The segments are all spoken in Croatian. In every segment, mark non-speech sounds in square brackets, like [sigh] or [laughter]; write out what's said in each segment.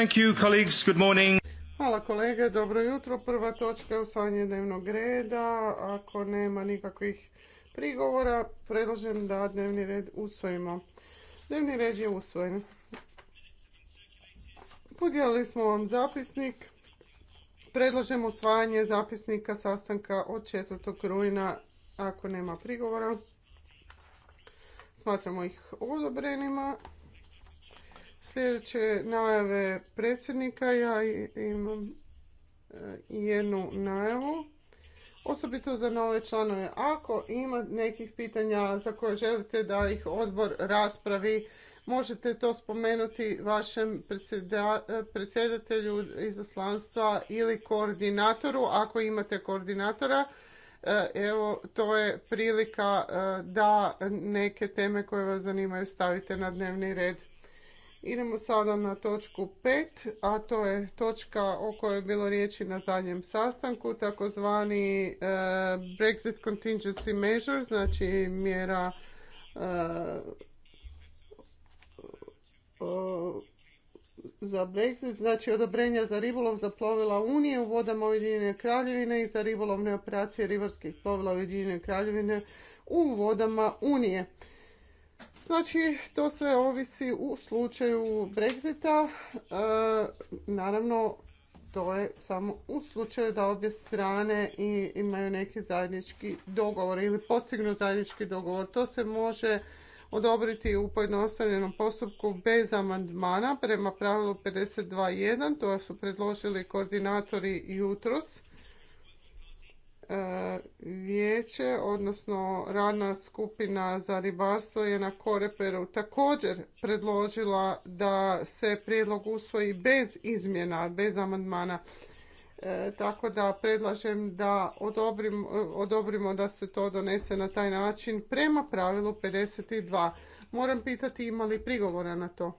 Thank you, Hvala kolege, dobro jutro. Prva točka je usvajanje dnevnog reda. Ako nema nikakvih prigovora, predlažem da dnevni red usvojimo. Dnevni red je usvojen. Podijelili smo vam zapisnik. Predlažem usvajanje zapisnika sastanka od 4. rujna ako nema prigovora. Smatramo ih odobrenima. Sljedeće najave predsjednika. Ja imam e, jednu najavu. Osobito za nove članove. Ako ima nekih pitanja za koje želite da ih odbor raspravi, možete to spomenuti vašem predsjedatelju izaslanstva ili koordinatoru. Ako imate koordinatora, e, evo to je prilika e, da neke teme koje vas zanimaju stavite na dnevni red. Idemo sada na točku 5, a to je točka o kojoj je bilo riječi na zadnjem sastanku, takozvani e, Brexit contingency measure, znači mjera e, za Brexit, znači odobrenja za ribolov za plovila Unije u vodama Ujedinjene kraljevine i za ribolovne operacije ribarskih plovila Ujedinjene kraljevine u vodama Unije. Znači, to sve ovisi u slučaju Brexita. E, naravno, to je samo u slučaju da obje strane imaju neki zajednički dogovor ili postignu zajednički dogovor. To se može odobriti u pojednostavljenom postupku bez amandmana prema pravilu 52.1. To su predložili koordinatori jutros. E, vijeće, odnosno radna skupina za ribarstvo je na Koreperu također predložila da se prijedlog usvoji bez izmjena, bez amandmana. E, tako da predlažem da odobrimo da se to donese na taj način prema pravilu 52. Moram pitati ima li prigovora na to?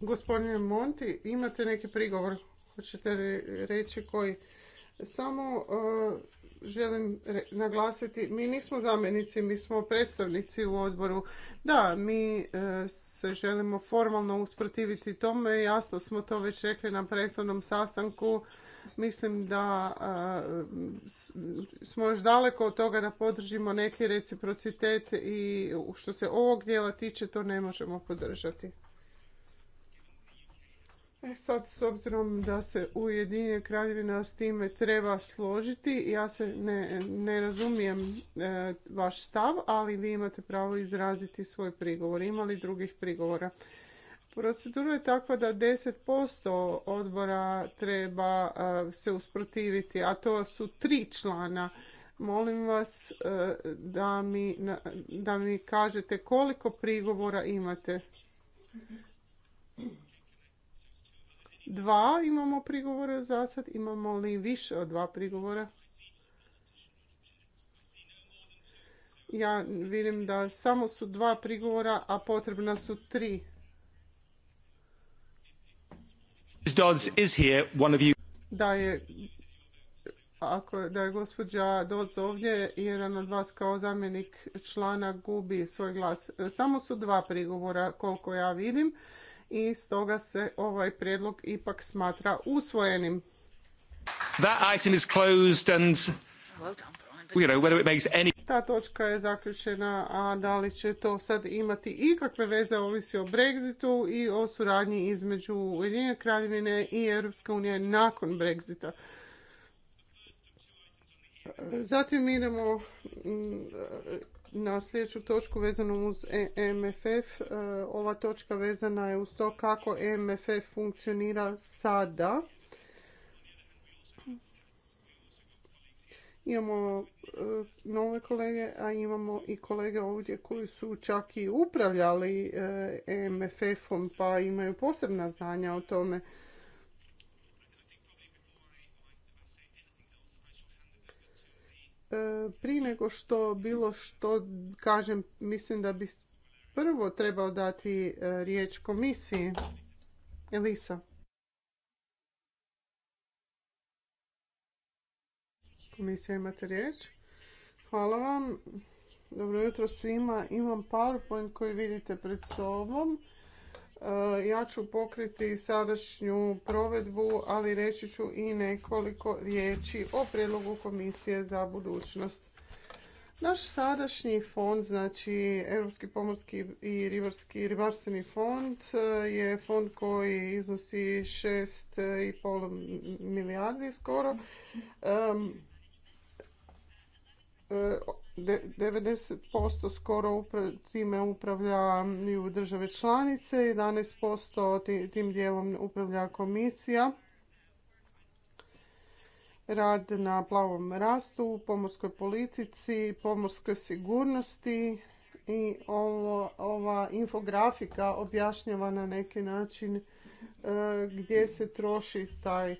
Gospodine Monti, imate neki prigovor? Hoćete reći koji? Samo e, želim naglasiti, mi nismo zamjenici, mi smo predstavnici u odboru. Da, mi e, se želimo formalno usprotiviti tome, jasno smo to već rekli na prethodnom sastanku. Mislim da e, smo još daleko od toga da podržimo neki reciprocitet i što se ovog dijela tiče to ne možemo podržati. Sad, s obzirom da se ujedinje kraljevina s time treba složiti, ja se ne, ne razumijem e, vaš stav, ali vi imate pravo izraziti svoj prigovor. Ima li drugih prigovora? Procedura je takva da 10% odbora treba e, se usprotiviti, a to su tri člana. Molim vas e, da, mi, da mi kažete koliko prigovora imate. Dva imamo prigovora za sad. Imamo li više od dva prigovora? Ja vidim da samo su dva prigovora, a potrebna su tri. Da je ako da je gospođa Dodds ovdje, jedan od vas kao zamjenik člana gubi svoj glas. Samo su dva prigovora koliko ja vidim i stoga se ovaj prijedlog ipak smatra usvojenim. ta točka je zaključena, a da li će to sad imati ikakve veze ovisi o Brexitu i o suradnji između Ujedinjene kraljevine i Europske unije nakon Brexita. Zatim idemo mm, na sljedeću točku vezanu uz e MFF. E, ova točka vezana je uz to kako e MFF funkcionira sada. Imamo nove kolege, a imamo i kolege ovdje koji su čak i upravljali mff om pa imaju posebna znanja o tome E, prije nego što bilo što kažem, mislim da bi prvo trebao dati e, riječ komisiji. Elisa. Komisija imate riječ. Hvala vam. Dobro jutro svima. Imam PowerPoint koji vidite pred sobom. E, ja ću pokriti sadašnju provedbu, ali reći ću i nekoliko riječi o prijedlogu Komisije za budućnost. Naš sadašnji fond, znači Europski pomorski i ribarski ribarstveni fond, e, je fond koji iznosi 6,5 milijardi skoro. E, 90% skoro upra time u države članice, 11% tim dijelom upravlja komisija. Rad na plavom rastu, pomorskoj politici, pomorskoj sigurnosti i ova infografika objašnjava na neki način e, gdje se troši taj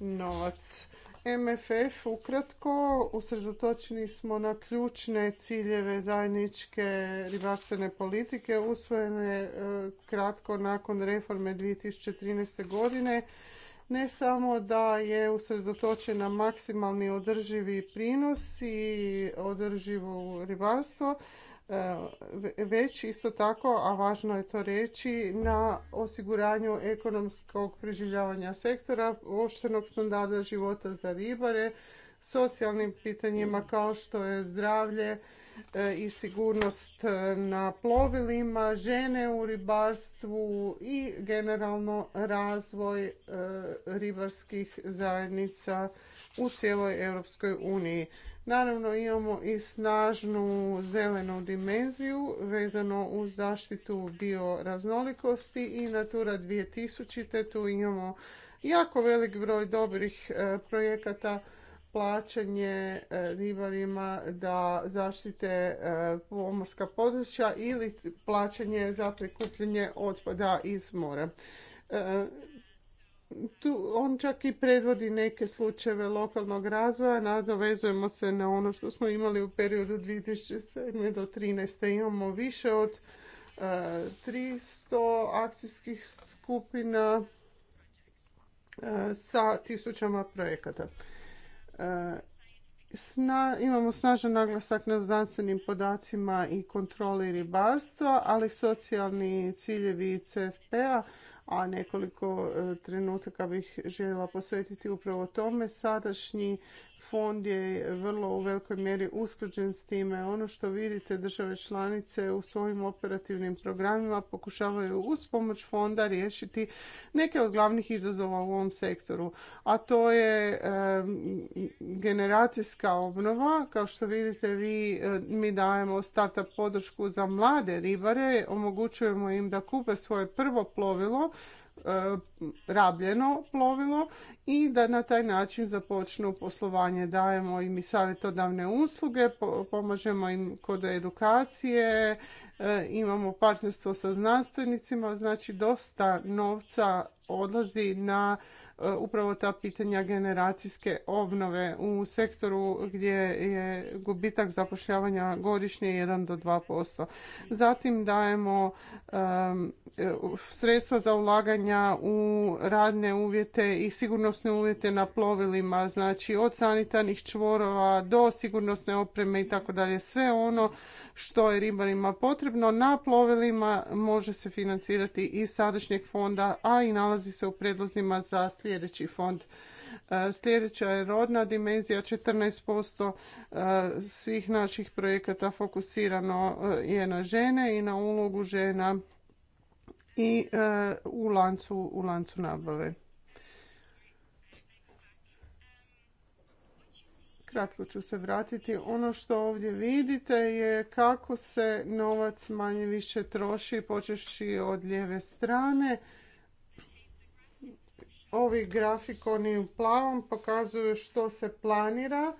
novac MFF ukratko usredotočeni smo na ključne ciljeve zajedničke ribarstvene politike usvojene e, kratko nakon reforme 2013. godine. Ne samo da je usredotočen na maksimalni održivi prinos i održivo ribarstvo, E, već isto tako, a važno je to reći, na osiguranju ekonomskog preživljavanja sektora, oštenog standarda života za ribare, socijalnim pitanjima kao što je zdravlje e, i sigurnost na plovilima, žene u ribarstvu i generalno razvoj e, ribarskih zajednica u cijeloj Europskoj uniji. Naravno imamo i snažnu zelenu dimenziju vezano u zaštitu bioraznolikosti i Natura 2000. Tu imamo jako velik broj dobrih e, projekata plaćanje e, ribarima da zaštite e, pomorska područja ili plaćanje za prikupljanje otpada iz mora tu on čak i predvodi neke slučajeve lokalnog razvoja. Nadovezujemo se na ono što smo imali u periodu 2007. do 2013. Imamo više od 300 e, akcijskih skupina e, sa tisućama projekata. E, imamo snažan naglasak na znanstvenim podacima i kontroli ribarstva, ali socijalni ciljevi CFP-a a nekoliko e, trenutaka bih željela posvetiti upravo tome. Sadašnji fond je vrlo u velikoj mjeri usklađen s time. Ono što vidite države članice u svojim operativnim programima pokušavaju uz pomoć fonda riješiti neke od glavnih izazova u ovom sektoru, a to je generacijska obnova. Kao što vidite vi, mi dajemo startup podršku za mlade ribare, omogućujemo im da kupe svoje prvo plovilo E, rabljeno plovilo i da na taj način započnu poslovanje. Dajemo im i savjetodavne usluge, pomažemo im kod edukacije, e, imamo partnerstvo sa znanstvenicima, znači dosta novca odlazi na E, upravo ta pitanja generacijske obnove u sektoru gdje je gubitak zapošljavanja godišnje 1 do 2%. Zatim dajemo e, sredstva za ulaganja u radne uvjete i sigurnosne uvjete na plovilima, znači od sanitarnih čvorova do sigurnosne opreme i tako dalje. Sve ono što je ribarima potrebno na plovilima može se financirati iz sadašnjeg fonda, a i nalazi se u predlozima za sljedeći fond. E, sljedeća je rodna dimenzija, 14% e, svih naših projekata fokusirano e, je na žene i na ulogu žena i u lancu, u lancu nabave. Kratko ću se vratiti. Ono što ovdje vidite je kako se novac manje više troši, počevši od lijeve strane. Ovi grafikoni u plavom pokazuju što se planira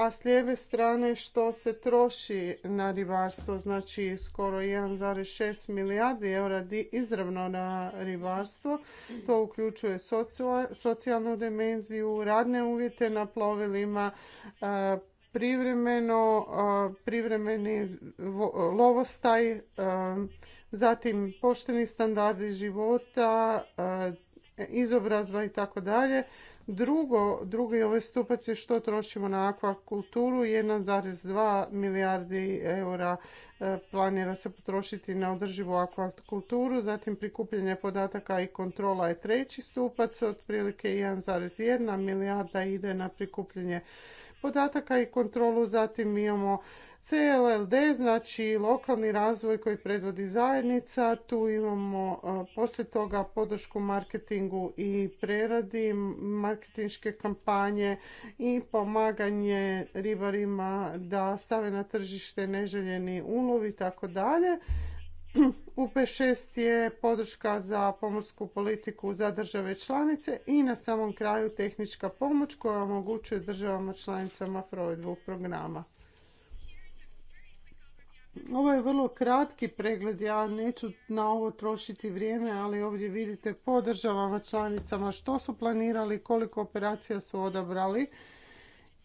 a s lijeve strane što se troši na ribarstvo, znači skoro 1,6 milijardi eura izravno na ribarstvo. To uključuje socijalnu dimenziju, radne uvjete na plovilima, e, privremeno, e, privremeni lovostaj, e, zatim pošteni standardi života, izobrazba i tako dalje Drugo, drugi ovaj stupac je što trošimo na akvakulturu, 1,2 milijardi eura e, planira se potrošiti na održivu akvakulturu, zatim prikupljanje podataka i kontrola je treći stupac, otprilike 1,1 milijarda ide na prikupljanje podataka i kontrolu, zatim imamo CLLD, znači lokalni razvoj koji predvodi zajednica, tu imamo e, poslije toga podršku marketingu i preradi, marketinške kampanje i pomaganje ribarima da stave na tržište neželjeni ulov i tako dalje. U 6 je podrška za pomorsku politiku za države članice i na samom kraju tehnička pomoć koja omogućuje državama članicama provedbu programa. Ovo je vrlo kratki pregled, ja neću na ovo trošiti vrijeme, ali ovdje vidite po državama članicama što su planirali, koliko operacija su odabrali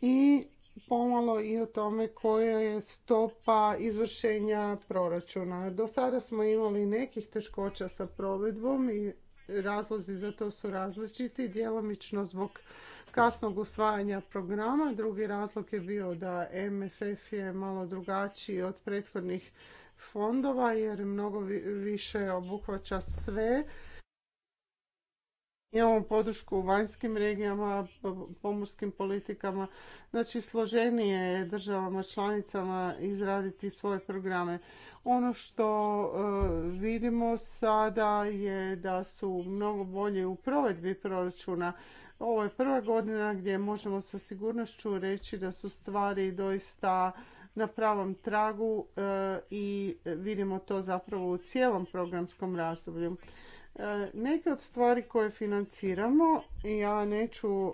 i pomalo i o tome koja je stopa izvršenja proračuna. Do sada smo imali nekih teškoća sa provedbom i razlozi za to su različiti, djelomično zbog kasnog usvajanja programa. Drugi razlog je bio da MFF je malo drugačiji od prethodnih fondova jer mnogo više obuhvaća sve. Imamo podršku u vanjskim regijama, pomorskim politikama. Znači, složenije je državama članicama izraditi svoje programe. Ono što e, vidimo sada je da su mnogo bolje u provedbi proračuna ovo je prva godina gdje možemo sa sigurnošću reći da su stvari doista na pravom tragu e, i vidimo to zapravo u cijelom programskom razdoblju. E, neke od stvari koje financiramo, ja neću e,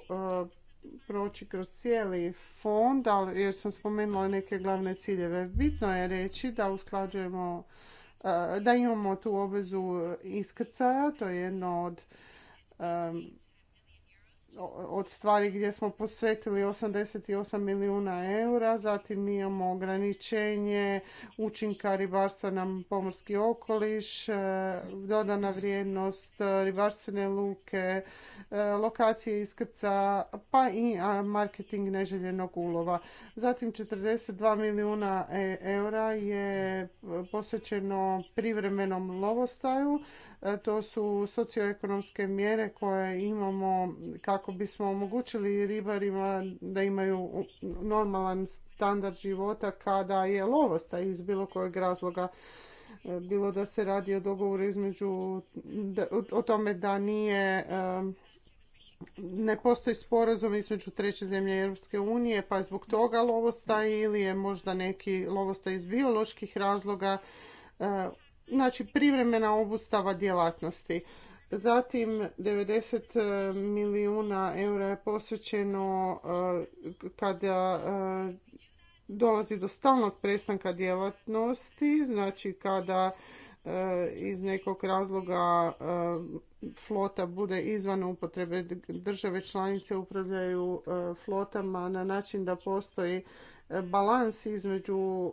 proći kroz cijeli fond, ali jer sam spomenula neke glavne ciljeve. Bitno je reći da usklađujemo, da imamo tu obvezu iskrcaja, to je jedno od od stvari gdje smo posvetili 88 milijuna eura, zatim imamo ograničenje učinka ribarstva na pomorski okoliš, e, dodana vrijednost ribarstvene luke, e, lokacije iskrca, pa i marketing neželjenog ulova. Zatim 42 milijuna e, eura je posvećeno privremenom lovostaju, E, to su socioekonomske mjere koje imamo kako bismo omogućili ribarima da imaju normalan standard života kada je lovosta iz bilo kojeg razloga e, bilo da se radi o dogovoru između o tome da nije e, ne postoji sporazum između treće zemlje i Europske unije, pa zbog toga lovosta ili je možda neki lovosta iz bioloških razloga znači privremena obustava djelatnosti. Zatim 90 e, milijuna eura je posvećeno e, kada e, dolazi do stalnog prestanka djelatnosti, znači kada iz nekog razloga flota bude izvan upotrebe države članice upravljaju flotama na način da postoji balans između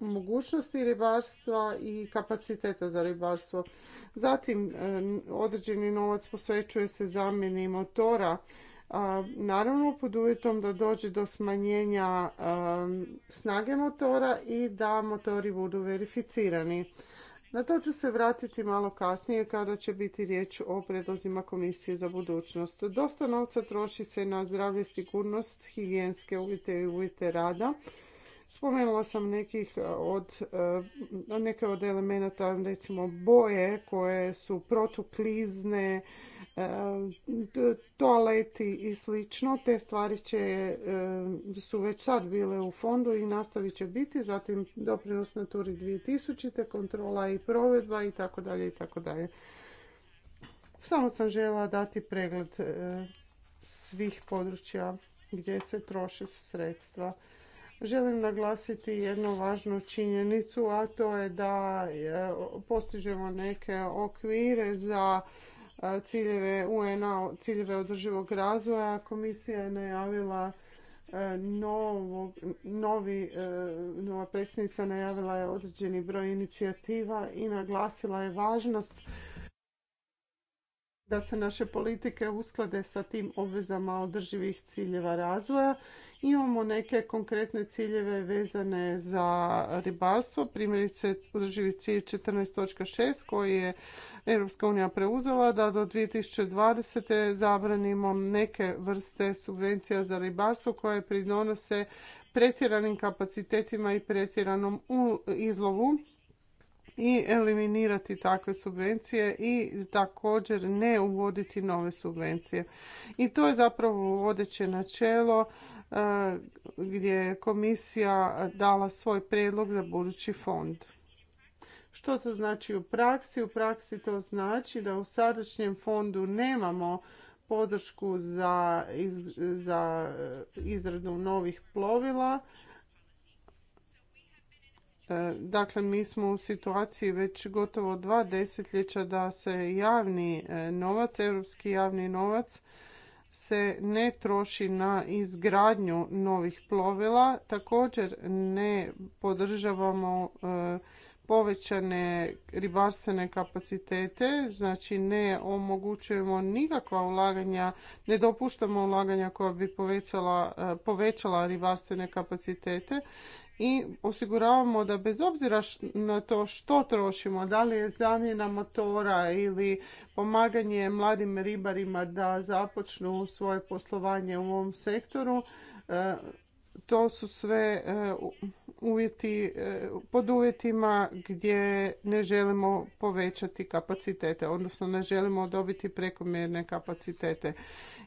mogućnosti ribarstva i kapaciteta za ribarstvo. Zatim e, određeni novac posvećuje se zamjeni motora, naravno pod uvjetom da dođe do smanjenja e, snage motora i da motori budu verificirani. Na to ću se vratiti malo kasnije kada će biti riječ o predlozima Komisije za budućnost. Dosta novca troši se na zdravlje, sigurnost, higijenske uvjete i uvjete rada Spomenula sam nekih eh, od, eh, neke od elemenata, recimo boje koje su protuklizne, eh, toaleti i slično. Te stvari će, su već sad bile u fondu i nastavit će biti. Zatim doprinos Naturi 2000, te kontrola i provedba i tako i tako dalje. Samo sam žela dati pregled svih područja gdje se troše sredstva. Želim naglasiti jednu važnu činjenicu, a to je da e, postižemo neke okvire za e, ciljeve UNA, a ciljeve održivog razvoja. Komisija je najavila e, novi, nova predsjednica najavila je određeni broj inicijativa i naglasila je važnost da se naše politike usklade sa tim obvezama održivih ciljeva razvoja Imamo neke konkretne ciljeve vezane za ribarstvo, primjerice održivi cilj 14.6 koji je Europska unija preuzela da do 2020. zabranimo neke vrste subvencija za ribarstvo koje pridonose pretjeranim kapacitetima i pretjeranom izlovu i eliminirati takve subvencije i također ne uvoditi nove subvencije. I to je zapravo vodeće načelo Eh, gdje je komisija dala svoj prijedlog za budući fond. Što to znači u praksi? U praksi to znači da u sadašnjem fondu nemamo podršku za, za eh, izradu novih plovila. Eh, dakle, mi smo u situaciji već gotovo dva desetljeća da se javni novac, europski javni novac, se ne troši na izgradnju novih plovila. Također ne podržavamo e, povećane ribarstvene kapacitete, znači ne omogućujemo nikakva ulaganja, ne dopuštamo ulaganja koja bi povećala, e, povećala ribarstvene kapacitete i osiguravamo da bez obzira na to što trošimo, da li je zamjena motora ili pomaganje mladim ribarima da započnu svoje poslovanje u ovom sektoru, e, to su sve e, uvjeti, e, pod uvjetima gdje ne želimo povećati kapacitete, odnosno ne želimo dobiti prekomjerne kapacitete.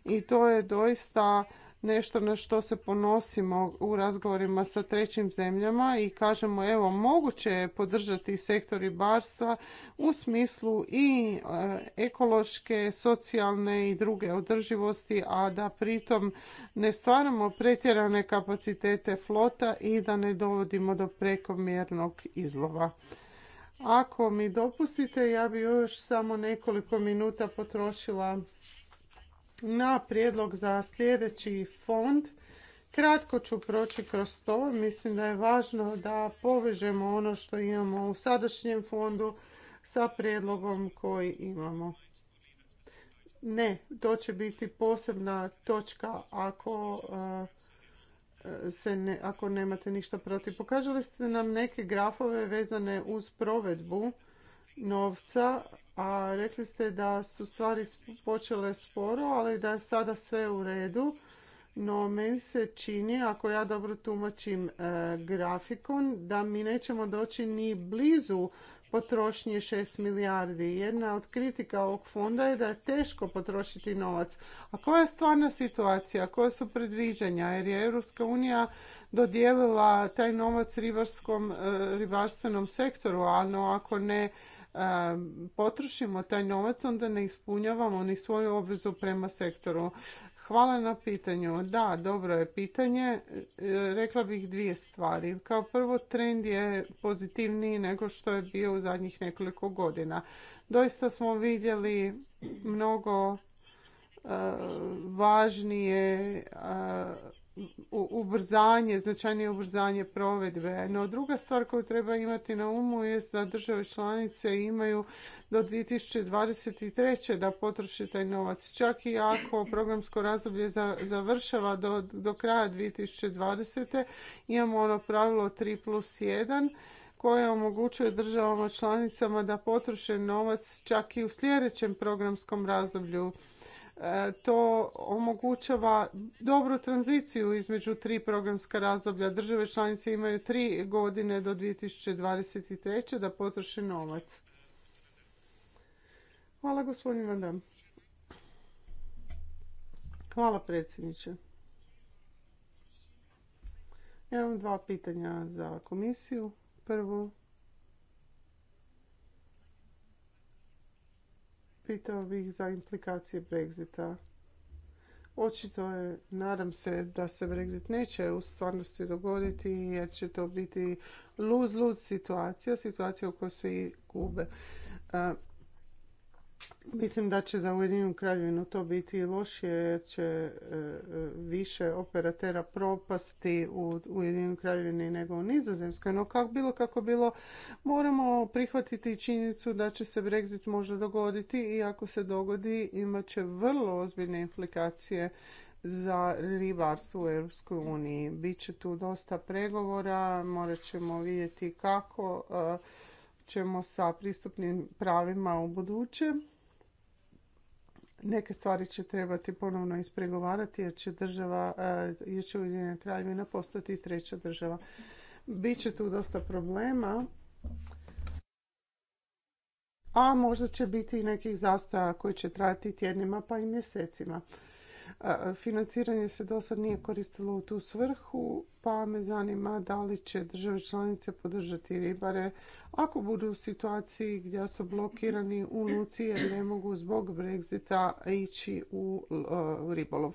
I to je doista nešto na što se ponosimo u razgovorima sa trećim zemljama i kažemo evo moguće je podržati sektor ribarstva u smislu i e, ekološke, socijalne i druge održivosti, a da pritom ne stvaramo pretjerane kapacitete flota i da ne dovodimo do prekomjernog izlova. Ako mi dopustite, ja bi još samo nekoliko minuta potrošila na prijedlog za sljedeći fond. Kratko ću proći kroz to. Mislim da je važno da povežemo ono što imamo u sadašnjem fondu sa prijedlogom koji imamo. Ne, to će biti posebna točka ako eh, se ne, ako nemate ništa protiv. Pokažali ste nam neke grafove vezane uz provedbu novca, a rekli ste da su stvari počele sporo, ali da je sada sve u redu. No, meni se čini, ako ja dobro tumačim e, grafikon, da mi nećemo doći ni blizu potrošnje 6 milijardi. Jedna od kritika ovog fonda je da je teško potrošiti novac. A koja je stvarna situacija? Koja su predviđanja? Jer je Europska unija dodijelila taj novac ribarskom, e, ribarstvenom sektoru, ali ako ne potrošimo taj novac, onda ne ispunjavamo ni svoju obvezu prema sektoru. Hvala na pitanju. Da, dobro je pitanje. E, rekla bih dvije stvari. Kao prvo, trend je pozitivniji nego što je bio u zadnjih nekoliko godina. Doista smo vidjeli mnogo e, važnije ubrzanje, značajnije ubrzanje provedbe. No druga stvar koju treba imati na umu je da države članice imaju do 2023. da potroše taj novac. Čak i ako programsko razdoblje završava do, do kraja 2020. imamo ono pravilo 3 plus 1 koje omogućuje državama članicama da potroše novac čak i u sljedećem programskom razdoblju E, to omogućava dobru tranziciju između tri programska razdoblja. Države članice imaju tri godine do 2023. da potroše novac. Hvala gospodin Vandam. Hvala predsjedniče. imam dva pitanja za komisiju. Prvo, pitao bih za implikacije Brexita. Očito je, nadam se da se Brexit neće u stvarnosti dogoditi jer će to biti luz-luz situacija, situacija u kojoj svi gube. Mislim da će za Ujedinjenu kraljevinu to biti lošije jer će e, e, više operatera propasti u Ujedinjenoj kraljevini nego u Nizozemskoj. No kako bilo kako bilo moramo prihvatiti činjenicu da će se Brexit možda dogoditi i ako se dogodi imat će vrlo ozbiljne implikacije za ribarstvo u EU. uniji. Biće tu dosta pregovora, morat ćemo vidjeti kako e, ćemo sa pristupnim pravima u budućem. Neke stvari će trebati ponovno ispregovarati jer će država, e, jer će Ujedinjena kraljevina postati treća država. Biće tu dosta problema, a možda će biti i nekih zastoja koji će trajati tjednima pa i mjesecima. Financiranje se do sad nije koristilo u tu svrhu, pa me zanima da li će države članice podržati ribare ako budu u situaciji gdje su blokirani u luci jer ne mogu zbog Brexita ići u ribolov.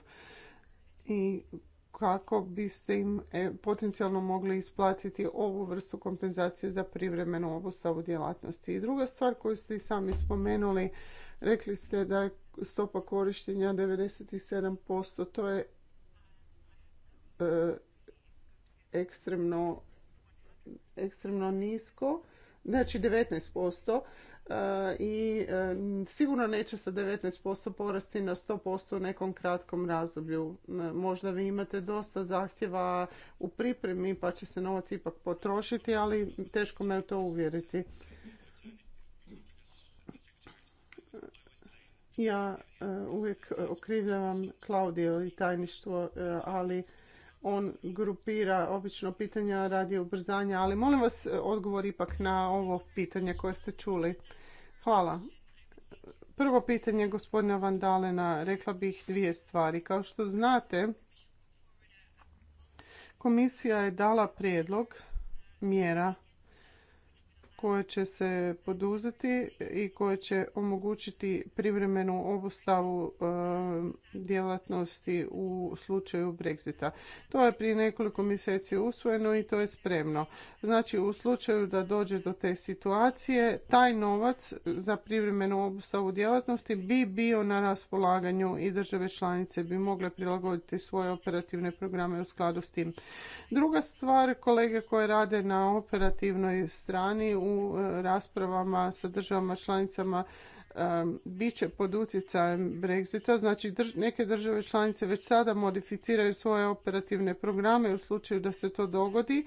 I kako biste im e, potencijalno mogli isplatiti ovu vrstu kompenzacije za privremenu obustavu djelatnosti. I druga stvar koju ste i sami spomenuli, rekli ste da je stopa korištenja 97%. To je e, ekstremno, ekstremno nisko, znači 19% e, i e, sigurno neće sa 19% porasti na 100% u nekom kratkom razdoblju. Možda vi imate dosta zahtjeva u pripremi pa će se novac ipak potrošiti, ali teško me u to uvjeriti. Ja e, uvijek okrivljavam Klaudio i tajništvo, e, ali on grupira obično pitanja radi ubrzanja, ali molim vas e, odgovor ipak na ovo pitanje koje ste čuli. Hvala. Prvo pitanje gospodina Vandalena, rekla bih dvije stvari. Kao što znate, komisija je dala prijedlog mjera koje će se poduzeti i koje će omogućiti privremenu obustavu eh, djelatnosti u slučaju Brexita. To je prije nekoliko mjeseci usvojeno i to je spremno. Znači u slučaju da dođe do te situacije, taj novac za privremenu obustavu djelatnosti bi bio na raspolaganju i države članice bi mogle prilagoditi svoje operativne programe u skladu s tim. Druga stvar, kolege koje rade na operativnoj strani u e, raspravama sa državama članicama e, bit će pod utjecajem Brexita. Znači neke države članice već sada modificiraju svoje operativne programe u slučaju da se to dogodi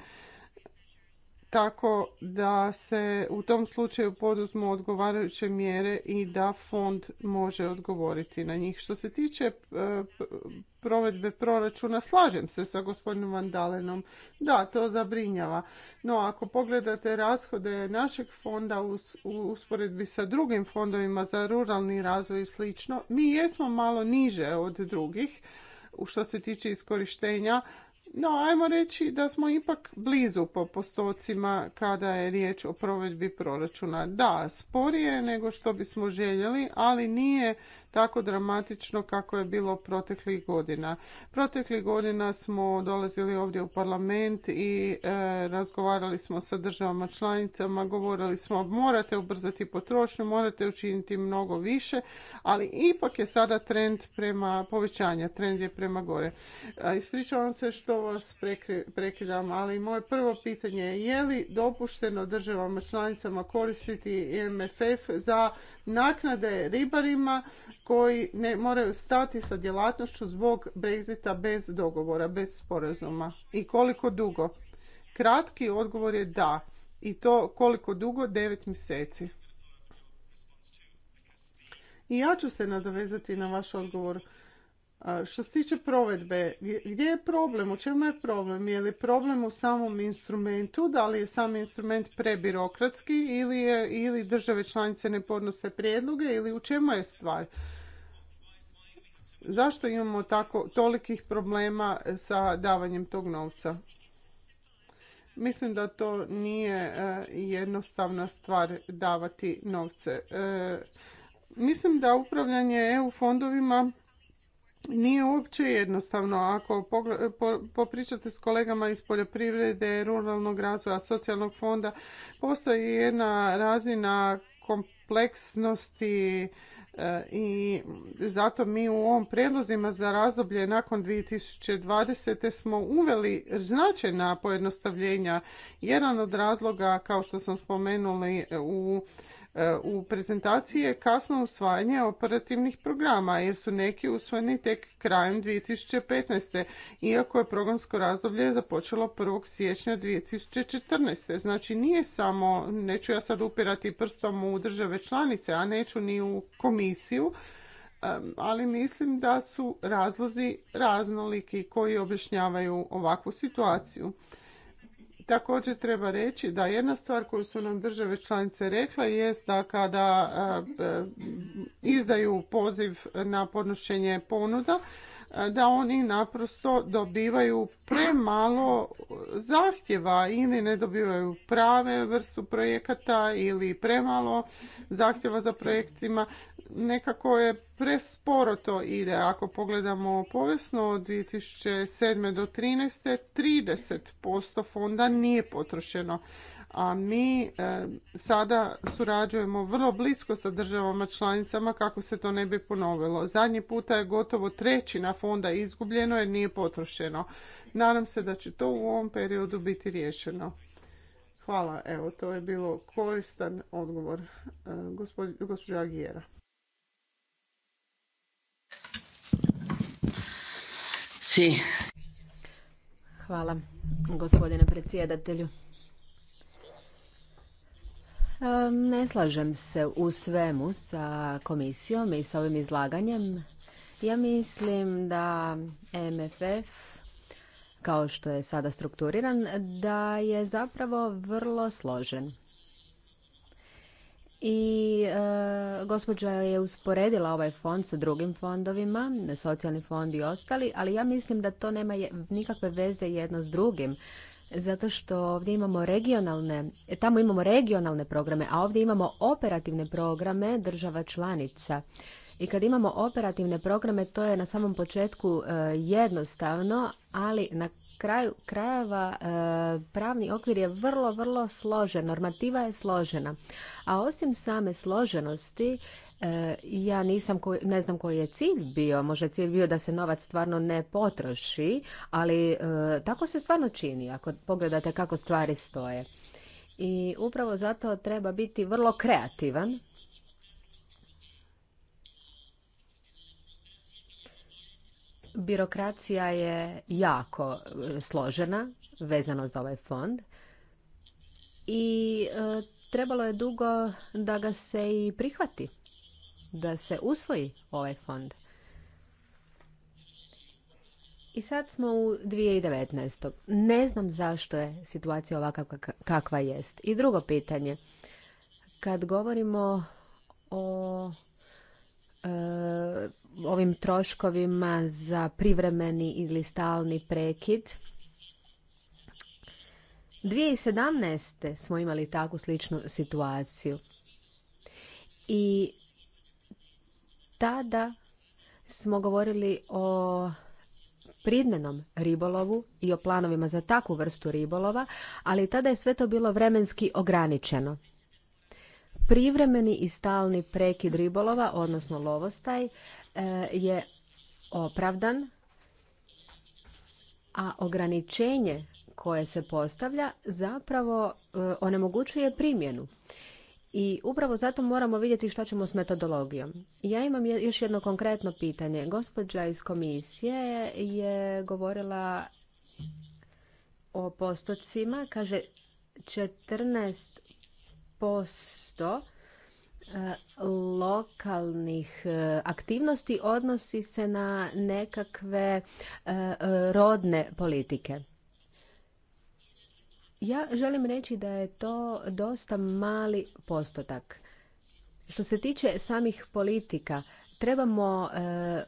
tako da se u tom slučaju poduzmu odgovarajuće mjere i da fond može odgovoriti na njih. Što se tiče e, provedbe proračuna, slažem se sa gospodinom Vandalenom. Da, to zabrinjava. No, ako pogledate rashode našeg fonda u usporedbi sa drugim fondovima za ruralni razvoj i slično, mi jesmo malo niže od drugih što se tiče iskorištenja no, ajmo reći da smo ipak blizu po postocima kada je riječ o provedbi proračuna. Da, sporije nego što bismo željeli, ali nije tako dramatično kako je bilo proteklih godina. Proteklih godina smo dolazili ovdje u parlament i e, razgovarali smo sa državama članicama, govorili smo morate ubrzati potrošnju, morate učiniti mnogo više, ali ipak je sada trend prema povećanja, trend je prema gore. Ispričavam se što vas prekidam, ali moje prvo pitanje je je li dopušteno državama članicama koristiti MFF za naknade ribarima koji ne moraju stati sa djelatnošću zbog Brexita bez dogovora, bez sporazuma. I koliko dugo? Kratki odgovor je da. I to koliko dugo? 9 mjeseci. I ja ću se nadovezati na vaš odgovor što se tiče provedbe, gdje je problem? U čemu je problem? Je li problem u samom instrumentu? Da li je sam instrument prebirokratski ili, je, ili države članice ne podnose prijedloge ili u čemu je stvar? Zašto imamo tako, tolikih problema sa davanjem tog novca? Mislim da to nije e, jednostavna stvar davati novce. E, mislim da upravljanje EU fondovima nije uopće jednostavno. Ako popričate s kolegama iz poljoprivrede, ruralnog razvoja, socijalnog fonda, postoji jedna razina kompleksnosti eh, i zato mi u ovom prijedlozima za razdoblje nakon 2020. smo uveli značajna pojednostavljenja. Jedan od razloga, kao što sam spomenuli u E, u prezentaciji je kasno usvajanje operativnih programa jer su neki usvojeni tek krajem 2015. iako je programsko razdoblje započelo 1. siječnja 2014. Znači nije samo, neću ja sad upirati prstom u države članice, a neću ni u komisiju, e, ali mislim da su razlozi raznoliki koji objašnjavaju ovakvu situaciju. Također treba reći da jedna stvar koju su nam države članice rekla jest da kada e, e, izdaju poziv na podnošenje ponuda E, da oni naprosto dobivaju premalo zahtjeva ili ne dobivaju prave vrstu projekata ili premalo zahtjeva za projektima. Nekako je presporo to ide. Ako pogledamo povijesno od 2007. do 2013. 30% fonda nije potrošeno a mi e, sada surađujemo vrlo blisko sa državama članicama kako se to ne bi ponovilo. Zadnji puta je gotovo trećina fonda izgubljeno jer nije potrošeno. Nadam se da će to u ovom periodu biti riješeno. Hvala, evo, to je bilo koristan odgovor e, gospođa Agijera. Hvala, gospodine predsjedatelju. Ne slažem se u svemu sa komisijom i sa ovim izlaganjem. Ja mislim da MFF kao što je sada strukturiran, da je zapravo vrlo složen. I eh, gospođa je usporedila ovaj fond sa drugim fondovima, socijalni fond i ostali, ali ja mislim da to nema nikakve veze jedno s drugim zato što ovdje imamo regionalne, tamo imamo regionalne programe, a ovdje imamo operativne programe država članica. I kad imamo operativne programe, to je na samom početku e, jednostavno, ali na kraju krajeva e, pravni okvir je vrlo, vrlo složen, normativa je složena. A osim same složenosti, E, ja nisam, ne znam koji je cilj bio, možda je cilj bio da se novac stvarno ne potroši, ali e, tako se stvarno čini ako pogledate kako stvari stoje. I upravo zato treba biti vrlo kreativan. Birokracija je jako e, složena vezano za ovaj fond i trebalo je dugo da ga se i prihvati da se usvoji ovaj fond. I sad smo u 2019. Ne znam zašto je situacija ovakva kakva jest. I drugo pitanje. Kad govorimo o e, ovim troškovima za privremeni ili stalni prekid, 2017. smo imali takvu sličnu situaciju. I tada smo govorili o pridnenom ribolovu i o planovima za takvu vrstu ribolova, ali tada je sve to bilo vremenski ograničeno. Privremeni i stalni prekid ribolova, odnosno lovostaj, e, je opravdan, a ograničenje koje se postavlja zapravo e, onemogućuje primjenu. I upravo zato moramo vidjeti što ćemo s metodologijom. Ja imam još jedno konkretno pitanje. Gospođa iz komisije je govorila o postocima, kaže 14% e, lokalnih e, aktivnosti odnosi se na nekakve e, rodne politike. Ja želim reći da je to dosta mali postotak. Što se tiče samih politika, trebamo e,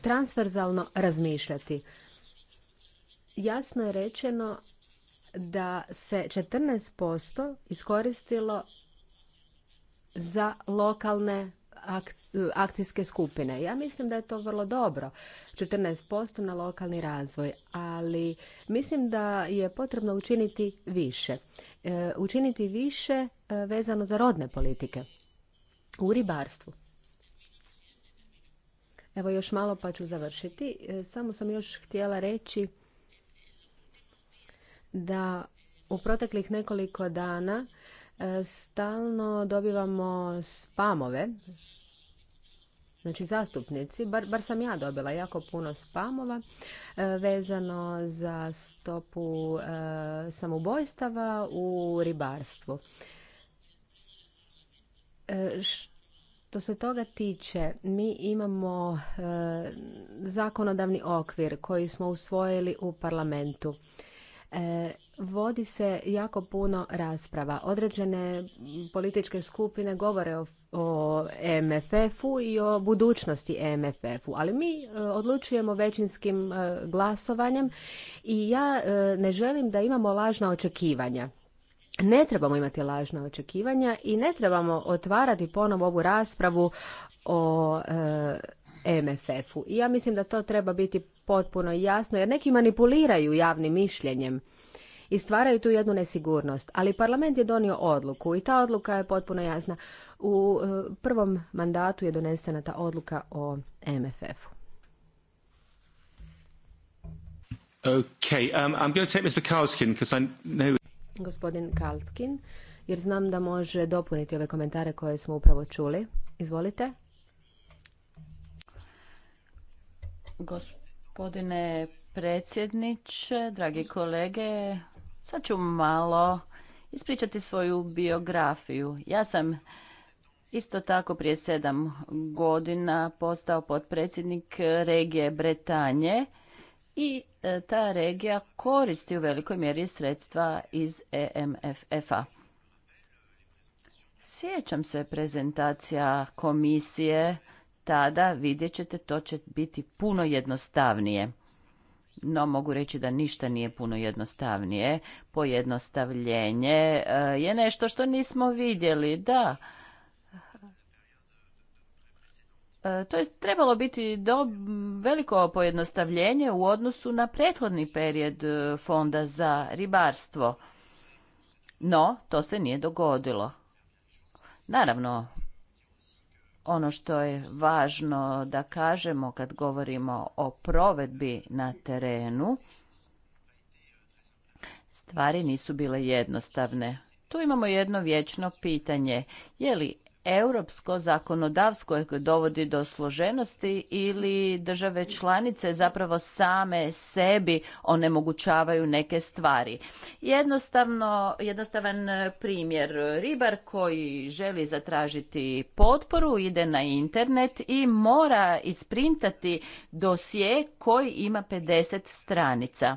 transverzalno razmišljati. Jasno je rečeno da se 14% iskoristilo za lokalne akt akcijske skupine. Ja mislim da je to vrlo dobro, 14% na lokalni razvoj, ali mislim da je potrebno učiniti više. E, učiniti više e, vezano za rodne politike u ribarstvu. Evo još malo pa ću završiti. E, samo sam još htjela reći da u proteklih nekoliko dana stalno dobivamo spamove znači zastupnici, bar, sam ja dobila jako puno spamova e, vezano za stopu e, samoubojstava u ribarstvu. E, što se toga tiče, mi imamo zakonodavni okvir koji smo usvojili u parlamentu. E, vodi se jako puno rasprava. Određene političke skupine govore o, o MFF-u i o budućnosti MFF-u, ali mi e, odlučujemo većinskim e, glasovanjem i ja ne želim da imamo lažna očekivanja. Ne trebamo imati lažna očekivanja i ne trebamo otvarati ponovo ovu raspravu o e, MFF-u. ja mislim da to treba biti potpuno jasno, jer neki manipuliraju javnim mišljenjem i stvaraju tu jednu nesigurnost. Ali parlament je donio odluku i ta odluka je potpuno jasna. U e, prvom mandatu je donesena ta odluka o MFF-u. Um, Gospodin Kalskin, jer znam da može dopuniti ove komentare koje smo upravo čuli. Izvolite. Gospodine predsjedniče, dragi kolege, sad ću malo ispričati svoju biografiju. Ja sam isto tako prije sedam godina postao potpredsjednik regije Bretanje i e, ta regija koristi u velikoj mjeri sredstva iz EMFF-a. Sjećam se prezentacija komisije tada vidjet ćete to će biti puno jednostavnije. No mogu reći da ništa nije puno jednostavnije. Pojednostavljenje eh, je nešto što nismo vidjeli, da. Eh, to je trebalo biti do veliko pojednostavljenje u odnosu na prethodni period eh, fonda za ribarstvo. No, to se nije dogodilo. Naravno, ono što je važno da kažemo kad govorimo o provedbi na terenu, stvari nisu bile jednostavne. Tu imamo jedno vječno pitanje, je li europsko zakonodavstvo koje dovodi do složenosti ili države članice zapravo same sebi onemogućavaju neke stvari. Jednostavno, jednostavan primjer, ribar koji želi zatražiti potporu ide na internet i mora isprintati dosje koji ima 50 stranica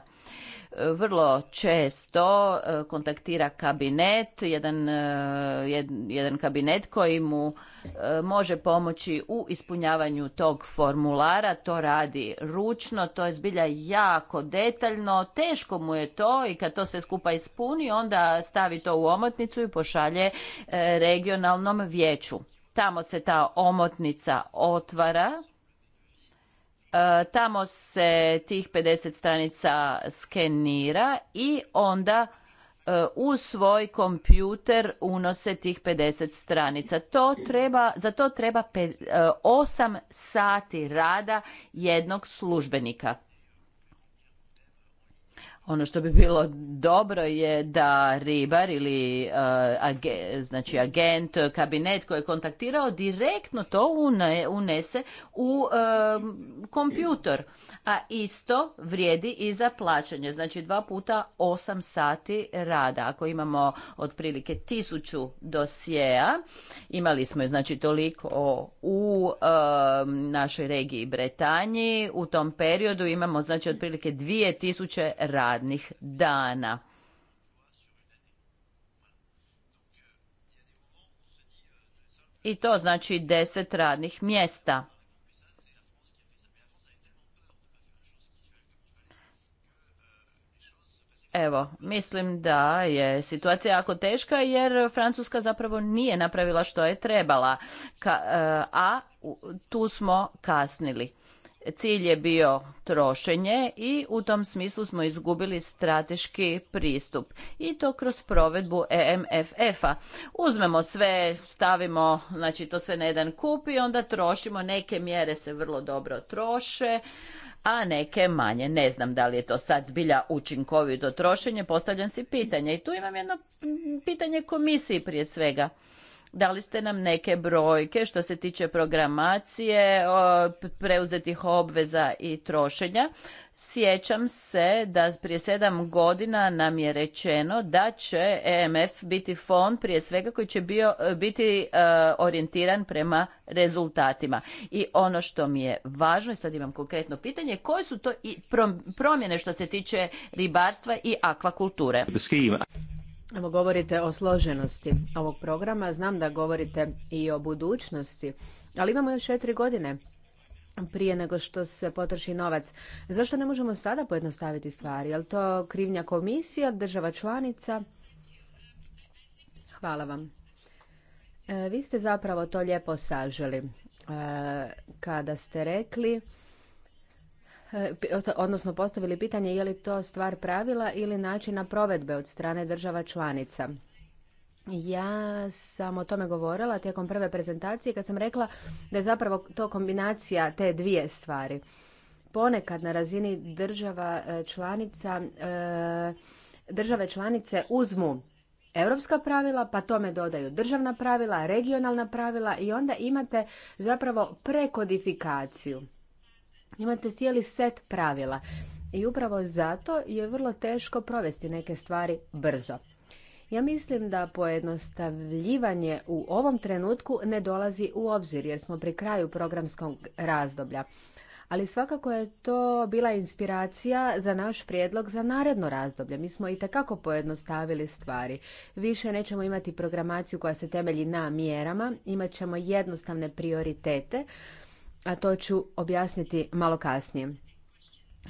vrlo često e, kontaktira kabinet, jedan, e, jedan kabinet koji mu e, može pomoći u ispunjavanju tog formulara, to radi ručno, to je zbilja jako detaljno, teško mu je to i kad to sve skupa ispuni onda stavi to u omotnicu i pošalje regionalnom vijeću. Tamo se ta omotnica otvara E, tamo se tih 50 stranica skenira i onda e, u svoj kompjuter unose tih 50 stranica. To treba, za to treba 8 e, sati rada jednog službenika. Ono što bi bilo dobro je da ribar ili e, znači agent, kabinet koji je kontaktirao direktno to unese u uh, kompjutor. A isto vrijedi i za plaćanje. Znači dva puta osam sati rada. Ako imamo otprilike tisuću dosjeja, imali smo znači toliko u e, našoj regiji Bretanji, u tom periodu imamo znači otprilike dvije tisuće rada radnih dana. I to znači deset radnih mjesta. Evo, mislim da je situacija jako teška jer Francuska zapravo nije napravila što je trebala, e, a tu smo kasnili. Cilj je bio trošenje i u tom smislu smo izgubili strateški pristup i to kroz provedbu EMFF-a. Uzmemo sve, stavimo znači to sve na jedan kup i onda trošimo. Neke mjere se vrlo dobro troše, a neke manje. Ne znam da li je to sad zbilja učinkovito trošenje, postavljam si pitanje. I tu imam jedno pitanje komisiji prije svega. Dali ste nam neke brojke što se tiče programacije, preuzetih obveza i trošenja. Sjećam se da prije sedam godina nam je rečeno da će EMF biti fond prije svega koji će bio, biti e, orijentiran prema rezultatima. I ono što mi je važno, i sad imam konkretno pitanje, koje su to i promjene što se tiče ribarstva i akvakulture? Evo govorite o složenosti ovog programa, znam da govorite i o budućnosti, ali imamo još četiri godine prije nego što se potroši novac. Zašto ne možemo sada pojednostaviti stvari? Je li to krivnja komisija, država članica? Hvala vam. E, vi ste zapravo to lijepo saželi e, kada ste rekli odnosno postavili pitanje je li to stvar pravila ili načina provedbe od strane država članica. Ja sam o tome govorila tijekom prve prezentacije kad sam rekla da je zapravo to kombinacija te dvije stvari. Ponekad na razini država e, članica, e, države članice uzmu europska pravila, pa tome dodaju državna pravila, regionalna pravila i onda imate zapravo prekodifikaciju. Imate cijeli set pravila i upravo zato je vrlo teško provesti neke stvari brzo. Ja mislim da pojednostavljivanje u ovom trenutku ne dolazi u obzir jer smo pri kraju programskog razdoblja. Ali svakako je to bila inspiracija za naš prijedlog za naredno razdoblje. Mi smo i takako pojednostavili stvari. Više nećemo imati programaciju koja se temelji na mjerama, imat ćemo jednostavne prioritete a to ću objasniti malo kasnije.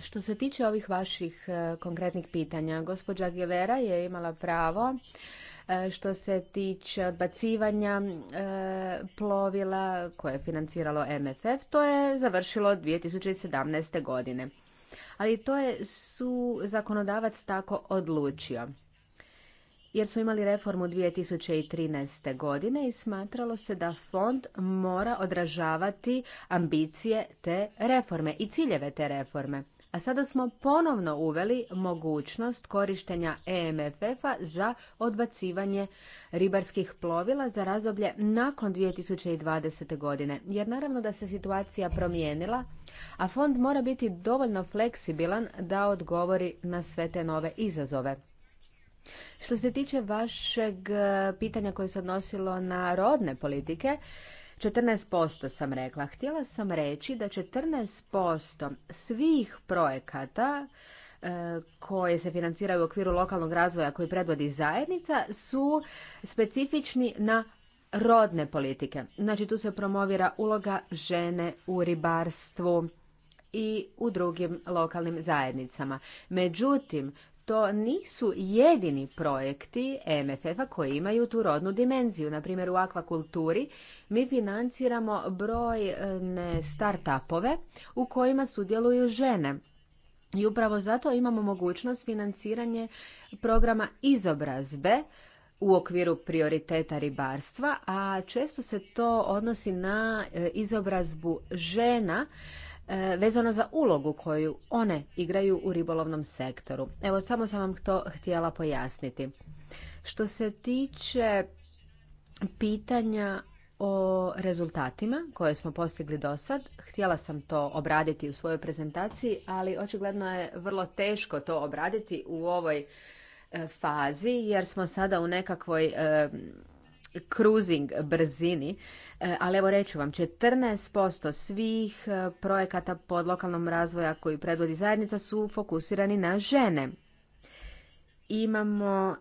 Što se tiče ovih vaših e, konkretnih pitanja, gospođa Aguilera je imala pravo e, što se tiče odbacivanja e, plovila koje je financiralo MFF, to je završilo 2017. godine. Ali to je su zakonodavac tako odlučio jer su imali reformu 2013. godine i smatralo se da fond mora odražavati ambicije te reforme i ciljeve te reforme. A sada smo ponovno uveli mogućnost korištenja EMFF-a za odbacivanje ribarskih plovila za razoblje nakon 2020. godine. Jer naravno da se situacija promijenila, a fond mora biti dovoljno fleksibilan da odgovori na sve te nove izazove. Što se tiče vašeg e, pitanja koje se odnosilo na rodne politike, 14% sam rekla. Htjela sam reći da 14% svih projekata e, koje se financiraju u okviru lokalnog razvoja koji predvodi zajednica su specifični na rodne politike. Znači tu se promovira uloga žene u ribarstvu i u drugim lokalnim zajednicama. Međutim, to nisu jedini projekti MFF-a koji imaju tu rodnu dimenziju. Na primjer u akvakulturi mi financiramo brojne start-upove u kojima sudjeluju žene. I upravo zato imamo mogućnost financiranje programa izobrazbe u okviru prioriteta ribarstva, a često se to odnosi na e, izobrazbu žena E, vezano za ulogu koju one igraju u ribolovnom sektoru. Evo, samo sam vam to htjela pojasniti. Što se tiče pitanja o rezultatima koje smo postigli do sad. Htjela sam to obraditi u svojoj prezentaciji, ali očigledno je vrlo teško to obraditi u ovoj e, fazi jer smo sada u nekakvoj e, cruising brzini, e, ali evo reću vam, 14% svih e, projekata pod lokalnom razvoja koji predvodi zajednica su fokusirani na žene. Imamo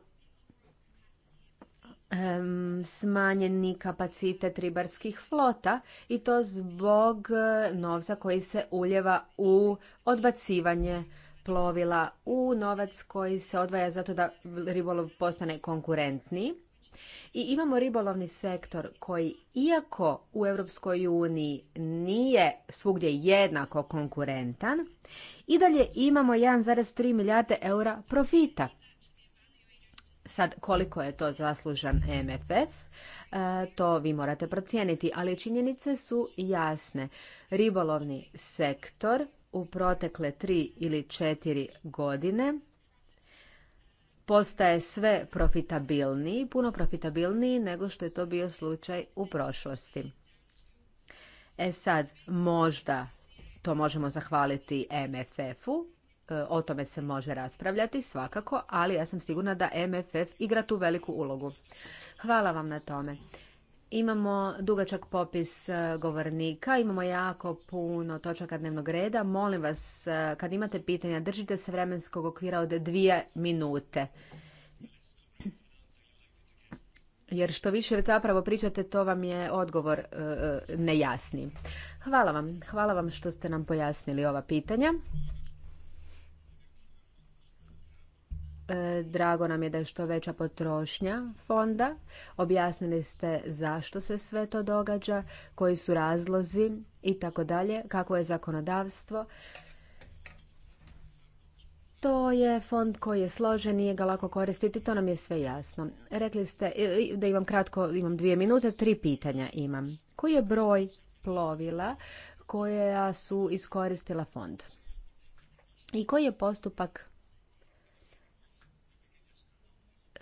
smanjeni kapacitet ribarskih flota i to zbog e, novca koji se uljeva u odbacivanje plovila u novac koji se odvaja zato da ribolov postane konkurentniji. I imamo ribolovni sektor koji iako u Europskoj uniji nije svugdje jednako konkurentan, i dalje imamo 1,3 milijarde eura profita. Sad, koliko je to zaslužan MFF, e, to vi morate procijeniti, ali činjenice su jasne. Ribolovni sektor u protekle tri ili četiri godine postaje sve profitabilniji, puno profitabilniji nego što je to bio slučaj u prošlosti. E sad, možda to možemo zahvaliti MFF-u, e, o tome se može raspravljati svakako, ali ja sam sigurna da MFF igra tu veliku ulogu. Hvala vam na tome. Imamo dugačak popis e, govornika, imamo jako puno točaka dnevnog reda. Molim vas, e, kad imate pitanja, držite se vremenskog okvira od dvije minute. Jer što više zapravo pričate, to vam je odgovor e, nejasni. Hvala vam, hvala vam što ste nam pojasnili ova pitanja. E, drago nam je da je što veća potrošnja fonda. Objasnili ste zašto se sve to događa, koji su razlozi i tako dalje, kako je zakonodavstvo. To je fond koji je složen, nije ga lako koristiti, to nam je sve jasno. Rekli ste e, e, da imam kratko, imam dvije minute, tri pitanja imam. Koji je broj plovila koja su iskoristila fond? I koji je postupak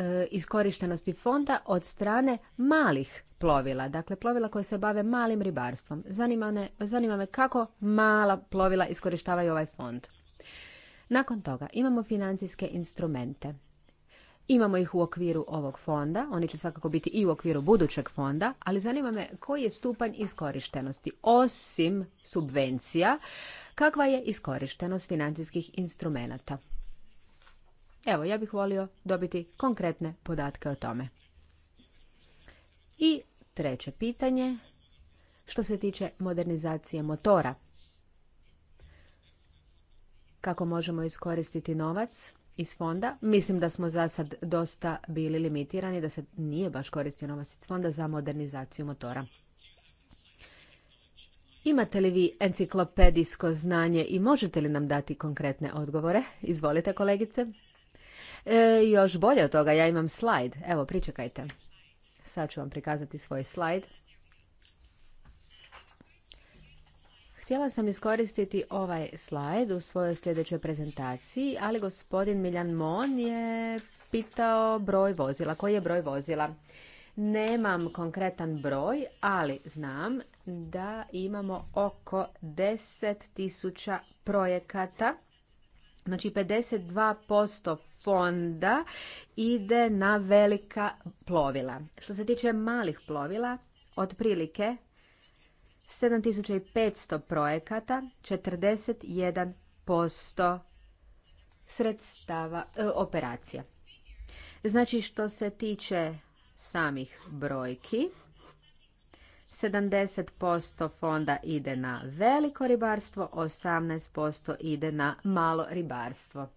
E, iskorištenosti fonda od strane malih plovila, dakle plovila koje se bave malim ribarstvom. Zanima me, zanima me kako mala plovila iskorištavaju ovaj fond. Nakon toga imamo financijske instrumente. Imamo ih u okviru ovog fonda, oni će svakako biti i u okviru budućeg fonda, ali zanima me koji je stupanj iskorištenosti osim subvencija, kakva je iskorištenost financijskih instrumenata. Evo, ja bih volio dobiti konkretne podatke o tome. I treće pitanje, što se tiče modernizacije motora. Kako možemo iskoristiti novac iz fonda? Mislim da smo za sad dosta bili limitirani, da se nije baš koristio novac iz fonda za modernizaciju motora. Imate li vi enciklopedijsko znanje i možete li nam dati konkretne odgovore? Izvolite kolegice. E, još bolje od toga, ja imam slajd. Evo, pričekajte. Sad ću vam prikazati svoj slajd. Htjela sam iskoristiti ovaj slajd u svojoj sljedećoj prezentaciji, ali gospodin Miljan Mon je pitao broj vozila. Koji je broj vozila? Nemam konkretan broj, ali znam da imamo oko 10.000 projekata. Znači 52% fonda ide na velika plovila. Što se tiče malih plovila, otprilike 7500 projekata, 41% sredstava e, operacija. Znači što se tiče samih brojki, 70% fonda ide na veliko ribarstvo, 18% ide na malo ribarstvo.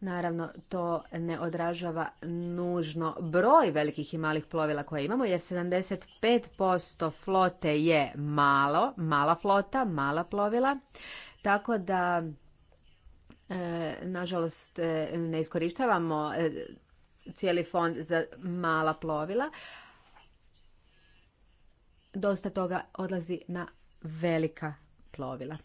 Naravno, to ne odražava nužno broj velikih i malih plovila koje imamo, jer 75% flote je malo, mala flota, mala plovila, tako da, e, nažalost, e, ne iskorištavamo e, cijeli fond za mala plovila. Dosta toga odlazi na velika plovila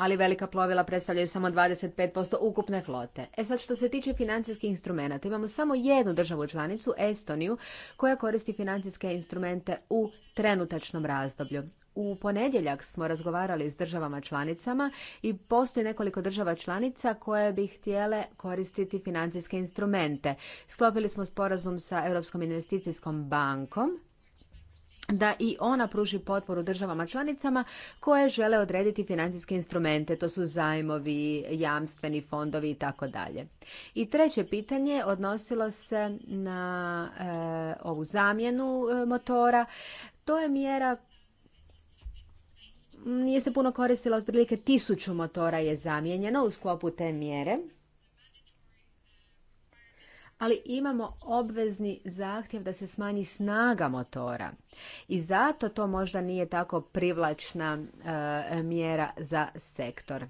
ali velika plovila predstavljaju samo 25% ukupne flote. E sad što se tiče financijskih instrumenata, imamo samo jednu državu članicu, Estoniju, koja koristi financijske instrumente u trenutačnom razdoblju. U ponedjeljak smo razgovarali s državama članicama i postoji nekoliko država članica koje bi htjele koristiti financijske instrumente. Sklopili smo sporazum sa Europskom investicijskom bankom da i ona pruži potporu državama članicama koje žele odrediti financijske instrumente, to su zajmovi, jamstveni fondovi i tako dalje. I treće pitanje odnosilo se na e, ovu zamjenu e, motora. To je mjera nije se puno koristila, otprilike tisuću motora je zamijenjeno u sklopu te mjere ali imamo obvezni zahtjev da se smanji snaga motora. I zato to možda nije tako privlačna e, mjera za sektor.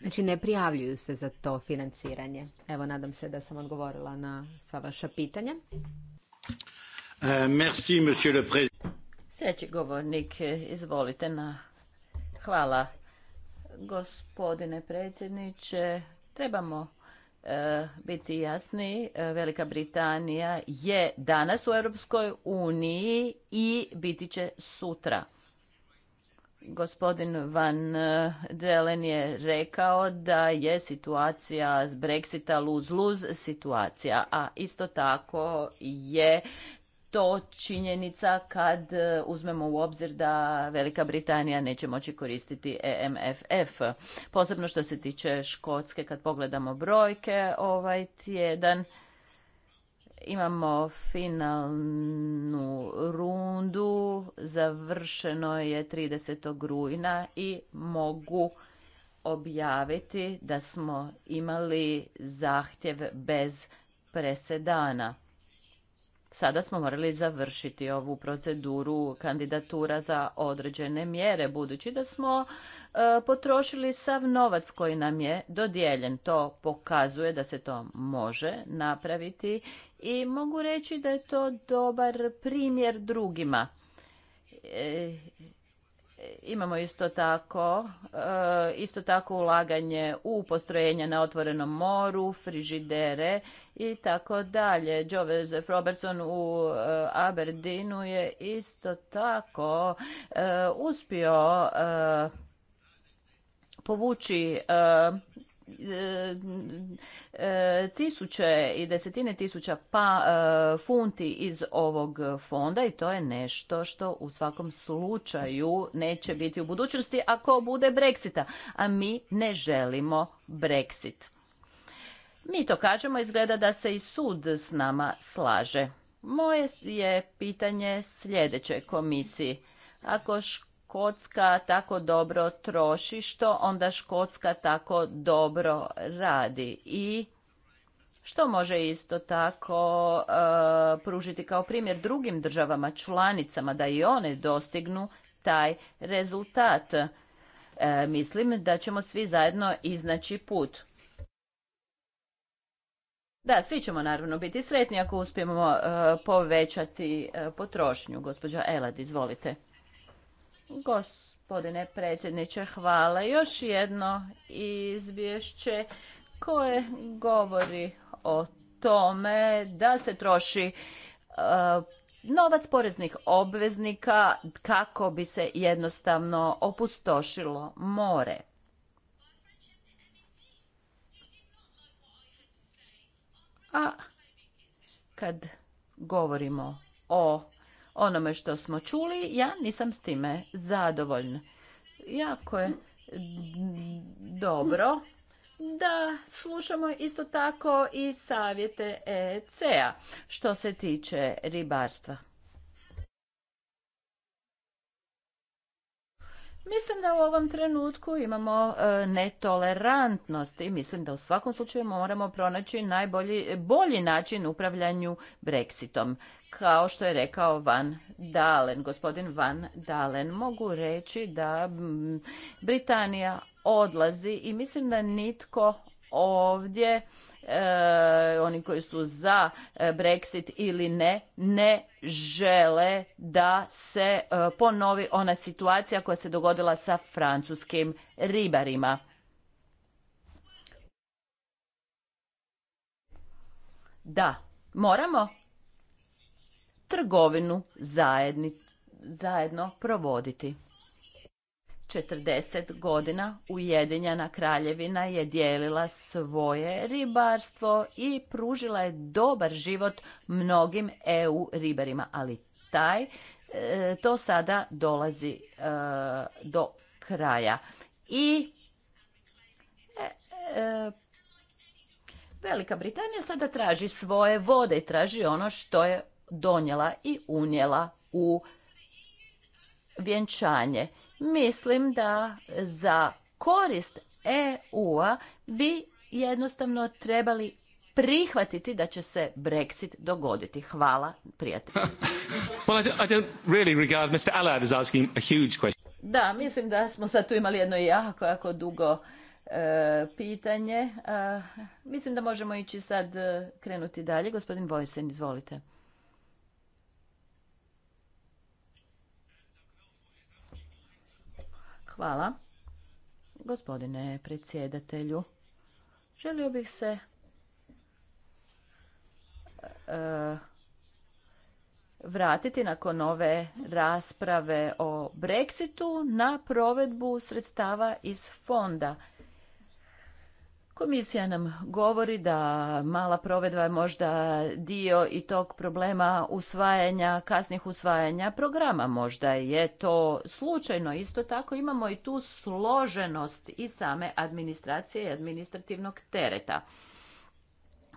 Znači ne prijavljuju se za to financiranje. Evo, nadam se da sam odgovorila na sva vaša pitanja. E, merci, monsieur le Sljedeći govornik, e, izvolite na... Hvala, gospodine predsjedniče. Trebamo E, biti jasni, e, Velika Britanija je danas u Europskoj uniji i biti će sutra. Gospodin Van e, Delen je rekao da je situacija s Brexita luz-luz situacija, a isto tako je to činjenica kad e, uzmemo u obzir da Velika Britanija neće moći koristiti EMFF. Posebno što se tiče Škotske, kad pogledamo brojke, ovaj tjedan imamo finalnu rundu, završeno je 30. rujna i mogu objaviti da smo imali zahtjev bez presedana Sada smo morali završiti ovu proceduru kandidatura za određene mjere, budući da smo e, potrošili sav novac koji nam je dodijeljen. To pokazuje da se to može napraviti i mogu reći da je to dobar primjer drugima. E, Imamo isto tako, e, isto tako ulaganje u postrojenja na otvorenom moru, frižidere i tako dalje. Joseph Robertson u e, Aberdeenu je isto tako e, uspio povući E, tisuće i desetine tisuća pa e, funti iz ovog fonda i to je nešto što u svakom slučaju neće biti u budućnosti ako bude Brexita, a mi ne želimo Brexit. Mi to kažemo, izgleda da se i sud s nama slaže. Moje je pitanje sljedeće komisiji. Ako Škotska tako dobro troši, što onda Škotska tako dobro radi i što može isto tako e, pružiti kao primjer drugim državama članicama da i one dostignu taj rezultat. E, mislim da ćemo svi zajedno iznaći put. Da, svi ćemo naravno biti sretni ako uspijemo e, povećati potrošnju. Gospođa Elad, izvolite. Gospodine predsjedniče, hvala. Još jedno izvješće koje govori o tome da se troši e, novac poreznih obveznika kako bi se jednostavno opustošilo more. A kad govorimo o onome što smo čuli, ja nisam s time zadovoljna. Jako je dobro da slušamo isto tako i savjete ECE-a što se tiče ribarstva. Mislim da u ovom trenutku imamo e, netolerantnost i mislim da u svakom slučaju moramo pronaći najbolji bolji način upravljanju Brexitom kao što je rekao Van Dalen, gospodin Van Dalen, mogu reći da Britanija odlazi i mislim da nitko ovdje e, oni koji su za e, Brexit ili ne, ne žele da se e, ponovi ona situacija koja se dogodila sa francuskim ribarima. Da, moramo trgovinu zajedni, zajedno provoditi. 40 godina Ujedinjena kraljevina je dijelila svoje ribarstvo i pružila je dobar život mnogim EU ribarima, ali taj e, to sada dolazi e, do kraja. I e, Velika Britanija sada traži svoje vode i traži ono što je donijela i unijela u vjenčanje. Mislim da za korist EU-a bi jednostavno trebali prihvatiti da će se Brexit dogoditi. Hvala, prijatelji. [laughs] Da, mislim da smo sad tu imali jedno jako, jako dugo e, pitanje. E, mislim da možemo ići sad e, krenuti dalje. Gospodin Vojsen, izvolite. Hvala. Gospodine predsjedatelju, želio bih se e, vratiti nakon ove rasprave o Brexitu na provedbu sredstava iz fonda Komisija nam govori da mala provedba je možda dio i tog problema usvajanja, kasnih usvajanja programa. Možda je to slučajno. Isto tako imamo i tu složenost i same administracije i administrativnog tereta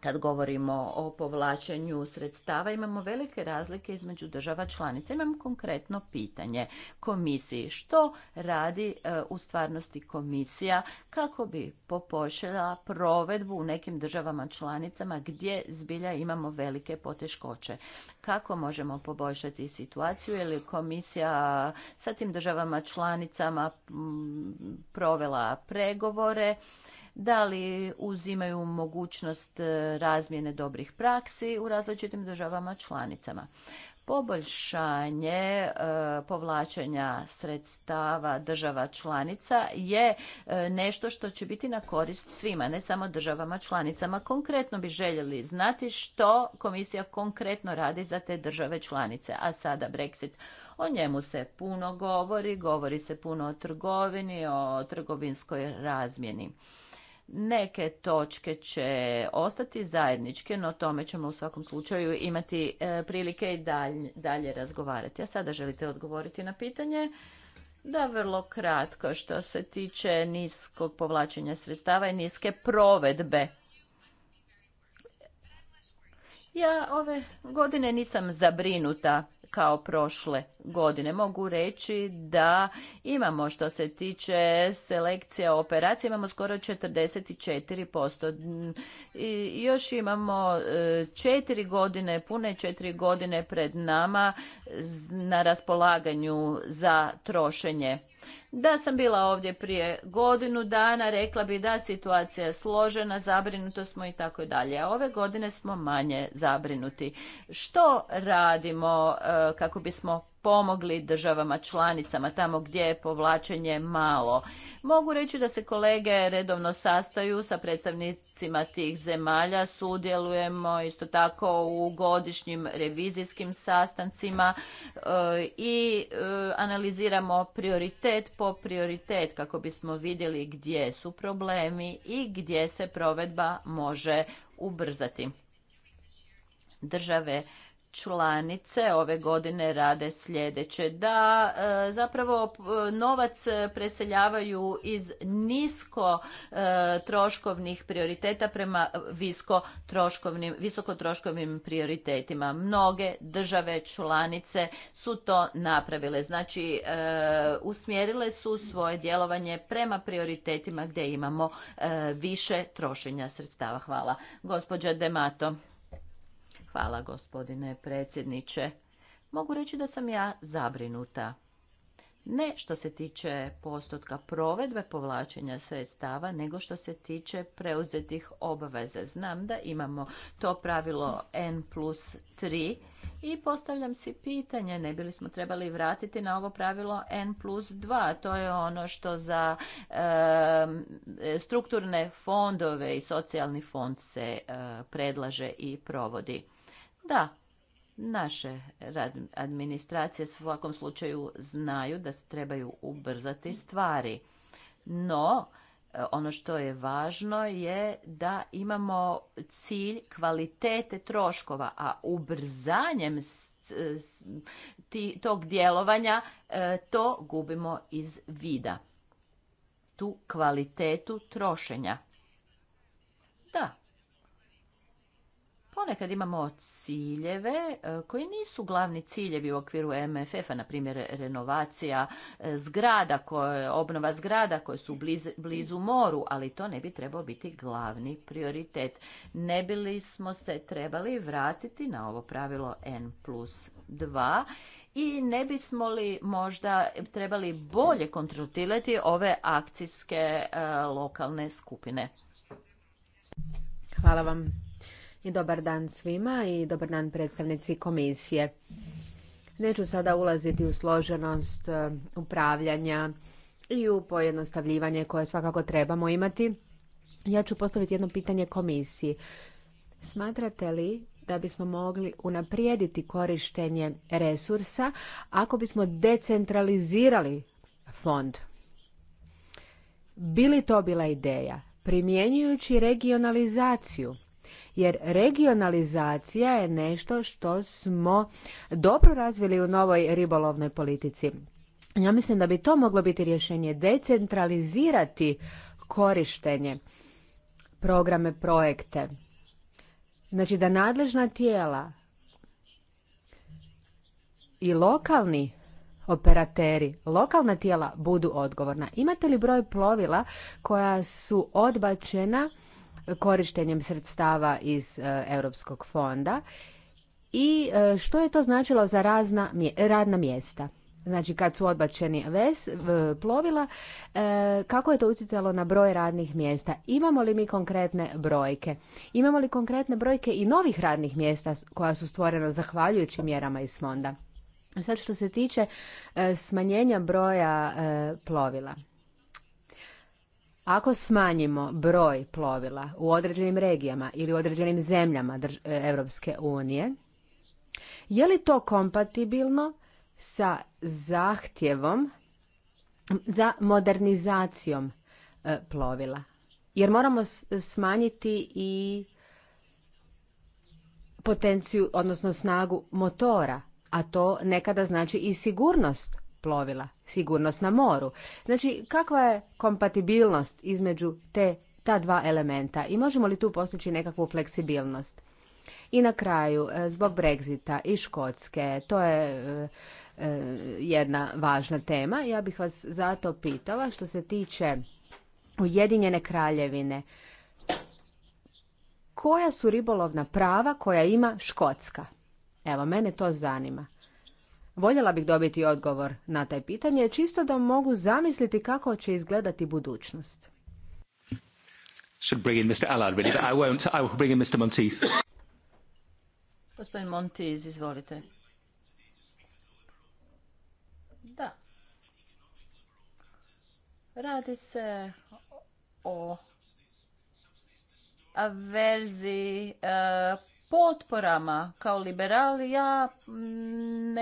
kad govorimo o povlačenju sredstava imamo velike razlike između država članica. Imam konkretno pitanje komisiji. Što radi e, u stvarnosti komisija kako bi popošljala provedbu u nekim državama članicama gdje zbilja imamo velike poteškoće? Kako možemo poboljšati situaciju? Je li komisija sa tim državama članicama provela pregovore? da li uzimaju mogućnost e, razmjene dobrih praksi u različitim državama članicama. Poboljšanje e, povlačenja sredstava država članica je e, nešto što će biti na korist svima, ne samo državama članicama. Konkretno bi željeli znati što komisija konkretno radi za te države članice. A sada Brexit. O njemu se puno govori, govori se puno o trgovini, o trgovinskoj razmjeni. Neke točke će ostati zajedničke, no tome ćemo u svakom slučaju imati e, prilike i dalje, dalje razgovarati. A sada želite odgovoriti na pitanje? Da, vrlo kratko. Što se tiče niskog povlačenja sredstava i niske provedbe. Ja ove godine nisam zabrinuta kao prošle godine. Mogu reći da imamo što se tiče selekcije operacija imamo skoro 44%. I još imamo e, četiri godine, pune četiri godine pred nama na raspolaganju za trošenje. Da sam bila ovdje prije godinu dana, rekla bi da situacija je složena, zabrinuto smo i tako dalje. A ove godine smo manje zabrinuti. Što radimo e, kako bismo pomogli državama članicama tamo gdje je povlačenje malo? Mogu reći da se kolege redovno sastaju sa predstavnicima tih zemalja, sudjelujemo isto tako u godišnjim revizijskim sastancima e, i e, analiziramo prioritet po prioritet kako bismo vidjeli gdje su problemi i gdje se provedba može ubrzati. Države članice ove godine rade sljedeće da e, zapravo e, novac e, preseljavaju iz nisko troškovnih prioriteta prema visoko troškovnim prioritetima mnoge države članice su to napravile znači usmjerile su svoje djelovanje prema prioritetima gdje imamo više trošenja sredstava hvala gospođa Demato Hvala gospodine predsjedniče. Mogu reći da sam ja zabrinuta. Ne što se tiče postotka provedbe povlačenja sredstava, nego što se tiče preuzetih obaveza. Znam da imamo to pravilo N plus 3 i postavljam si pitanje, ne bili smo trebali vratiti na ovo pravilo N plus 2. To je ono što za strukturne fondove i socijalni fond se eh, predlaže i provodi. Da, naše administracije u svakom slučaju znaju da se trebaju ubrzati stvari. No, e, ono što je važno je da imamo cilj kvalitete troškova, a ubrzanjem tog djelovanja e, to gubimo iz vida. Tu kvalitetu trošenja. Da, Ponekad imamo ciljeve e, koji nisu glavni ciljevi u okviru MFF-a, na primjer renovacija e, zgrada, koje, obnova zgrada koje su blizu moru, ali to ne bi trebao biti glavni prioritet. Ne bi li smo se trebali vratiti na ovo pravilo N plus 2 i ne bismo li možda trebali bolje kontrolirati ove akcijske e, lokalne skupine? Hvala vam i dobar dan svima i dobar dan predstavnici komisije. Neću sada ulaziti u složenost e, upravljanja i u pojednostavljivanje koje svakako trebamo imati. Ja ću postaviti jedno pitanje komisiji. Smatrate li da bismo mogli unaprijediti korištenje resursa ako bismo decentralizirali fond? Bili to bila ideja primjenjujući regionalizaciju jer regionalizacija je nešto što smo dobro razvili u novoj ribolovnoj politici. Ja mislim da bi to moglo biti rješenje decentralizirati korištenje programe, projekte. Znači da nadležna tijela i lokalni operateri, lokalna tijela budu odgovorna. Imate li broj plovila koja su odbačena korištenjem sredstava iz e, Europskog fonda i e, što je to značilo za razna, radna mjesta. Znači kad su odbačeni ves, plovila, e, kako je to utjecalo na broj radnih mjesta? Imamo li mi konkretne brojke? Imamo li konkretne brojke i novih radnih mjesta koja su stvorena zahvaljujući mjerama iz fonda? Sad što se tiče smanjenja broja plovila. Ako smanjimo broj plovila u određenim regijama ili u određenim zemljama Europske unije, je li to kompatibilno sa zahtjevom za modernizacijom e, plovila? Jer moramo smanjiti i potenciju, odnosno snagu motora, a to nekada znači i sigurnost plovila, sigurnost na moru. Znači, kakva je kompatibilnost između te, ta dva elementa i možemo li tu postići nekakvu fleksibilnost? I na kraju, e, zbog Brexita i Škotske, to je e, e, jedna važna tema. Ja bih vas zato pitala što se tiče Ujedinjene kraljevine. Koja su ribolovna prava koja ima Škotska? Evo, mene to zanima. Voljela bih dobiti odgovor na taj pitanje, čisto da mogu zamisliti kako će izgledati budućnost. Gospodin Montiz, izvolite. Da. Radi se o averziji eh, potporama kao liberali ja mm,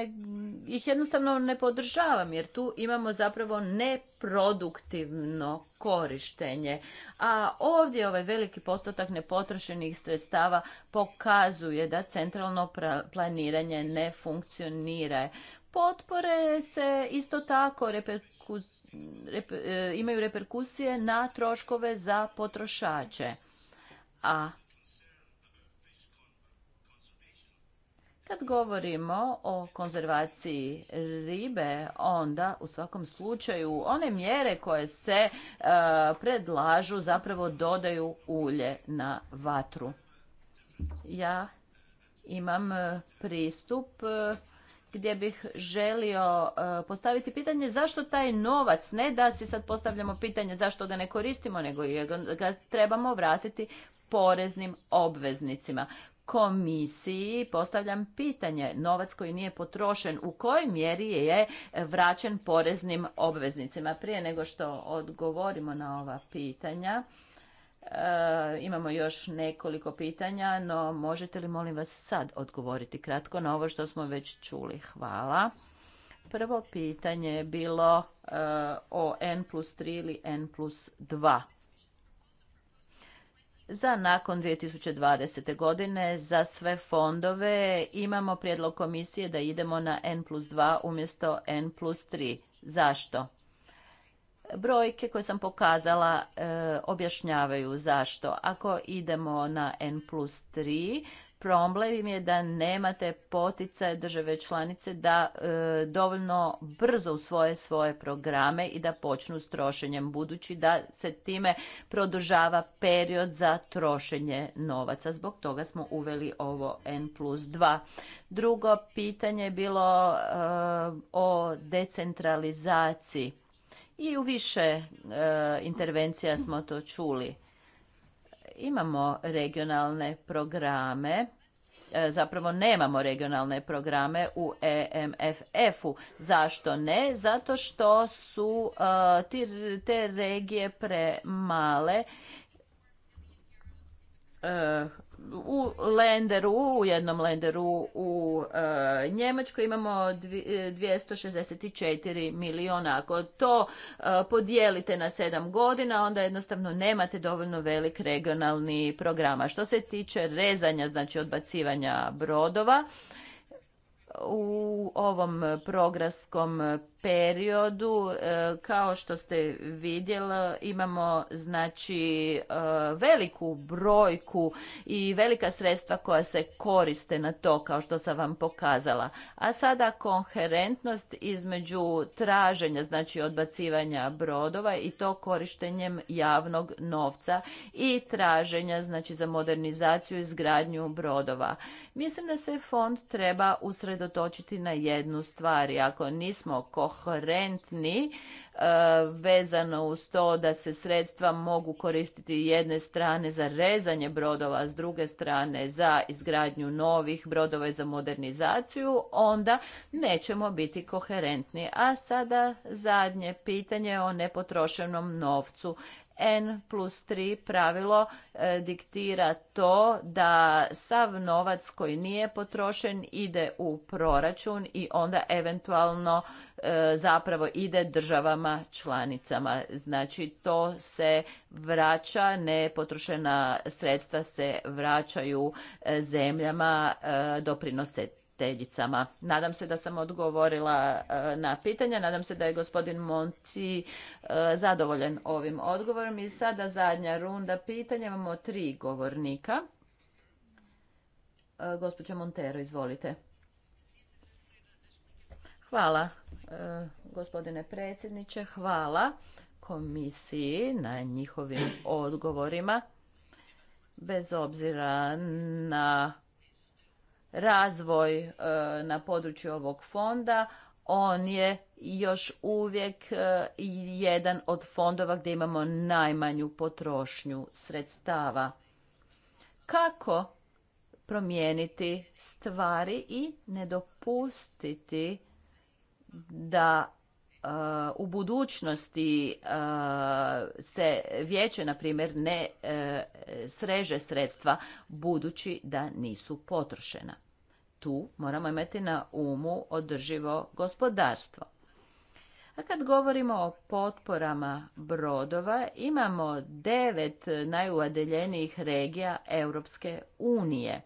ih jednostavno ne podržavam jer tu imamo zapravo neproduktivno korištenje. A ovdje ovaj veliki postotak nepotrošenih sredstava pokazuje da centralno planiranje ne funkcionira. Potpore se isto tako e, imaju reperkusije na troškove za potrošače. A Kad govorimo o konzervaciji ribe, onda u svakom slučaju one mjere koje se e, predlažu zapravo dodaju ulje na vatru. Ja imam e, pristup e, gdje bih želio postaviti pitanje zašto taj novac, ne da si sad postavljamo pitanje zašto ga ne koristimo, nego ga trebamo vratiti poreznim obveznicima komisiji postavljam pitanje novac koji nije potrošen u kojoj mjeri je vraćen poreznim obveznicima prije nego što odgovorimo na ova pitanja e, imamo još nekoliko pitanja no možete li molim vas sad odgovoriti kratko na ovo što smo već čuli hvala prvo pitanje je bilo e, o n plus 3 ili n plus 2 za nakon 2020. godine za sve fondove imamo prijedlog komisije da idemo na N plus 2 umjesto N plus 3. Zašto? Brojke koje sam pokazala e, objašnjavaju zašto. Ako idemo na N plus 3, problem im je da nemate poticaje države članice da e, dovoljno brzo usvoje svoje programe i da počnu s trošenjem budući da se time produžava period za trošenje novaca. Zbog toga smo uveli ovo N plus 2. Drugo pitanje je bilo e, o decentralizaciji. I u više e, intervencija smo to čuli imamo regionalne programe, e, zapravo nemamo regionalne programe u EMFF-u. Zašto ne? Zato što su e, te regije premale e, u lenderu, u jednom lenderu u e, Njemačkoj imamo 264 e, miliona. Ako to e, podijelite na sedam godina, onda jednostavno nemate dovoljno velik regionalni programa. Što se tiče rezanja, znači odbacivanja brodova, u ovom programskom periodu e, kao što ste vidjeli imamo znači e, veliku brojku i velika sredstva koja se koriste na to kao što sam vam pokazala. A sada koherentnost između traženja znači odbacivanja brodova i to korištenjem javnog novca i traženja znači za modernizaciju i izgradnju brodova. Mislim da se fond treba usredotočiti na jednu stvar. Ako nismo koherentni koherentni e, vezano uz to da se sredstva mogu koristiti jedne strane za rezanje brodova, s druge strane za izgradnju novih brodova i za modernizaciju, onda nećemo biti koherentni. A sada zadnje pitanje o nepotrošenom novcu N plus 3 pravilo e, diktira to da sav novac koji nije potrošen ide u proračun i onda eventualno e, zapravo ide državama članicama. Znači to se vraća, potrošena sredstva se vraćaju e, zemljama, e, doprinose Nadam se da sam odgovorila e, na pitanja. Nadam se da je gospodin Monci e, zadovoljen ovim odgovorom. I sada zadnja runda pitanja. Imamo tri govornika. E, gospođa Montero, izvolite. Hvala, gospodine predsjedniče. Hvala komisiji na njihovim odgovorima. Bez obzira na razvoj e, na području ovog fonda, on je još uvijek e, jedan od fondova gdje imamo najmanju potrošnju sredstava. Kako promijeniti stvari i ne dopustiti da u budućnosti e, se vijeće, na primjer, ne e, sreže sredstva budući da nisu potrošena. Tu moramo imati na umu održivo gospodarstvo. A kad govorimo o potporama brodova, imamo devet najuadeljenijih regija Europske unije.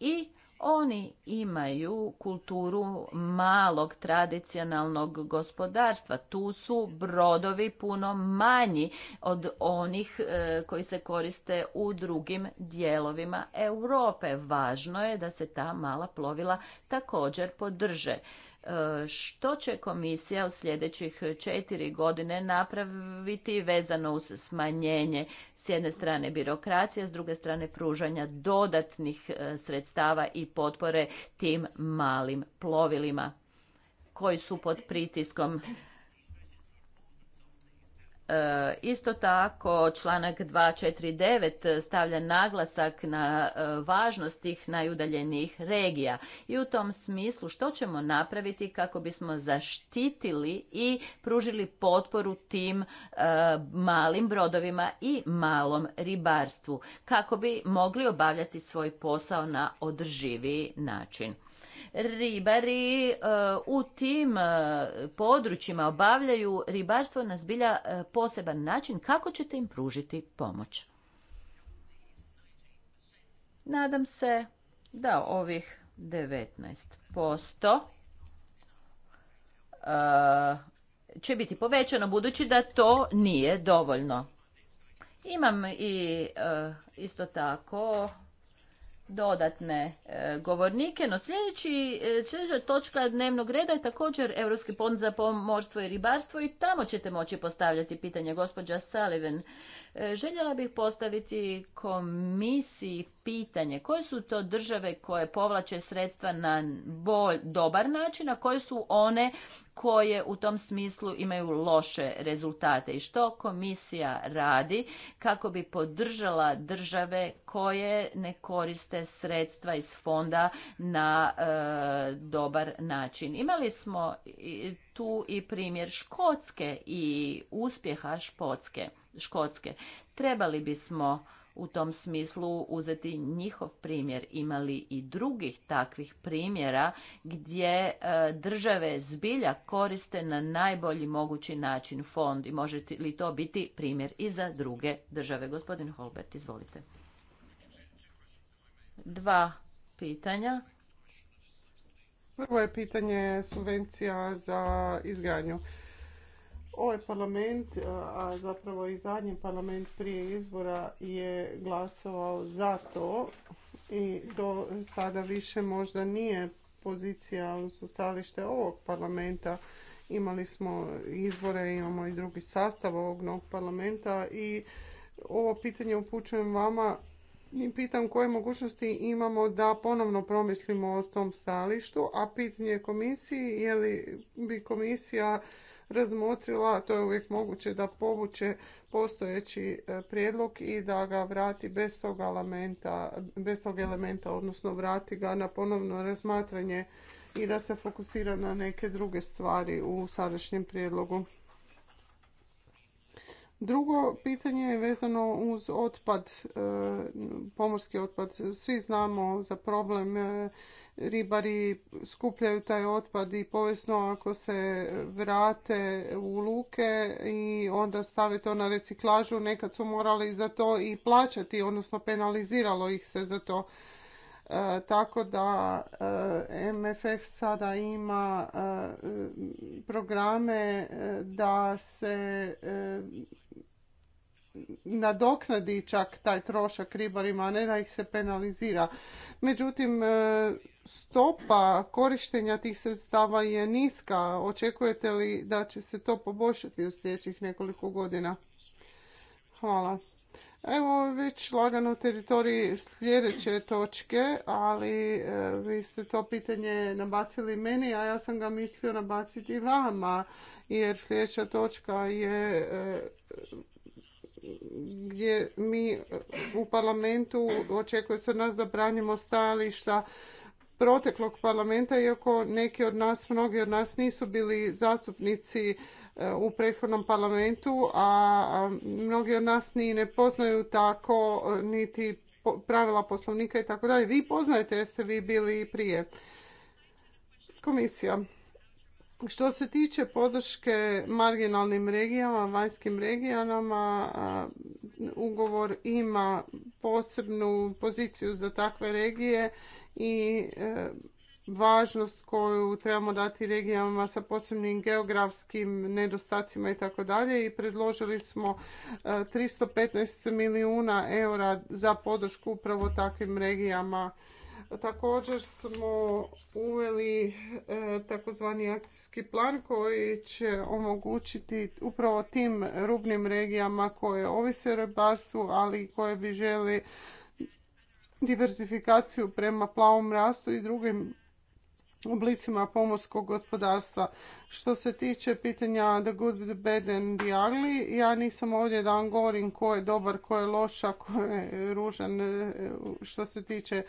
I oni imaju kulturu malog tradicionalnog gospodarstva. Tu su brodovi puno manji od onih e, koji se koriste u drugim dijelovima Europe. Važno je da se ta mala plovila također podrže. E, što će komisija u sljedećih četiri godine napraviti vezano uz smanjenje s jedne strane birokracije, s druge strane pružanja dodatnih e, sredstava i potpore tim malim plovilima koji su pod pritiskom E, isto tako članak 249 stavlja naglasak na e, važnost tih najudaljenijih regija i u tom smislu što ćemo napraviti kako bismo zaštitili i pružili potporu tim e, malim brodovima i malom ribarstvu kako bi mogli obavljati svoj posao na održiviji način ribari e, u tim e, područjima obavljaju ribarstvo na zbilja e, poseban način, kako ćete im pružiti pomoć? Nadam se da ovih 19% će biti povećano budući da to nije dovoljno. Imam i isto tako dodatne e, govornike, no sljedeći, e, sljedeća točka dnevnog reda je također Europski fond za pomorstvo i ribarstvo i tamo ćete moći postavljati pitanje. Gospođa Sullivan E, željela bih postaviti komisiji pitanje koje su to države koje povlače sredstva na bolj, dobar način, a koje su one koje u tom smislu imaju loše rezultate i što komisija radi kako bi podržala države koje ne koriste sredstva iz fonda na e, dobar način. Imali smo tu i primjer Škotske i uspjeha Špotske. Škotske. Trebali bismo u tom smislu uzeti njihov primjer. Imali i drugih takvih primjera gdje e, države zbilja koriste na najbolji mogući način fond i može li to biti primjer i za druge države. Gospodin Holbert, izvolite. Dva pitanja. Prvo je pitanje subvencija za izgradnju. Ovaj parlament, a zapravo i zadnji parlament prije izbora je glasovao za to i to sada više možda nije pozicija, odnosno stajalište ovog parlamenta. Imali smo izbore, imamo i drugi sastav ovog novog parlamenta i ovo pitanje upućujem vama i pitam koje mogućnosti imamo da ponovno promislimo o tom stajalištu, a pitanje komisiji je li bi komisija razmotrila, to je uvijek moguće da povuče postojeći e, prijedlog i da ga vrati bez tog elementa, bez tog elementa odnosno vrati ga na ponovno razmatranje i da se fokusira na neke druge stvari u sadašnjem prijedlogu. Drugo pitanje je vezano uz otpad, e, pomorski otpad. Svi znamo za problem e, ribari skupljaju taj otpad i povijesno ako se vrate u luke i onda stave to na reciklažu, nekad su morali za to i plaćati, odnosno penaliziralo ih se za to. E, tako da e, MFF sada ima e, programe e, da se nadoknadi čak taj trošak ribarima, a ne da ih se penalizira. Međutim, stopa korištenja tih sredstava je niska. Očekujete li da će se to poboljšati u sljedećih nekoliko godina? Hvala. Evo već lagano u teritoriji sljedeće točke, ali e, vi ste to pitanje nabacili meni, a ja sam ga mislio nabaciti vama, jer sljedeća točka je e, gdje mi u parlamentu očekuje se od nas da branimo stajališta proteklog parlamenta, iako neki od nas, mnogi od nas nisu bili zastupnici e, u prethodnom parlamentu, a mnogi od nas ni ne poznaju tako niti pravila poslovnika i tako dalje. Vi poznajete, jeste vi bili prije. Komisija. Što se tiče podrške marginalnim regijama, vanjskim regijama, ugovor ima posebnu poziciju za takve regije i e, važnost koju trebamo dati regijama sa posebnim geografskim nedostacima i tako dalje i predložili smo 315 e, milijuna eura za podršku upravo takvim regijama Također smo uveli e, takozvani akcijski plan koji će omogućiti upravo tim rubnim regijama koje ovise o ribarstvu, ali koje bi želi diversifikaciju prema plavom rastu i drugim oblicima pomorskog gospodarstva. Što se tiče pitanja The Good, The Bad and The Ugly, ja nisam ovdje da vam govorim ko je dobar, ko je loša, ko je ružan e, što se tiče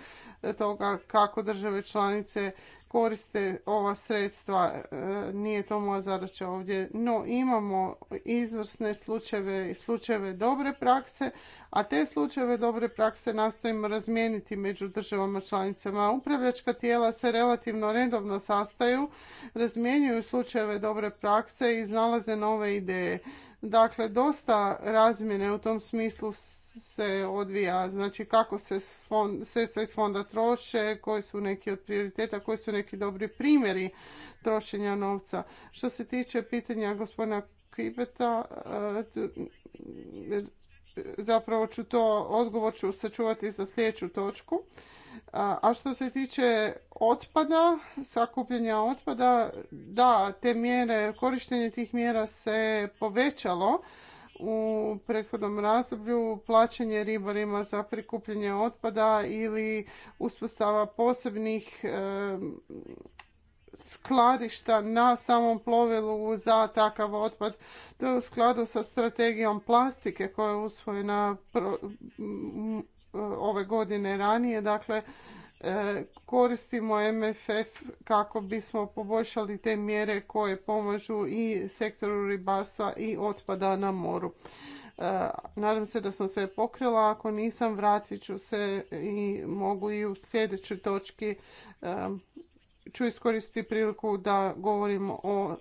toga kako države članice koriste ova sredstva, e, nije to moja zadaća ovdje, no imamo izvrsne slučajeve i slučajeve dobre prakse, a te slučajeve dobre prakse nastojimo razmijeniti među državama članicama. Upravljačka tijela se relativno redovno sastaju, razmjenjuju slučajeve dobre prakse i znalaze nove ideje. Dakle, dosta razmjene u tom smislu se odvija, znači kako se fond, sredstva iz fonda troše, koji su neki od prioriteta, koji su neki dobri primjeri trošenja novca. Što se tiče pitanja gospodina Kibeta, e, zapravo ću to, odgovor ću sačuvati za sljedeću točku. A što se tiče otpada, sakupljenja otpada, da, te mjere, korištenje tih mjera se povećalo u prethodnom razdoblju plaćanje ribarima za prikupljanje otpada ili uspostava posebnih skladišta na samom plovilu za takav otpad. To je u skladu sa strategijom plastike koja je usvojena ove godine ranije. Dakle, E, koristimo MFF kako bismo poboljšali te mjere koje pomažu i sektoru ribarstva i otpada na moru. E, nadam se da sam sve pokrila, ako nisam vratit ću se i mogu i u sljedećoj točki e, ću iskoristiti priliku da govorim o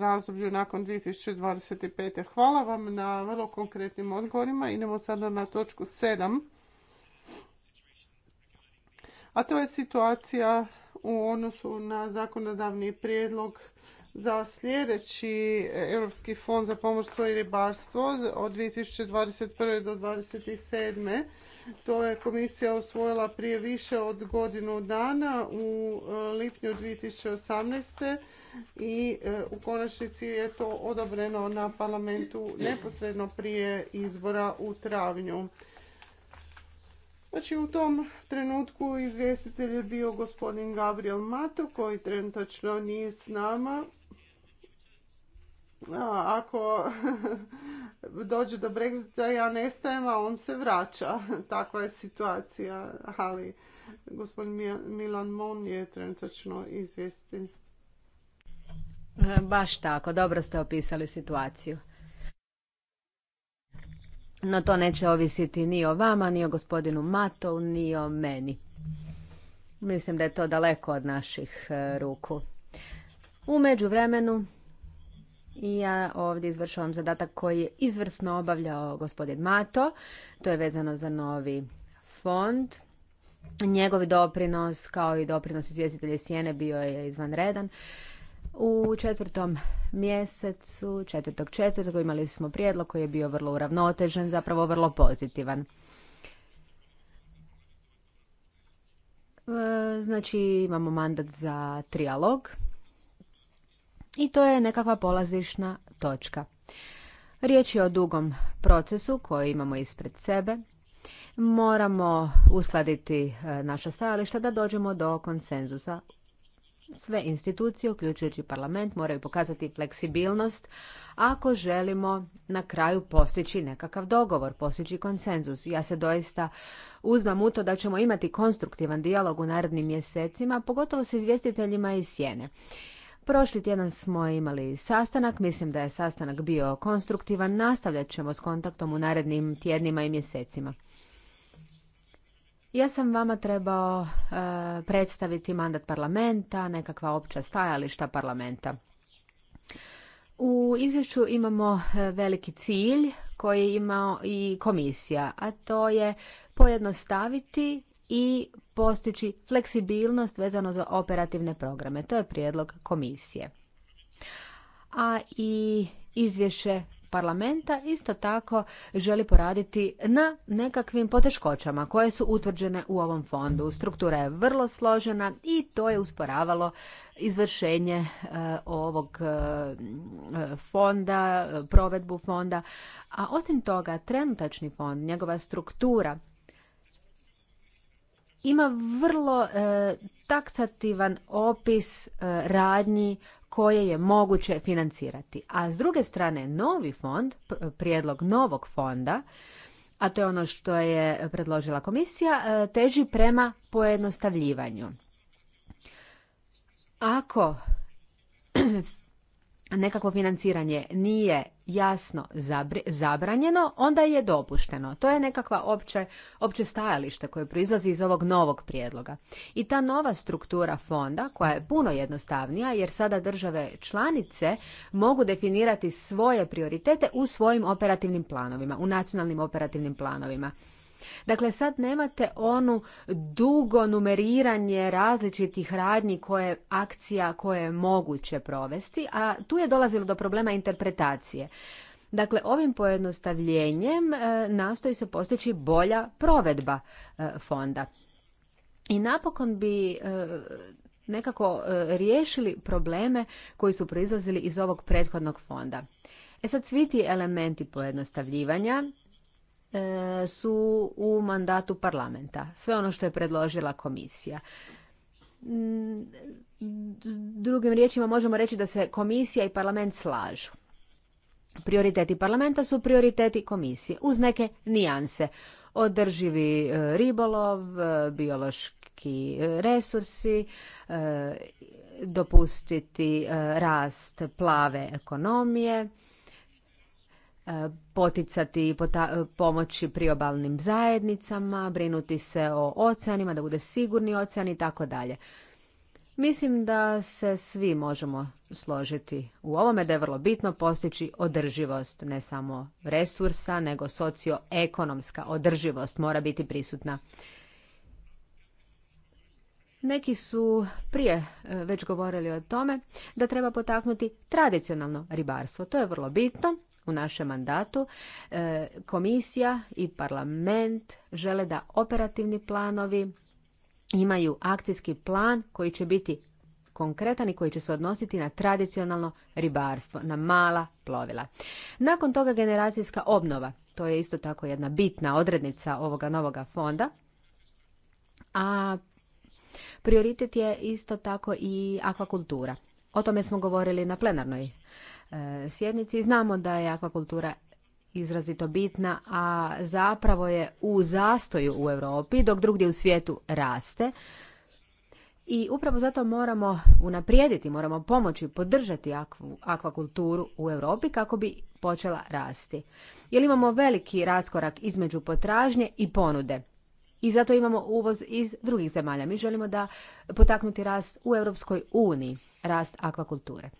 razdoblju nakon 2025. Hvala vam na vrlo konkretnim odgovorima. Idemo sada na točku 7 a to je situacija u odnosu na zakonodavni prijedlog za sljedeći Europski fond za pomorstvo i ribarstvo od 2021. do 2027. To je komisija osvojila prije više od godinu dana u e, lipnju 2018. i e, u konačnici je to odobreno na parlamentu neposredno prije izbora u travnju. Znači u tom trenutku izvjestitelj je bio gospodin Gabriel Mato koji trenutačno nije s nama. ako [laughs] dođe do Brexita ja nestajem, a on se vraća. [laughs] Takva je situacija, ali gospodin Milan Mon je trenutačno izvjestitelj. E, baš tako, dobro ste opisali situaciju. No to neće ovisiti ni o vama, ni o gospodinu Matovu, ni o meni. Mislim da je to daleko od naših e, ruku. U međuvremenu ja ovdje izvršavam zadatak koji je izvrsno obavljao gospodin Mato. To je vezano za novi fond. Njegov doprinos, kao i doprinos izvjestitelja Sjene, bio je izvanredan. U četvrtom mjesecu, četvrtog četvrtog, imali smo prijedlog koji je bio vrlo uravnotežen, zapravo vrlo pozitivan. E, znači imamo mandat za trijalog i to je nekakva polazišna točka. Riječ je o dugom procesu koji imamo ispred sebe. Moramo uskladiti e, naša stajališta da dođemo do konsenzusa sve institucije, uključujući parlament, moraju pokazati fleksibilnost ako želimo na kraju postići nekakav dogovor, postići konsenzus. Ja se doista uznam u to da ćemo imati konstruktivan dijalog u narednim mjesecima, pogotovo s izvjestiteljima iz Sjene. Prošli tjedan smo imali sastanak, mislim da je sastanak bio konstruktivan, nastavljat ćemo s kontaktom u narednim tjednima i mjesecima. Ja sam vama trebao e, predstaviti mandat parlamenta, nekakva opća stajališta parlamenta. U izvješću imamo e, veliki cilj koji je imao i komisija, a to je pojednostaviti i postići fleksibilnost vezano za operativne programe. To je prijedlog komisije. A i izvješće parlamenta isto tako želi poraditi na nekakvim poteškoćama koje su utvrđene u ovom fondu. Struktura je vrlo složena i to je usporavalo izvršenje e, ovog e, fonda, provedbu fonda. A osim toga, trenutačni fond, njegova struktura ima vrlo e, taksativan opis radnji koje je moguće financirati. A s druge strane, novi fond, prijedlog novog fonda, a to je ono što je predložila komisija, e, teži prema pojednostavljivanju. Ako [clears throat] nekakvo financiranje nije jasno zabranjeno, onda je dopušteno. To je nekakva opće, opće stajalište koje proizlazi iz ovog novog prijedloga. I ta nova struktura fonda, koja je puno jednostavnija, jer sada države članice mogu definirati svoje prioritete u svojim operativnim planovima, u nacionalnim operativnim planovima. Dakle, sad nemate onu dugo numeriranje različitih radnji koje akcija koje je moguće provesti, a tu je dolazilo do problema interpretacije. Dakle, ovim pojednostavljenjem e, nastoji se postići bolja provedba e, fonda. I napokon bi e, nekako riješili probleme koji su proizlazili iz ovog prethodnog fonda. E sad, svi ti elementi pojednostavljivanja E, su u mandatu parlamenta. Sve ono što je predložila komisija. Mm, drugim riječima možemo reći da se komisija i parlament slažu. Prioriteti parlamenta su prioriteti komisije uz neke nijanse. Održivi e, ribolov, e, biološki resursi, dopustiti rast plave ekonomije, E, poticati i e, pomoći priobalnim zajednicama, brinuti se o oceanima, da bude sigurni ocean i tako dalje. Mislim da se svi možemo složiti u ovome da je vrlo bitno postići održivost, ne samo resursa, nego socioekonomska održivost mora biti prisutna. Neki su prije e, već govorili o tome da treba potaknuti tradicionalno ribarstvo. To je vrlo bitno u našem mandatu, e, komisija i parlament žele da operativni planovi imaju akcijski plan koji će biti konkretan i koji će se odnositi na tradicionalno ribarstvo, na mala plovila. Nakon toga generacijska obnova, to je isto tako jedna bitna odrednica ovoga novoga fonda, a prioritet je isto tako i akvakultura. O tome smo govorili na plenarnoj E, sjednici. Znamo da je akvakultura izrazito bitna, a zapravo je u zastoju u Europi, dok drugdje u svijetu raste. I upravo zato moramo unaprijediti, moramo pomoći, podržati akvakulturu u Europi kako bi počela rasti. Jer imamo veliki raskorak između potražnje i ponude. I zato imamo uvoz iz drugih zemalja. Mi želimo da potaknuti rast u Europskoj uniji, rast akvakulture.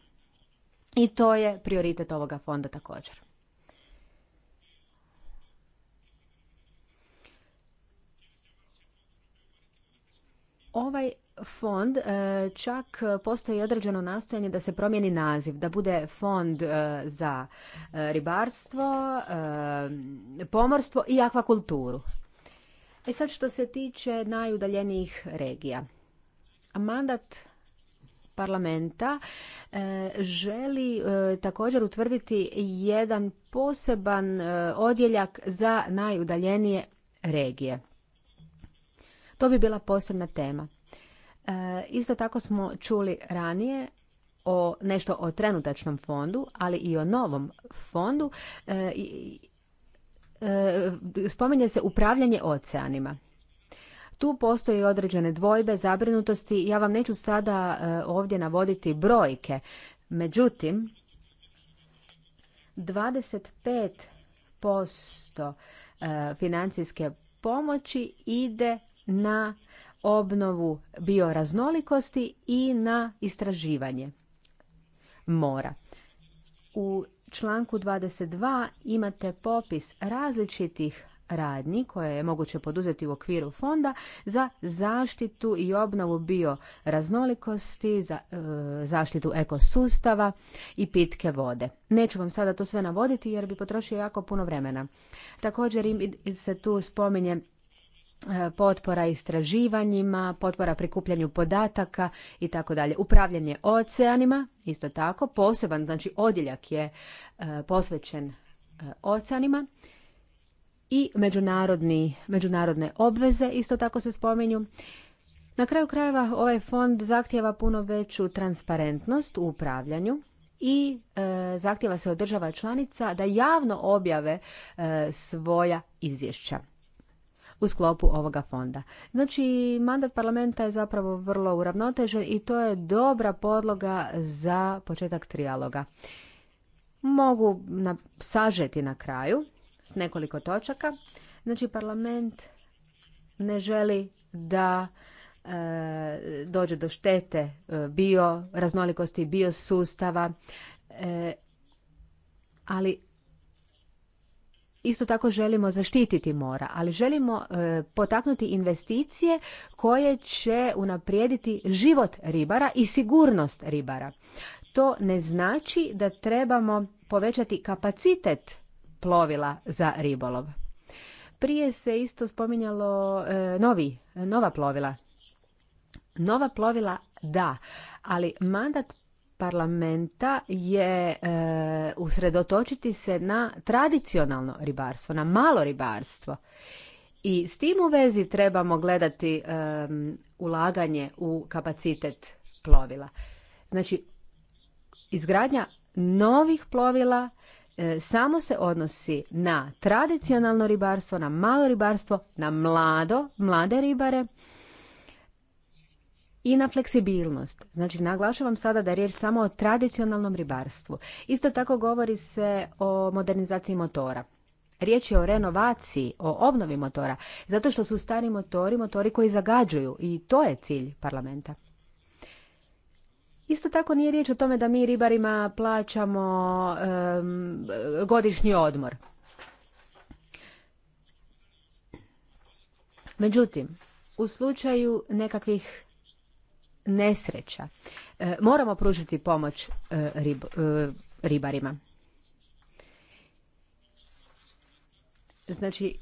I to je prioritet ovoga fonda također. Ovaj fond e, čak postoji određeno nastojanje da se promijeni naziv, da bude fond e, za e, ribarstvo, pomorstvo i akvakulturu. E sad što se tiče najudaljenijih regija. Mandat parlamenta e, želi e, također utvrditi jedan poseban e, odjeljak za najudaljenije regije. To bi bila posebna tema. Isto tako smo čuli ranije o nešto o trenutačnom fondu, ali i o novom fondu. Spominje se upravljanje oceanima. Tu postoje određene dvojbe, zabrinutosti. Ja vam neću sada e, ovdje navoditi brojke. Međutim, 25% e, financijske pomoći ide na obnovu bioraznolikosti i na istraživanje mora. U članku 22 imate popis različitih radnji koje je moguće poduzeti u okviru fonda za zaštitu i obnovu bioraznolikosti, za e, zaštitu ekosustava i pitke vode. Neću vam sada to sve navoditi jer bi potrošio jako puno vremena. Također se tu spominje e, potpora istraživanjima, potpora prikupljanju podataka i tako dalje. Upravljanje oceanima, isto tako, poseban, znači odjeljak je e, posvećen e, oceanima i međunarodne obveze isto tako se spominju. Na kraju krajeva ovaj fond zahtjeva puno veću transparentnost u upravljanju i e, zahtjeva se od država članica da javno objave e, svoja izvješća u sklopu ovoga fonda. Znači, mandat parlamenta je zapravo vrlo uravnotežen i to je dobra podloga za početak trijaloga. Mogu sažeti na kraju s nekoliko točaka. Znači, parlament ne želi da e, dođe do štete e, bio raznolikosti, bio sustava, e, ali isto tako želimo zaštititi mora, ali želimo e, potaknuti investicije koje će unaprijediti život ribara i sigurnost ribara. To ne znači da trebamo povećati kapacitet plovila za ribolov. Prije se isto spominjalo e, novi, nova plovila. Nova plovila da, ali mandat parlamenta je e, usredotočiti se na tradicionalno ribarstvo, na malo ribarstvo. I s tim u vezi trebamo gledati e, ulaganje u kapacitet plovila. Znači, izgradnja novih plovila E, samo se odnosi na tradicionalno ribarstvo, na malo ribarstvo, na mlado, mlade ribare i na fleksibilnost. Znači, naglašavam sada da je riječ samo o tradicionalnom ribarstvu. Isto tako govori se o modernizaciji motora. Riječ je o renovaciji, o obnovi motora, zato što su stari motori, motori koji zagađuju i to je cilj parlamenta. Isto tako nije riječ o tome da mi ribarima plaćamo godišnji odmor. Međutim, u slučaju nekakvih nesreća e, moramo pružiti pomoć e, rib, e, ribarima. Znači,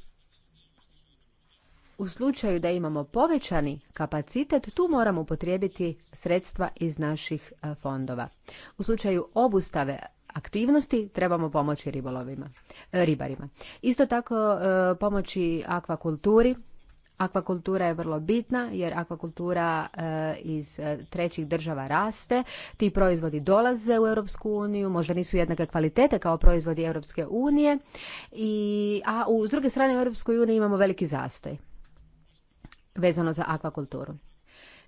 u slučaju da imamo povećani kapacitet, tu moramo upotrijebiti sredstva iz naših e, fondova. U slučaju obustave aktivnosti trebamo pomoći ribolovima, e, ribarima. Isto tako e, pomoći akvakulturi. Akvakultura je vrlo bitna jer akvakultura iz trećih država raste. Ti proizvodi dolaze u Europsku uniju, možda nisu jednake kvalitete kao proizvodi Europske unije. I, a s druge strane u Europskoj uniji imamo veliki zastoj vezano za akvakulturu.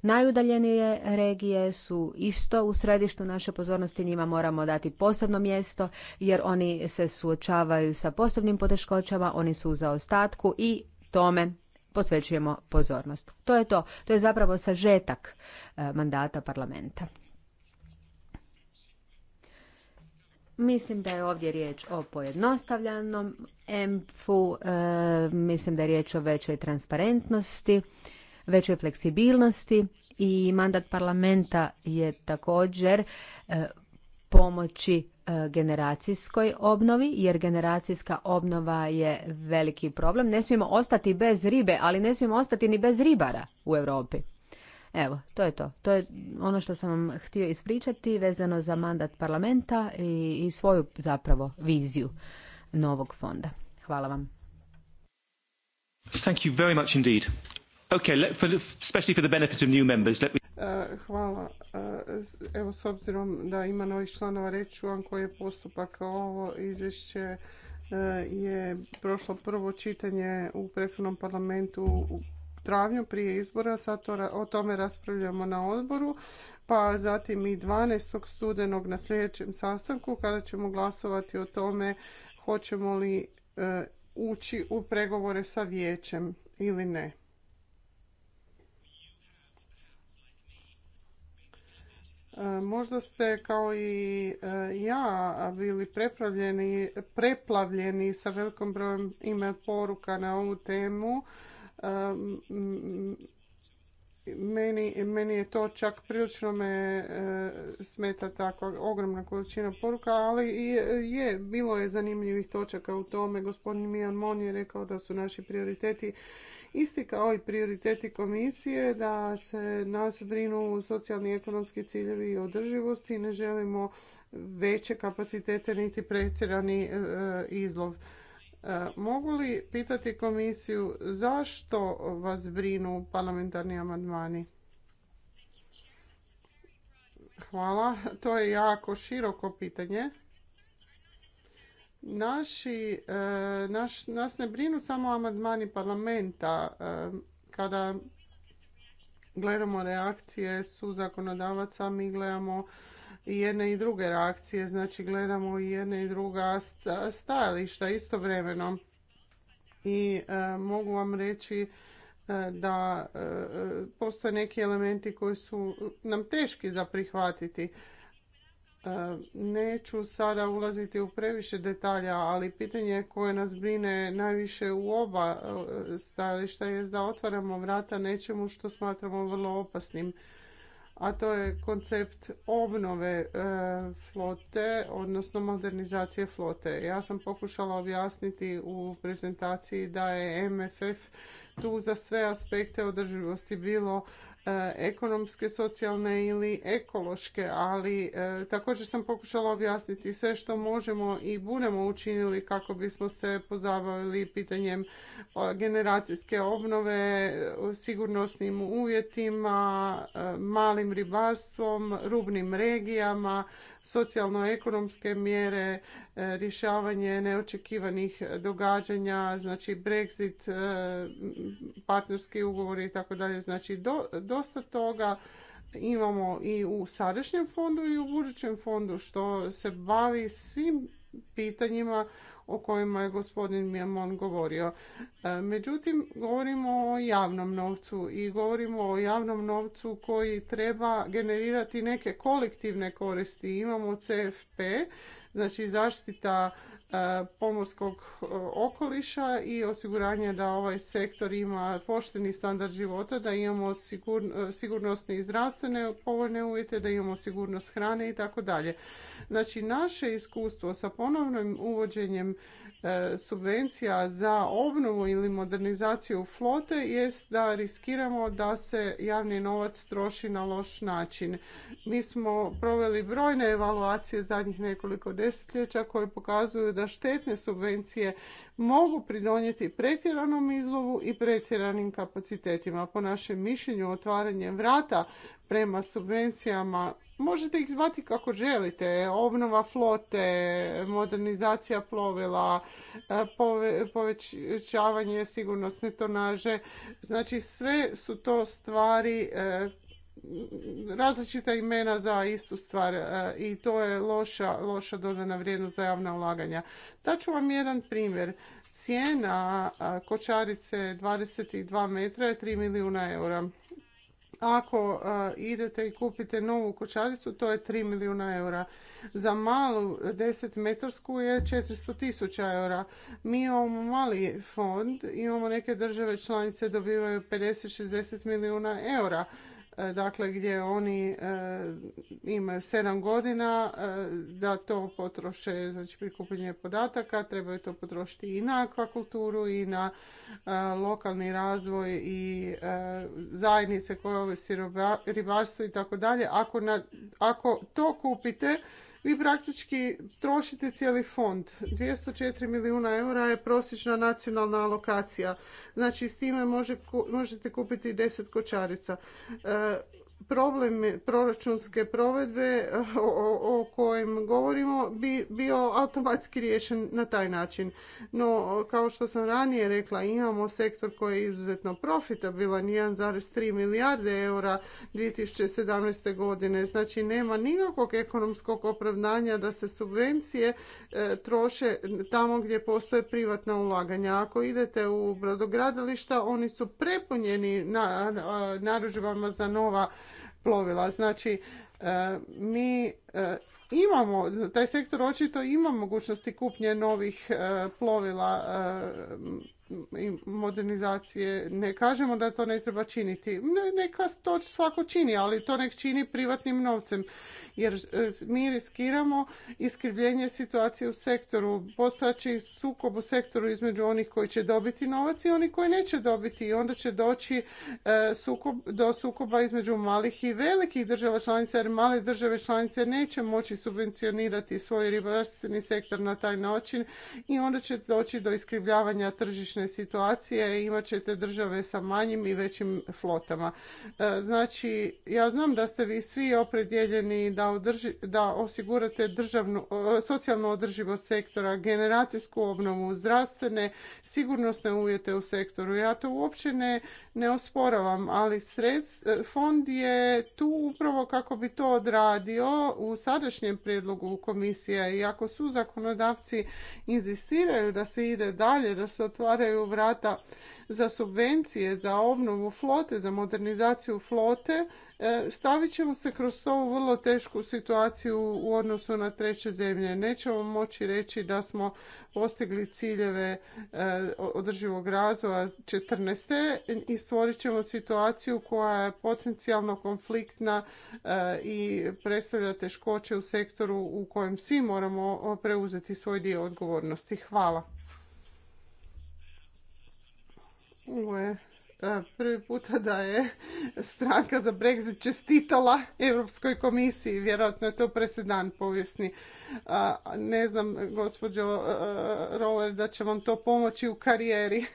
Najudaljenije regije su isto u središtu naše pozornosti, njima moramo dati posebno mjesto jer oni se suočavaju sa posebnim poteškoćama, oni su u zaostatku i tome posvećujemo pozornost. To je to, to je zapravo sažetak eh, mandata parlamenta. Mislim da je ovdje riječ o pojednostavljanom emf u e, mislim da je riječ o većoj transparentnosti, većoj fleksibilnosti i mandat parlamenta je također e, pomoći e, generacijskoj obnovi, jer generacijska obnova je veliki problem. Ne smijemo ostati bez ribe, ali ne smijemo ostati ni bez ribara u Europi. Evo, to je to. To je ono što sam vam htio ispričati vezano za mandat parlamenta i, svoju zapravo viziju novog fonda. Hvala vam. Thank you very much indeed. Okay, let, for, especially for the benefit of new members, let me... E, hvala. E, evo, s obzirom da ima novih članova, reću vam koji je postupak. Ovo izvješće e, je prošlo prvo čitanje u prethodnom parlamentu u travnju prije izbora, sad to, o tome raspravljamo na odboru, pa zatim i 12. studenog na sljedećem sastanku kada ćemo glasovati o tome hoćemo li e, ući u pregovore sa vijećem ili ne. E, možda ste kao i e, ja bili preplavljeni sa velikom brojem ime poruka na ovu temu meni, je to čak prilično me e, smeta takva ogromna količina poruka, ali je, bilo je zanimljivih točaka u tome. Gospodin Mijan Mon je rekao da su naši prioriteti isti kao i prioriteti komisije, da se nas brinu socijalni i ekonomski ciljevi i održivosti i ne želimo veće kapacitete niti pretjerani e, izlov. E, mogu li pitati komisiju zašto vas brinu parlamentarni amandmani? Hvala. To je jako široko pitanje. Naši, e, naš, nas ne brinu samo amandmani parlamenta. E, kada gledamo reakcije su zakonodavaca, mi gledamo i jedne i druge reakcije, znači gledamo i jedne i druga stajališta istovremeno. I e, mogu vam reći e, da e, postoje neki elementi koji su nam teški za prihvatiti. Neću sada ulaziti u previše detalja, ali pitanje koje nas brine najviše u oba stajališta je da otvaramo vrata nečemu što smatramo vrlo opasnim a to je koncept obnove e, flote, odnosno modernizacije flote. Ja sam pokušala objasniti u prezentaciji da je MFF tu za sve aspekte održivosti bilo E, ekonomske, socijalne ili ekološke, ali e, također sam pokušala objasniti sve što možemo i budemo učinili kako bismo se pozabavili pitanjem e, generacijske obnove, sigurnosnim uvjetima, malim ribarstvom, rubnim regijama, socijalno-ekonomske mjere, e, rješavanje neočekivanih događanja, znači Brexit, e, partnerski ugovori i tako dalje. Znači do, dosta toga imamo i u sadašnjem fondu i u budućem fondu što se bavi svim pitanjima o kojima je gospodin Mijamon govorio. E, međutim, govorimo o javnom novcu i govorimo o javnom novcu koji treba generirati neke kolektivne koristi. Imamo CFP, znači zaštita E, pomorskog e, okoliša i osiguranje da ovaj sektor ima pošteni standard života, da imamo e, sigurnosne i zdravstvene povoljne uvjete, da imamo sigurnost hrane i tako dalje. Znači, naše iskustvo sa ponovnim uvođenjem subvencija za obnovu ili modernizaciju flote jest da riskiramo da se javni novac troši na loš način. Mi smo proveli brojne evaluacije zadnjih nekoliko desetljeća koje pokazuju da štetne subvencije mogu pridonijeti pretjeranom izlovu i pretjeranim kapacitetima. Po našem mišljenju otvaranje vrata prema subvencijama možete ih zvati kako želite, obnova flote, modernizacija plovila, povećavanje sigurnosne tonaže, znači sve su to stvari e, različita imena za istu stvar e, i to je loša, loša dodana vrijednost za javna ulaganja. Daću vam jedan primjer. Cijena kočarice 22 metra je 3 milijuna eura. Ako e, idete i kupite novu kočaricu, to je 3 milijuna eura. Za malu 10 metarsku je 400 tisuća eura. Mi imamo mali fond, imamo neke države članice dobivaju 50-60 milijuna eura. E, dakle gdje oni e, imaju 7 godina e, da to potroše, znači prikupljanje podataka, trebaju to potrošiti i na akvakulturu i na lokalni razvoj i zajednice koje ovisi ribarstvo i tako dalje. Ako to kupite, vi praktički trošite cijeli fond. 204 milijuna eura je prosječna nacionalna alokacija. Znači s time može, možete kupiti 10 kočarica. E, problem proračunske provedbe o, kojem govorimo bi bio automatski riješen na taj način. No, kao što sam ranije rekla, imamo sektor koji je izuzetno profitabilan, 1,3 milijarde eura 2017. godine. Znači, nema nikakvog ekonomskog opravdanja da se subvencije e, troše tamo gdje postoje privatna ulaganja. Ako idete u brodogradilišta, oni su prepunjeni na, na, narudžbama za nova plovila. Znači, e, mi e, imamo, taj sektor očito ima mogućnosti kupnje novih e, plovila i modernizacije. Ne kažemo da to ne treba činiti. Neka to svako čini, ali to nek čini privatnim novcem jer e, mi riskiramo iskrivljenje situacije u sektoru. Postojaći sukob u sektoru između onih koji će dobiti novac i oni koji neće dobiti i onda će doći e, sukob, do sukoba između malih i velikih država članica jer male države članice neće moći subvencionirati svoj ribarstveni sektor na taj način i onda će doći do iskrivljavanja tržišne situacije i imat ćete države sa manjim i većim flotama. E, znači, ja znam da ste vi svi opredjeljeni da da, održi, da osigurate državnu, socijalnu održivost sektora, generacijsku obnovu, zdravstvene, sigurnosne uvjete u sektoru. Ja to uopće ne, ne osporavam, ali sred e, fond je tu upravo kako bi to odradio u sadašnjem prijedlogu komisija i ako su zakonodavci inzistiraju da se ide dalje, da se otvaraju vrata za subvencije, za obnovu flote, za modernizaciju flote, E, stavit ćemo se kroz to u vrlo tešku situaciju u odnosu na treće zemlje. Nećemo moći reći da smo postigli ciljeve e, održivog razvoja 14. i stvorit ćemo situaciju koja je potencijalno konfliktna e, i predstavlja teškoće u sektoru u kojem svi moramo preuzeti svoj dio odgovornosti. Hvala. Ovo je E, prvi puta da je stranka za Brexit čestitala Europskoj komisiji. Vjerojatno je to presedan povijesni. E, ne znam, gospođo e, Roller, da će vam to pomoći u karijeri. [laughs]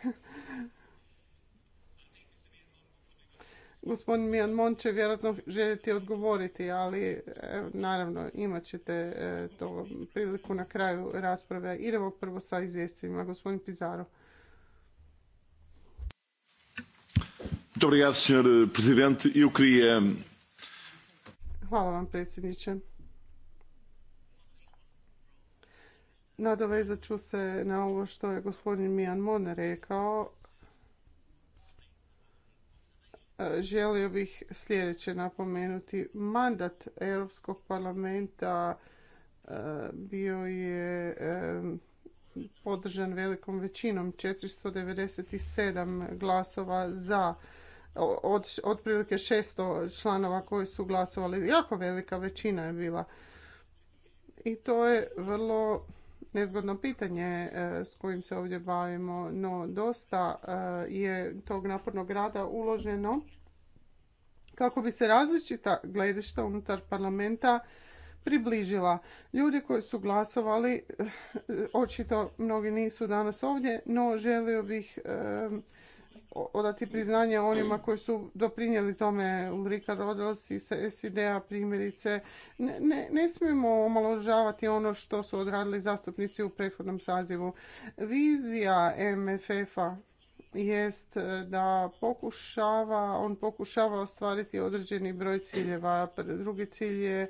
Gospodin Mijan će vjerojatno željeti odgovoriti, ali naravno imat ćete to priliku na kraju rasprave. Idemo prvo sa izvjestvima. Gospodin Pizaro. Muito eh, Hvala vam, predsjedniče. Nadovezat ću se na ovo što je gospodin Mijan Mon rekao. E, želio bih sljedeće napomenuti. Mandat Europskog parlamenta e, bio je e, podržan velikom većinom 497 glasova za od prilike 600 članova koji su glasovali. Jako velika većina je bila. I to je vrlo nezgodno pitanje e, s kojim se ovdje bavimo, no dosta e, je tog napornog rada uloženo kako bi se različita gledišta unutar parlamenta približila. Ljudi koji su glasovali, e, očito mnogi nisu danas ovdje, no želio bih odati priznanje onima koji su doprinijeli tome Ulrika Rodos i SID-a primjerice. Ne, ne, ne smijemo omaložavati ono što su odradili zastupnici u prethodnom sazivu. Vizija MFF-a jest e, da pokušava, on pokušava ostvariti određeni broj ciljeva. Drugi cilj je e,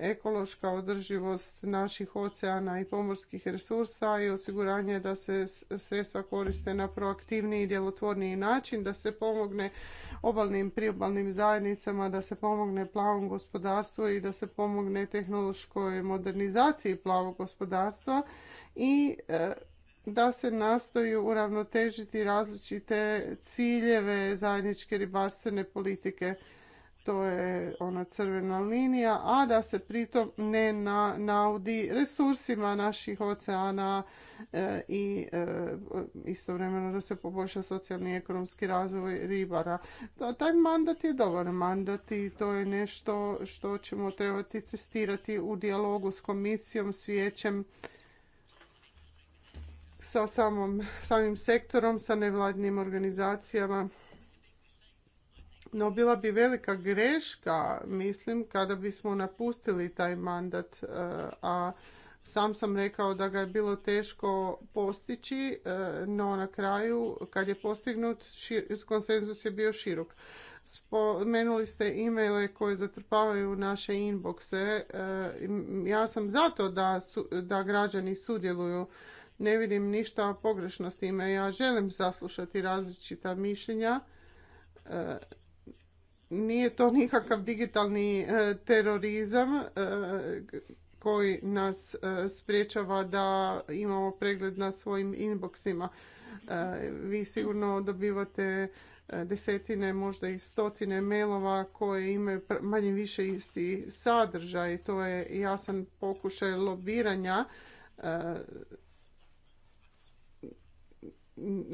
ekološka održivost naših oceana i pomorskih resursa i osiguranje da se sredstva koriste na proaktivniji i djelotvorniji način, da se pomogne obalnim priobalnim zajednicama, da se pomogne plavom gospodarstvu i da se pomogne tehnološkoj modernizaciji plavog gospodarstva i e, da se nastoji uravnotežiti različite ciljeve zajedničke ribarstvene politike to je ona crvena linija, a da se pritom ne na, naudi resursima naših oceana e, i e, istovremeno da se poboljša socijalni i ekonomski razvoj ribara. taj mandat je dobar mandat i to je nešto što ćemo trebati testirati u dijalogu s komisijom, svijećem sa samom, samim sektorom, sa nevladnim organizacijama. No bila bi velika greška, mislim, kada bismo napustili taj mandat, e, a sam sam rekao da ga je bilo teško postići, e, no na kraju kad je postignut konsenzus je bio širok. Spomenuli ste e-maile koje zatrpavaju naše inboxe. E, ja sam zato da, su, da građani sudjeluju ne vidim ništa pogrešno s time. Ja želim zaslušati različita mišljenja. E, nije to nikakav digitalni e, terorizam e, koji nas spriječava da imamo pregled na svojim inboxima. Vi sigurno dobivate desetine, možda i stotine mailova koje imaju manje više isti sadržaj. To je jasan pokušaj lobiranja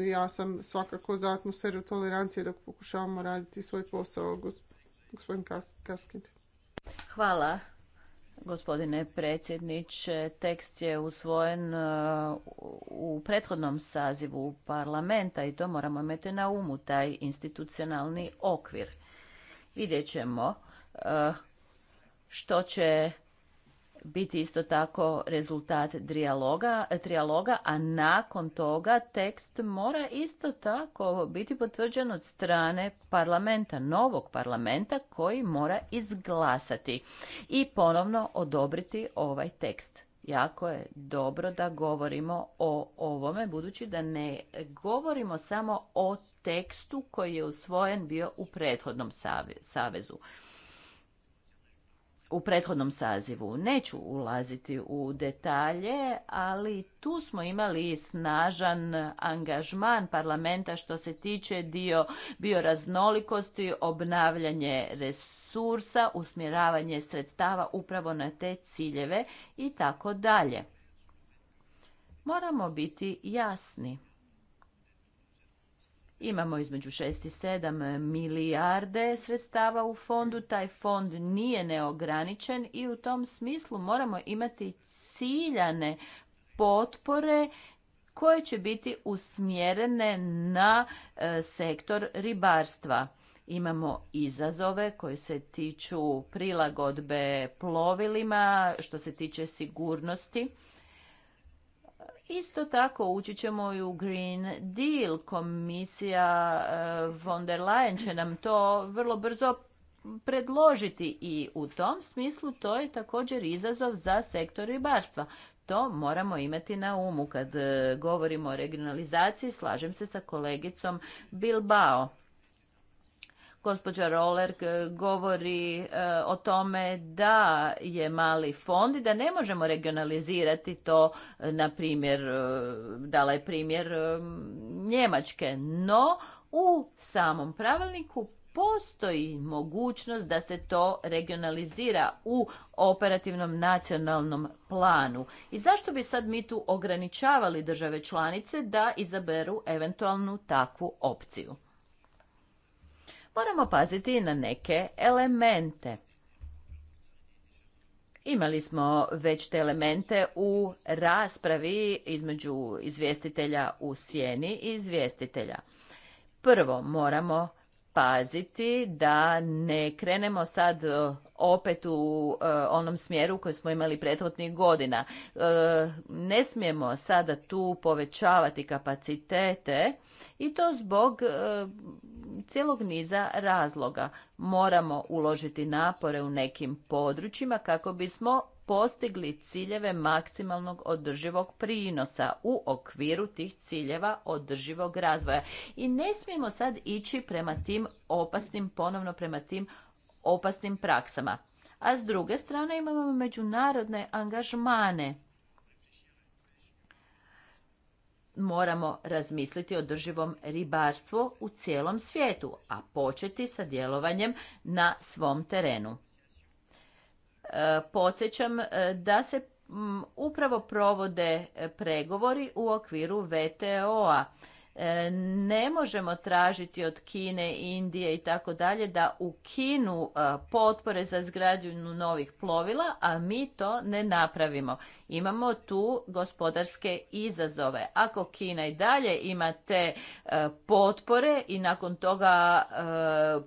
ja sam svakako za atmosferu tolerancije dok pokušavamo raditi svoj posao, gospodin Kaskin. Hvala. Gospodine predsjedniče, tekst je usvojen e, u prethodnom sazivu parlamenta i to moramo imati na umu, taj institucionalni okvir. Vidjet ćemo e, što će biti isto tako rezultat trijaloga, a nakon toga tekst mora isto tako biti potvrđen od strane parlamenta, novog parlamenta koji mora izglasati i ponovno odobriti ovaj tekst. Jako je dobro da govorimo o ovome, budući da ne govorimo samo o tekstu koji je usvojen bio u prethodnom savezu u prethodnom sazivu. Neću ulaziti u detalje, ali tu smo imali snažan angažman parlamenta što se tiče dio bioraznolikosti, obnavljanje resursa, usmjeravanje sredstava upravo na te ciljeve i tako dalje. Moramo biti jasni. Imamo između 6 i 7 milijarde sredstava u fondu, taj fond nije neograničen i u tom smislu moramo imati ciljane potpore koje će biti usmjerene na e, sektor ribarstva. Imamo izazove koji se tiču prilagodbe plovilima, što se tiče sigurnosti Isto tako ući ćemo i u Green Deal. Komisija e, von der Leyen će nam to vrlo brzo predložiti i u tom smislu to je također izazov za sektor ribarstva. To moramo imati na umu kad e, govorimo o regionalizaciji, slažem se sa kolegicom Bilbao. Gospođa Rollerg eh, govori eh, o tome da je mali fond i da ne možemo regionalizirati to, eh, na primjer, dala je primjer Njemačke, no u samom pravilniku postoji mogućnost da se to regionalizira u operativnom nacionalnom planu. I zašto bi sad mi tu ograničavali države članice da izaberu eventualnu takvu opciju? moramo paziti na neke elemente. Imali smo već te elemente u raspravi između izvjestitelja u sjeni i izvjestitelja. Prvo moramo paziti da ne krenemo sad e, opet u e, onom smjeru koji smo imali prethodnih godina. E, ne smijemo sada tu povećavati kapacitete i to zbog e, cijelog niza razloga. Moramo uložiti napore u nekim područjima kako bismo postigli ciljeve maksimalnog održivog prinosa u okviru tih ciljeva održivog razvoja. I ne smijemo sad ići prema tim opasnim, ponovno prema tim opasnim praksama. A s druge strane imamo međunarodne angažmane moramo razmisliti o drživom ribarstvu u cijelom svijetu, a početi sa djelovanjem na svom terenu. Podsećam podsjećam e, da se upravo provode pregovori u okviru VTO-a E, ne možemo tražiti od Kine, Indije i tako dalje da ukinu e, potpore za zgradnju novih plovila, a mi to ne napravimo. Imamo tu gospodarske izazove. Ako Kina i dalje ima te e, potpore i nakon toga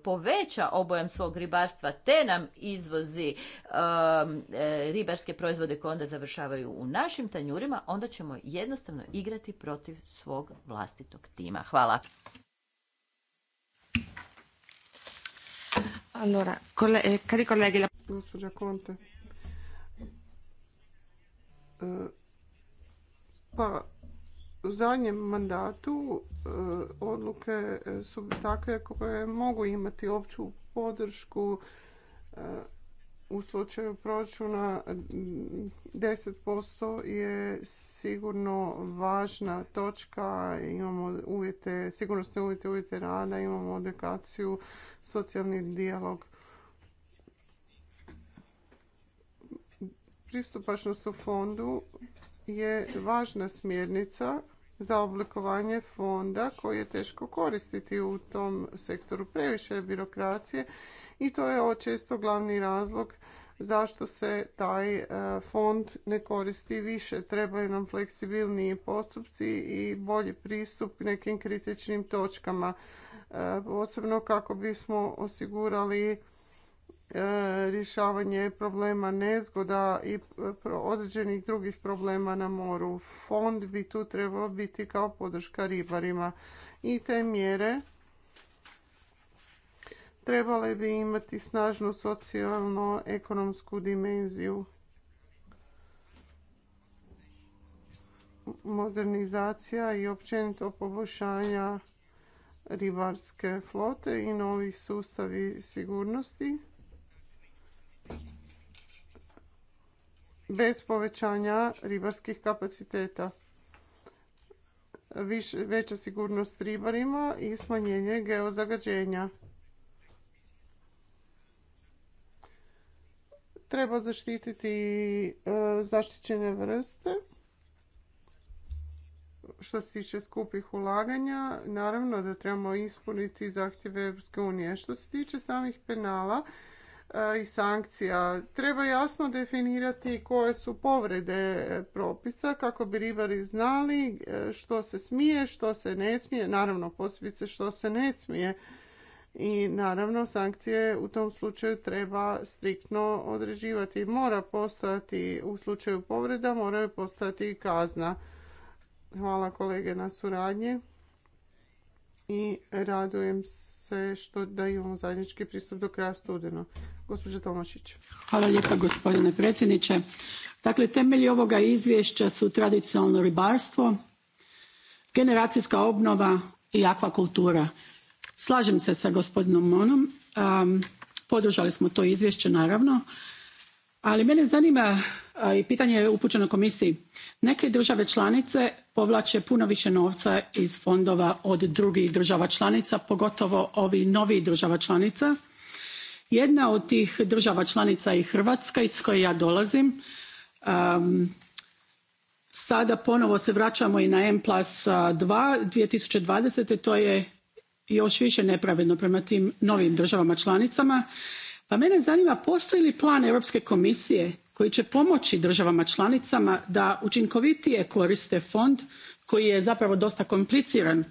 poveća obojem svog ribarstva, te nam izvozi ribarske proizvode koje onda završavaju u našim tanjurima, onda ćemo jednostavno igrati protiv svog vlastitog tima. Hvala. Allora, eh, cari colleghi, la... Eh, pa, u zadnjem mandatu eh, odluke su takve koje mogu imati opću podršku u slučaju proračuna 10% je sigurno važna točka. Imamo uvjete, sigurnosne uvjete, uvjete rada, imamo edukaciju, socijalni dijalog. Pristupačnost u fondu je važna smjernica za oblikovanje fonda koji je teško koristiti u tom sektoru. Previše birokracije i to je često glavni razlog zašto se taj e, fond ne koristi više. Trebaju nam fleksibilniji postupci i bolji pristup nekim kritičnim točkama, e, posebno kako bismo osigurali e, rješavanje problema nezgoda i određenih drugih problema na moru. Fond bi tu trebao biti kao podrška ribarima. I te mjere trebale bi imati snažnu socijalno-ekonomsku dimenziju. Modernizacija i općenito poboljšanja ribarske flote i novi sustavi sigurnosti. bez povećanja ribarskih kapaciteta. veća sigurnost ribarima i smanjenje geozagađenja. Treba zaštititi e, zaštićene vrste što se tiče skupih ulaganja, naravno da trebamo ispuniti zahtjeve Europske unije. Što se tiče samih penala e, i sankcija, treba jasno definirati koje su povrede propisa kako bi ribari znali e, što se smije, što se ne smije, naravno posebice što se ne smije i naravno sankcije u tom slučaju treba striktno određivati. Mora postojati u slučaju povreda, mora postojati i kazna. Hvala kolege na suradnji i radujem se što da imamo zajednički pristup do kraja studena. Gospođa Tomašić. Hvala lijepa gospodine predsjedniče. Dakle, temelji ovoga izvješća su tradicionalno ribarstvo, generacijska obnova i akvakultura slažem se sa gospodinom monom podržali smo to izvješće naravno ali mene zanima i pitanje je upućeno komisiji neke države članice povlače puno više novca iz fondova od drugih država članica pogotovo ovih novijih država članica jedna od tih država članica je i hrvatska iz koje ja dolazim sada ponovo se vraćamo i na m dva two thousand and to je još više nepravedno prema tim novim državama članicama pa mene zanima postoji li plan europske komisije koji će pomoći državama članicama da učinkovitije koriste fond koji je zapravo dosta kompliciran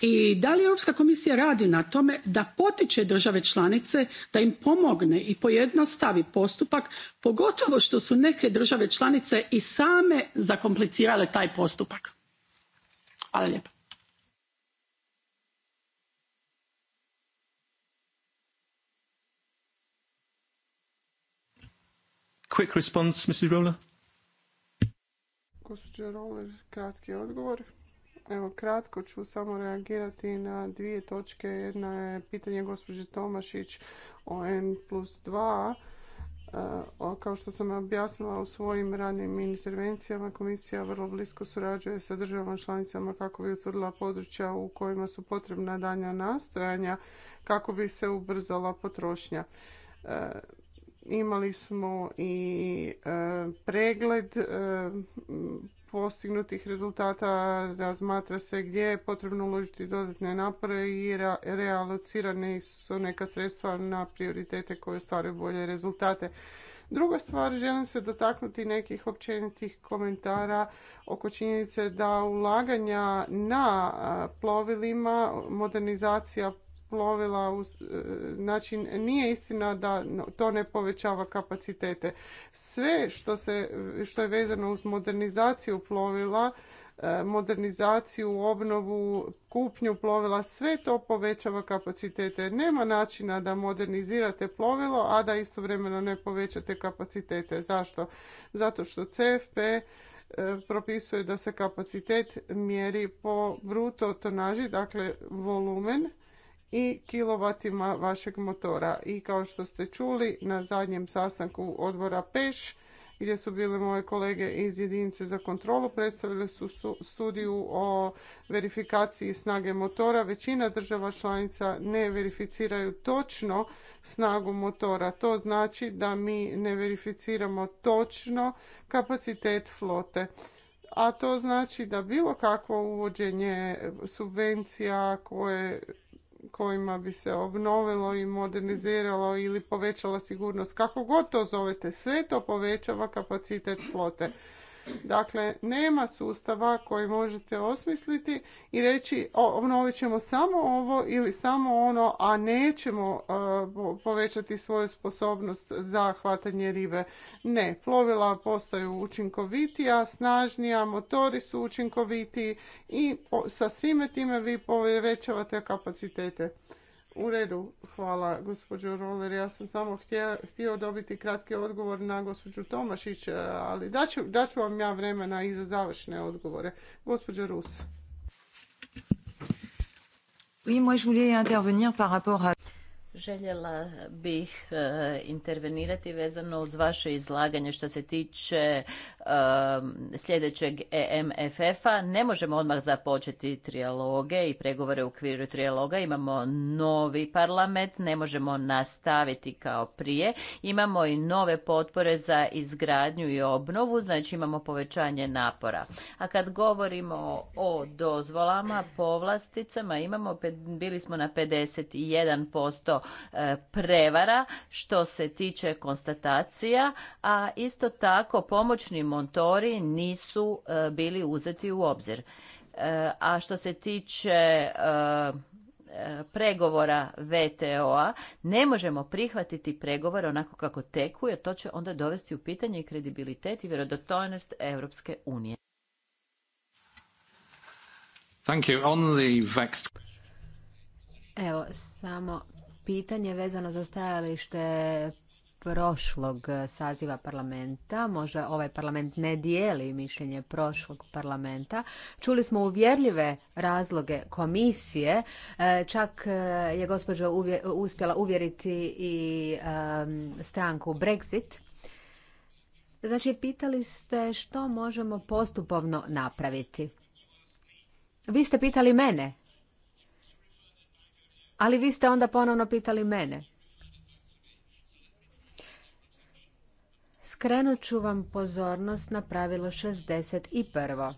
i da li europska komisija radi na tome da potiče države članice da im pomogne i pojednostavi postupak pogotovo što su neke države članice i same zakomplicirale taj postupak? hvala Quick response, Mrs. Roller. Gospođo Roller, kratki odgovor. Evo, kratko ću samo reagirati na dvije točke. Jedna je pitanje gospođe Tomašić o N plus 2. E, kao što sam objasnila u svojim ranim intervencijama, komisija vrlo blisko surađuje sa državama članicama kako bi utvrdila područja u kojima su potrebna danja nastojanja kako bi se ubrzala potrošnja e, imali smo i e, pregled e, postignutih rezultata, razmatra se gdje je potrebno uložiti dodatne napore i realocirane su neka sredstva na prioritete koje stvaraju bolje rezultate. Druga stvar, želim se dotaknuti nekih općenitih komentara oko činjenice da ulaganja na plovilima, modernizacija plovila, e, znači nije istina da to ne povećava kapacitete. Sve što, se, što je vezano uz modernizaciju plovila, e, modernizaciju, obnovu, kupnju plovila, sve to povećava kapacitete. Nema načina da modernizirate plovilo, a da istovremeno ne povećate kapacitete. Zašto? Zato što CFP e, propisuje da se kapacitet mjeri po bruto tonaži, dakle volumen, i kilovatima vašeg motora. I kao što ste čuli na zadnjem sastanku odbora PEŠ, gdje su bile moje kolege iz jedinice za kontrolu, predstavili su studiju o verifikaciji snage motora. Većina država članica ne verificiraju točno snagu motora. To znači da mi ne verificiramo točno kapacitet flote. A to znači da bilo kakvo uvođenje subvencija koje kojima bi se obnovilo i moderniziralo ili povećala sigurnost, kako god to zovete, sve to povećava kapacitet flote. Dakle, nema sustava koji možete osmisliti i reći obnovit ćemo samo ovo ili samo ono, a nećemo e, povećati svoju sposobnost za hvatanje ribe. Ne, plovila postaju učinkovitija, snažnija, motori su učinkovitiji i sa svime time vi povećavate kapacitete. U redu, hvala gospođo Roller. Ja sam samo htio, dobiti kratki odgovor na gospođu Tomašić, e, ali daću, daću vam ja vremena i za završne odgovore. Gospođa Rus. Oui, moi je voulais intervenir par rapport à... Željela bih e, intervenirati vezano uz vaše izlaganje što se tiče e, sljedećeg EMFF-a. Ne možemo odmah započeti trijaloge i pregovore u okviru trijaloga. Imamo novi parlament, ne možemo nastaviti kao prije. Imamo i nove potpore za izgradnju i obnovu, znači imamo povećanje napora. A kad govorimo o dozvolama, povlasticama, imamo, bili smo na 51% E, prevara što se tiče konstatacija, a isto tako pomoćni montori nisu e, bili uzeti u obzir. E, a što se tiče pregovora VTO-a, ne možemo prihvatiti pregovore onako kako teku, jer to će onda dovesti u pitanje i kredibilitet i vjerodostojnost Europske unije. Evo, samo pitanje vezano za stajalište prošlog saziva parlamenta, možda ovaj parlament ne dijeli mišljenje prošlog parlamenta. Čuli smo uvjerljive razloge komisije, e, čak e, je gospođa uspjela uvjeriti i e, stranku Brexit. Znači, pitali ste što možemo postupovno napraviti. Vi ste pitali mene, ali vi ste onda ponovno pitali mene. Skrenut ću vam pozornost na pravilo 61.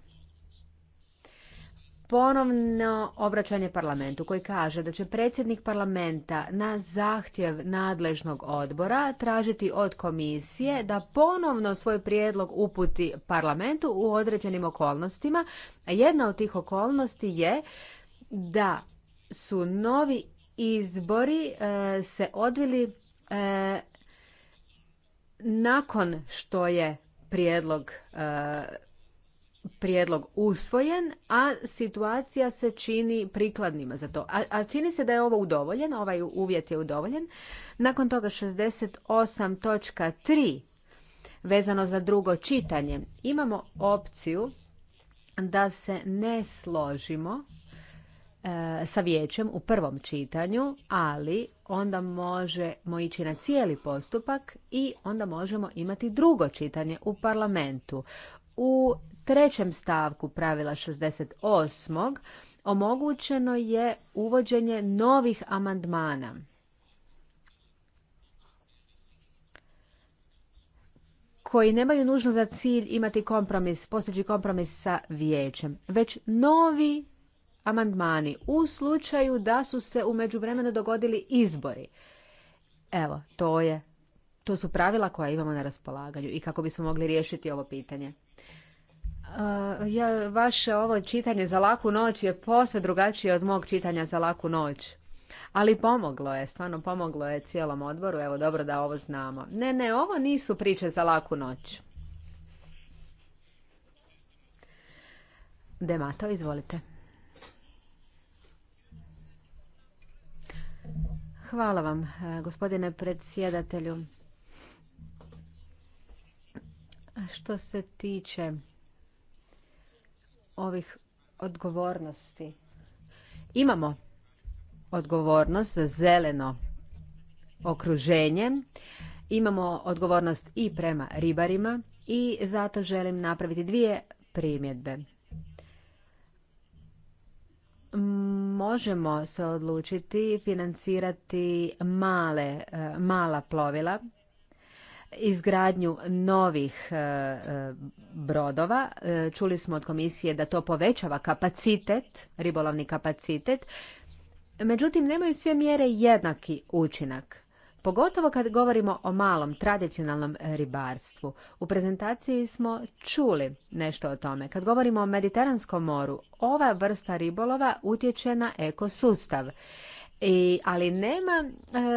Ponovno obraćanje parlamentu koji kaže da će predsjednik parlamenta na zahtjev nadležnog odbora tražiti od komisije da ponovno svoj prijedlog uputi parlamentu u određenim okolnostima. Jedna od tih okolnosti je da su novi izbori e, se odvili e, nakon što je prijedlog e, prijedlog usvojen, a situacija se čini prikladnima za to. A, a čini se da je ovo udovoljen, ovaj uvjet je udovoljen. Nakon toga 68.3 vezano za drugo čitanje. Imamo opciju da se ne složimo E, sa vijećem u prvom čitanju, ali onda možemo ići na cijeli postupak i onda možemo imati drugo čitanje u parlamentu. U trećem stavku pravila 68. omogućeno je uvođenje novih amandmana. koji nemaju nužno za cilj imati kompromis, postići kompromis sa vijećem, već novi amandmani u slučaju da su se u međuvremenu dogodili izbori. Evo, to je to su pravila koja imamo na raspolaganju i kako bismo mogli riješiti ovo pitanje. Uh, ja, vaše ovo čitanje za laku noć je posve drugačije od mog čitanja za laku noć. Ali pomoglo je, stvarno pomoglo je cijelom odboru, evo dobro da ovo znamo. Ne, ne, ovo nisu priče za laku noć. Demato, izvolite. Hvala vam, e, gospodine predsjedatelju. Što se tiče ovih odgovornosti, imamo odgovornost za zeleno okruženje, imamo odgovornost i prema ribarima i zato želim napraviti dvije primjedbe. možemo se odlučiti financirati male, e, mala plovila, izgradnju novih e, e, brodova. Čuli smo od komisije da to povećava kapacitet, ribolovni kapacitet. Međutim, nemaju sve mjere jednaki učinak. Pogotovo kad govorimo o malom tradicionalnom ribarstvu. U prezentaciji smo čuli nešto o tome. Kad govorimo o Mediteranskom moru, ova vrsta ribolova utječe na ekosustav. I, ali nema e,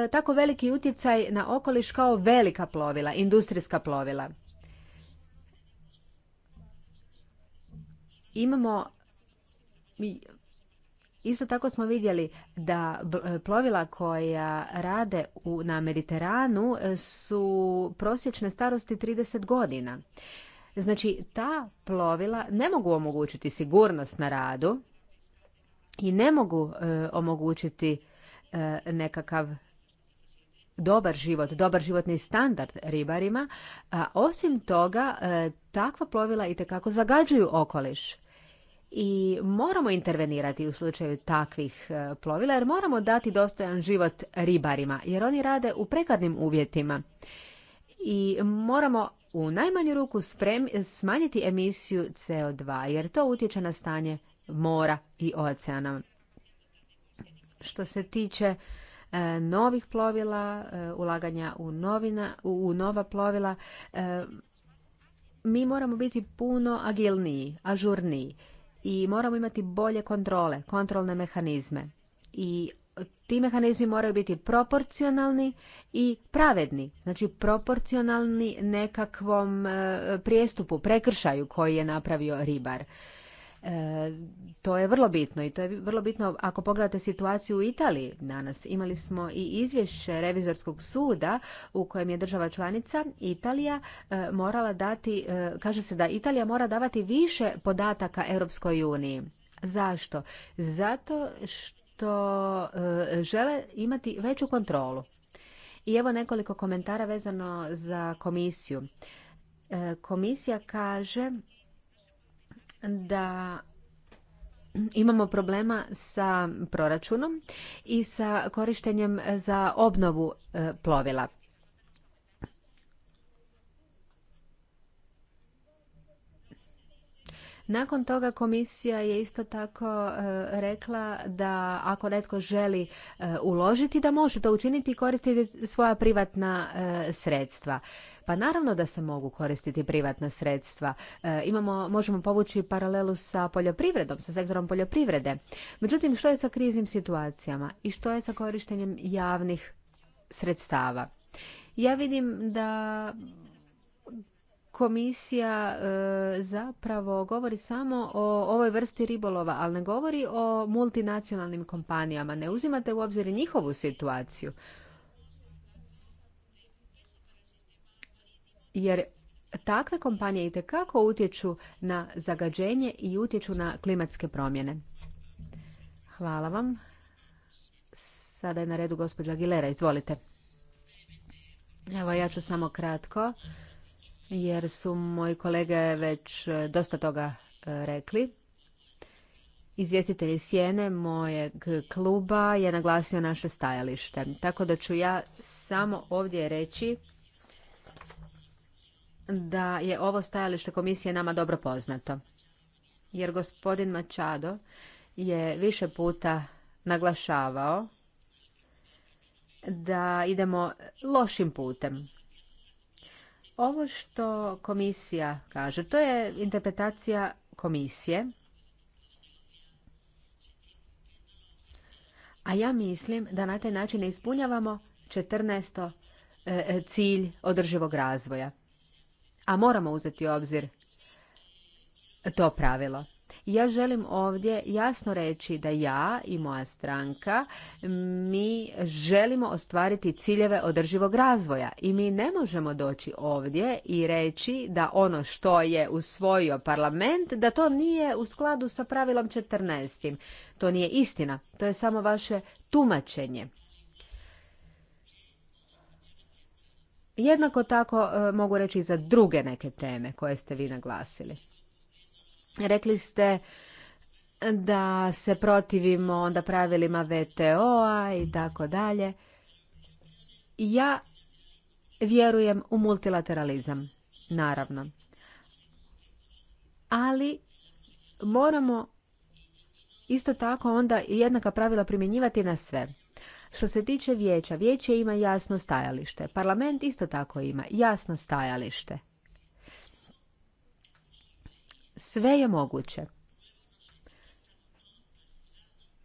tako veliki utjecaj na okoliš kao velika plovila, industrijska plovila. Imamo Isto tako smo vidjeli da e, plovila koja rade u, na Mediteranu e, su prosječne starosti 30 godina. Znači, ta plovila ne mogu omogućiti sigurnost na radu i ne mogu e, omogućiti nekakav dobar život, dobar životni standard ribarima. A osim toga, takva plovila i zagađuju okoliš i moramo intervenirati u slučaju takvih e, plovila jer moramo dati dostojan život ribarima jer oni rade u prekarnim uvjetima i moramo u najmanju ruku smanjiti emisiju CO2 jer to utječe na stanje mora i oceana. Što se tiče e, novih plovila, e, ulaganja u, u, nova plovila, mi moramo biti puno agilniji, ažurniji i moramo imati bolje kontrole, kontrolne mehanizme. I ti mehanizmi moraju biti proporcionalni i pravedni, znači proporcionalni nekakvom e, prijestupu, prekršaju koji je napravio ribar. E, to je vrlo bitno i to je vrlo bitno ako pogledate situaciju u Italiji danas. Imali smo i izvješće revizorskog suda u kojem je država članica Italija e, morala dati, e, kaže se da Italija mora davati više podataka Europskoj uniji. Zašto? Zato što žele imati veću kontrolu. I evo nekoliko komentara vezano za komisiju. Komisija kaže da imamo problema sa proračunom i sa korištenjem za obnovu e, plovila. Nakon toga komisija je isto tako e, rekla da ako netko želi e, uložiti da može to učiniti i koristiti svoja privatna sredstva. Pa naravno da se mogu koristiti privatna sredstva. E, imamo, možemo povući paralelu sa poljoprivredom, sa sektorom poljoprivrede. Međutim, što je sa kriznim situacijama i što je sa korištenjem javnih sredstava? Ja vidim da komisija e, zapravo govori samo o ovoj vrsti ribolova, ali ne govori o multinacionalnim kompanijama. Ne uzimate u obzir njihovu situaciju. jer takve kompanije i utječu na zagađenje i utječu na klimatske promjene. Hvala vam. Sada je na redu gospođa Aguilera, izvolite. Evo, ja ću samo kratko, jer su moji kolege već e, dosta toga e, rekli. Izvjestitelj Sjene, mojeg kluba, je naglasio naše stajalište. Tako da ću ja samo ovdje reći da je ovo stajalište komisije nama dobro poznato. Jer gospodin Mačado je više puta naglašavao da idemo lošim putem. Ovo što komisija kaže, to je interpretacija komisije. A ja mislim da na taj način ne ispunjavamo 14. E, cilj održivog razvoja a moramo uzeti u obzir to pravilo. Ja želim ovdje jasno reći da ja i moja stranka mi želimo ostvariti ciljeve održivog razvoja i mi ne možemo doći ovdje i reći da ono što je usvojio parlament da to nije u skladu sa pravilom 14. To nije istina, to je samo vaše tumačenje. Jednako tako e, mogu reći i za druge neke teme koje ste vi naglasili. Rekli ste da se protivimo onda pravilima VTO-a i tako dalje. Ja vjerujem u multilateralizam, naravno. Ali moramo isto tako onda jednaka pravila primjenjivati na sve. Što se tiče vijeća, vijeće ima jasno stajalište. Parlament isto tako ima jasno stajalište. Sve je moguće.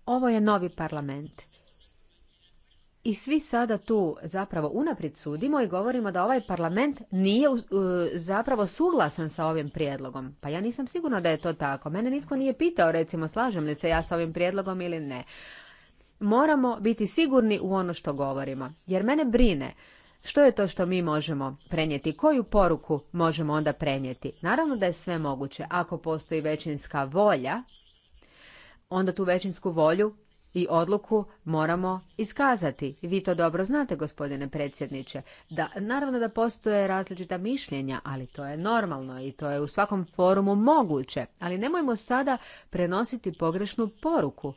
Ovo je novi parlament. I svi sada tu zapravo unaprijed sudimo i govorimo da ovaj parlament nije uh, zapravo suglasan sa ovim prijedlogom. Pa ja nisam sigurna da je to tako. Mene nitko nije pitao recimo slažem li se ja sa ovim prijedlogom ili ne moramo biti sigurni u ono što govorimo. Jer mene brine što je to što mi možemo prenijeti, koju poruku možemo onda prenijeti. Naravno da je sve moguće. Ako postoji većinska volja, onda tu većinsku volju i odluku moramo iskazati. Vi to dobro znate, gospodine predsjedniče. Da, naravno da postoje različita mišljenja, ali to je normalno i to je u svakom forumu moguće. Ali nemojmo sada prenositi pogrešnu poruku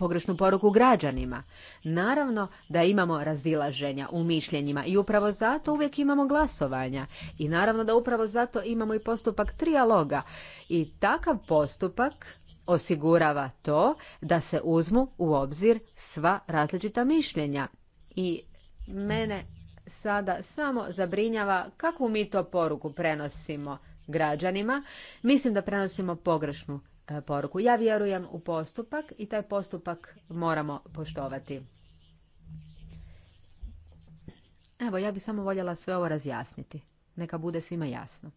pogrešnu poruku građanima. Naravno da imamo razilaženja u mišljenjima i upravo zato uvijek imamo glasovanja i naravno da upravo zato imamo i postupak trijaloga i takav postupak osigurava to da se uzmu u obzir sva različita mišljenja i mene sada samo zabrinjava kakvu mi to poruku prenosimo građanima. Mislim da prenosimo pogrešnu E, poruku. Ja vjerujem u postupak i taj postupak moramo poštovati. Evo, ja bih samo voljela sve ovo razjasniti. Neka bude svima jasno.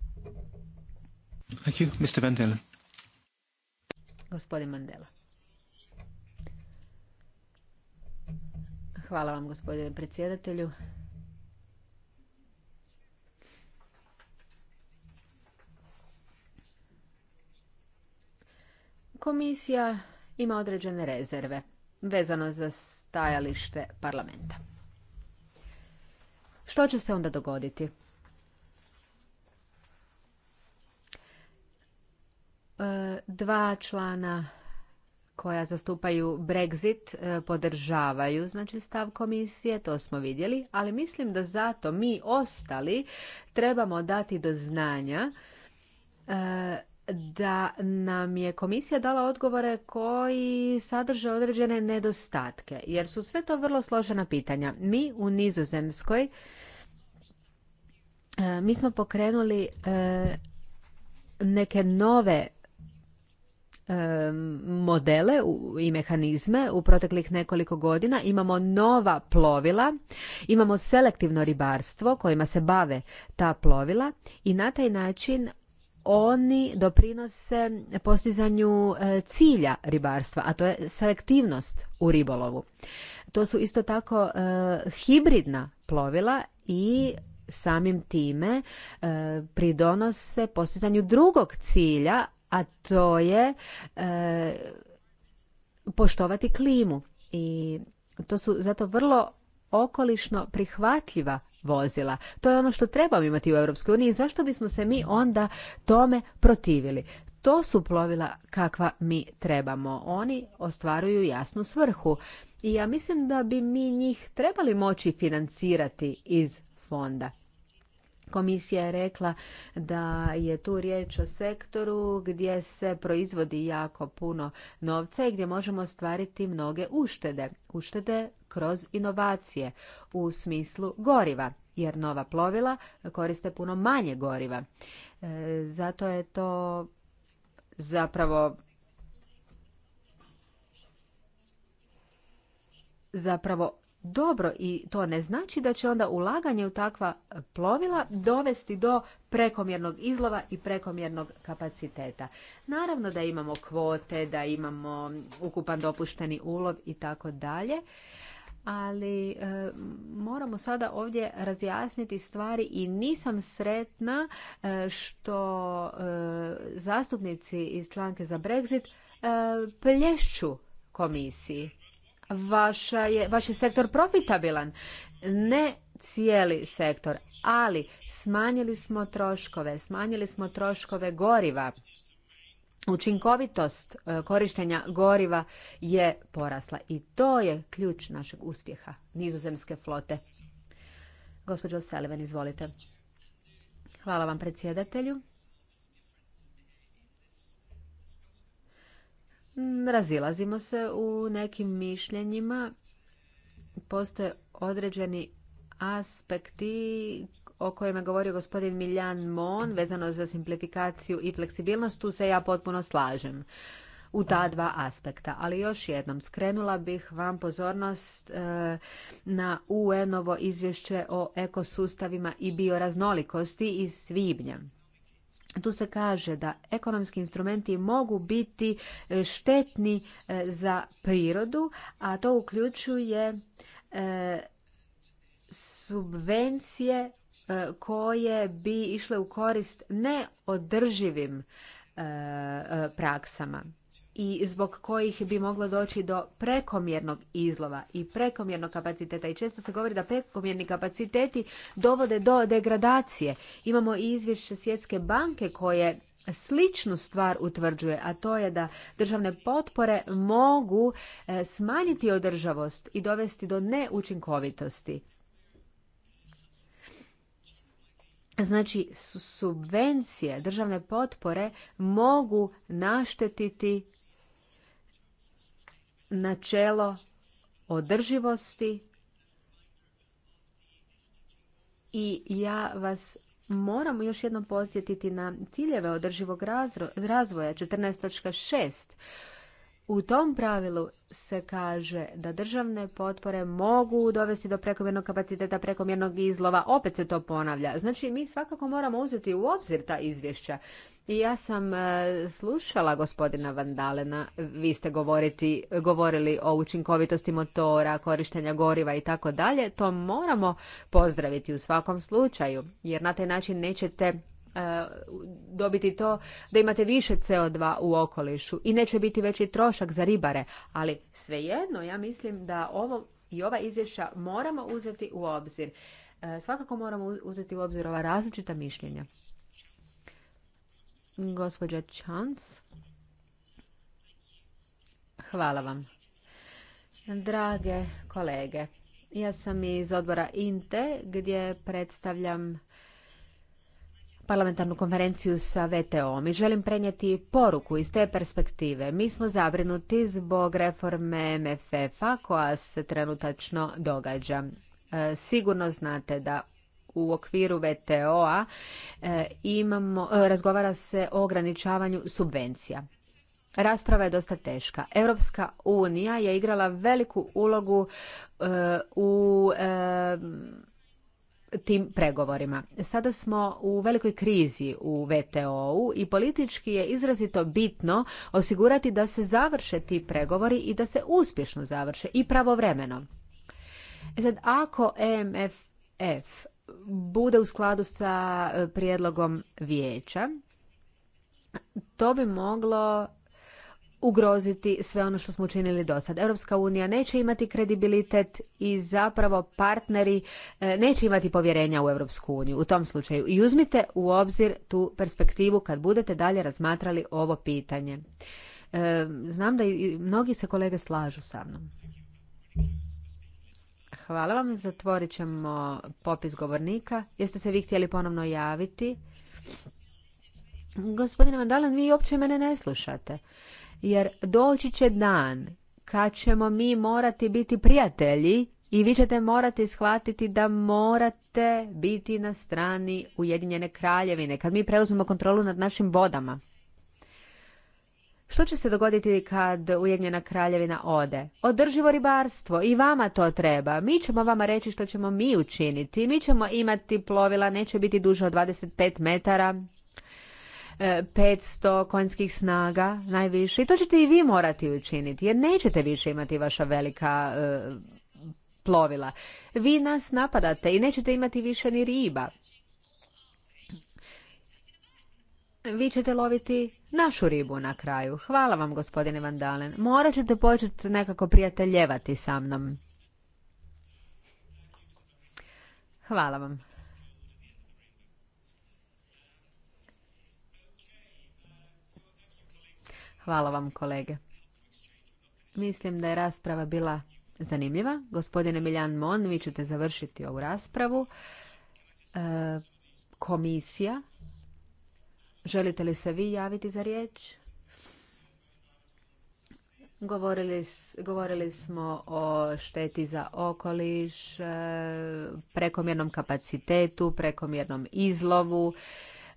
Thank Mr. Mandela. Gospodin Mandela. Hvala vam, gospodine predsjedatelju. Komisija ima određene rezerve vezano za stajalište parlamenta. Što će se onda dogoditi? E, dva člana koja zastupaju Brexit e, podržavaju znači stav komisije, to smo vidjeli, ali mislim da zato mi ostali trebamo dati do znanja e, da nam je komisija dala odgovore koji sadrže određene nedostatke, jer su sve to vrlo složena pitanja. Mi u Nizozemskoj e, mi smo pokrenuli e, neke nove e, modele i mehanizme u proteklih nekoliko godina. Imamo nova plovila, imamo selektivno ribarstvo kojima se bave ta plovila i na taj način oni doprinose postizanju e, cilja ribarstva, a to je selektivnost u ribolovu. To su isto tako e, hibridna plovila i samim time e, pridonose postizanju drugog cilja, a to je poštovati klimu. I to su zato vrlo okolišno prihvatljiva vozila. To je ono što trebamo imati u EU i zašto bismo se mi onda tome protivili? To su plovila kakva mi trebamo. Oni ostvaruju jasnu svrhu i ja mislim da bi mi njih trebali moći financirati iz fonda. Komisija je rekla da je tu riječ o sektoru gdje se proizvodi jako puno novca i gdje možemo ostvariti mnoge uštede. Uštede kroz inovacije u smislu goriva jer nova plovila koriste puno manje goriva. E, zato je to zapravo zapravo dobro i to ne znači da će onda ulaganje u takva plovila dovesti do prekomjernog izlova i prekomjernog kapaciteta. Naravno da imamo kvote, da imamo ukupan dopušteni ulov i tako dalje ali e, moramo sada ovdje razjasniti stvari i nisam sretna e, što e, zastupnici iz članke za Brexit plješću komisiji. Vaša je, vaš je sektor profitabilan, ne cijeli sektor, ali smanjili smo troškove, smanjili smo troškove goriva učinkovitost e, korištenja goriva je porasla i to je ključ našeg uspjeha nizozemske flote. Gospođo Seleven, izvolite. Hvala vam predsjedatelju. Mm, razilazimo se u nekim mišljenjima. Postoje određeni aspekti o kojima je govorio gospodin Miljan Mon vezano za simplifikaciju i fleksibilnost, tu se ja potpuno slažem u ta dva aspekta. Ali još jednom, skrenula bih vam pozornost e, na UN-ovo izvješće o ekosustavima i bioraznolikosti iz Svibnja. Tu se kaže da ekonomski instrumenti mogu biti štetni e, za prirodu, a to uključuje e, subvencije E, koje bi išle u korist neodrživim e, e, praksama i zbog kojih bi moglo doći do prekomjernog izlova i prekomjernog kapaciteta. I često se govori da prekomjerni kapaciteti dovode do degradacije. Imamo i izvješće Svjetske banke koje sličnu stvar utvrđuje, a to je da državne potpore mogu smanjiti održavost i dovesti do neučinkovitosti. Znači, subvencije, državne potpore mogu naštetiti načelo održivosti i ja vas moram još jednom posjetiti na ciljeve održivog razvoja 14.6 u tom pravilu se kaže da državne potpore mogu dovesti do prekomjernog kapaciteta, prekomjernog izlova. Opet se to ponavlja. Znači, mi svakako moramo uzeti u obzir ta izvješća. I ja sam e, slušala gospodina Vandalena, vi ste govoriti, govorili o učinkovitosti motora, korištenja goriva i tako dalje. To moramo pozdraviti u svakom slučaju, jer na taj način nećete E, dobiti to da imate više CO2 u okolišu i neće biti veći trošak za ribare, ali svejedno ja mislim da ovo i ova izvješća moramo uzeti u obzir. E, svakako moramo uzeti u obzir ova različita mišljenja. Gospođa Chance. Hvala vam. Drage kolege, ja sam iz odbora INTE gdje predstavljam parlamentarnu konferenciju sa VTO-om i želim prenijeti poruku iz te perspektive. Mi smo zabrinuti zbog reforme MFF-a koja se trenutačno događa. E, sigurno znate da u okviru VTO-a e, imamo, e, razgovara se o ograničavanju subvencija. Rasprava je dosta teška. Europska unija je igrala veliku ulogu u tim pregovorima. Sada smo u velikoj krizi u VTO-u i politički je izrazito bitno osigurati da se završe ti pregovori i da se uspješno završe i pravovremeno. E sad, ako EMFF bude u skladu sa e, prijedlogom vijeća, to bi moglo ugroziti sve ono što smo učinili do sad. Europska unija neće imati kredibilitet i zapravo partneri e, neće imati povjerenja u Europsku uniju u tom slučaju. I uzmite u obzir tu perspektivu kad budete dalje razmatrali ovo pitanje. E, znam da i mnogi se kolege slažu sa mnom. Hvala vam. Zatvorit ćemo popis govornika. Jeste se vi htjeli ponovno javiti? Gospodine Mandalan, vi uopće mene ne slušate jer doći će dan kad ćemo mi morati biti prijatelji i vi ćete morati shvatiti da morate biti na strani Ujedinjene kraljevine, kad mi preuzmemo kontrolu nad našim vodama. Što će se dogoditi kad Ujedinjena kraljevina ode? Održivo ribarstvo i vama to treba. Mi ćemo vama reći što ćemo mi učiniti. Mi ćemo imati plovila, neće biti duže od 25 metara, 500 e, konjskih snaga najviše i to ćete i vi morati učiniti jer nećete više imati vaša velika e, plovila. Vi nas napadate i nećete imati više ni riba. Vi ćete loviti našu ribu na kraju. Hvala vam, gospodine Vandalen. Morat ćete početi nekako prijateljevati sa mnom. Hvala vam. Hvala vam kolege. Mislim da je rasprava bila zanimljiva. Gospodine Miljan Mon, vi ćete završiti ovu raspravu. E, komisija, želite li se vi javiti za riječ? Govorili, govorili smo o šteti za okoliš, e, prekomjernom kapacitetu, prekomjernom izlovu.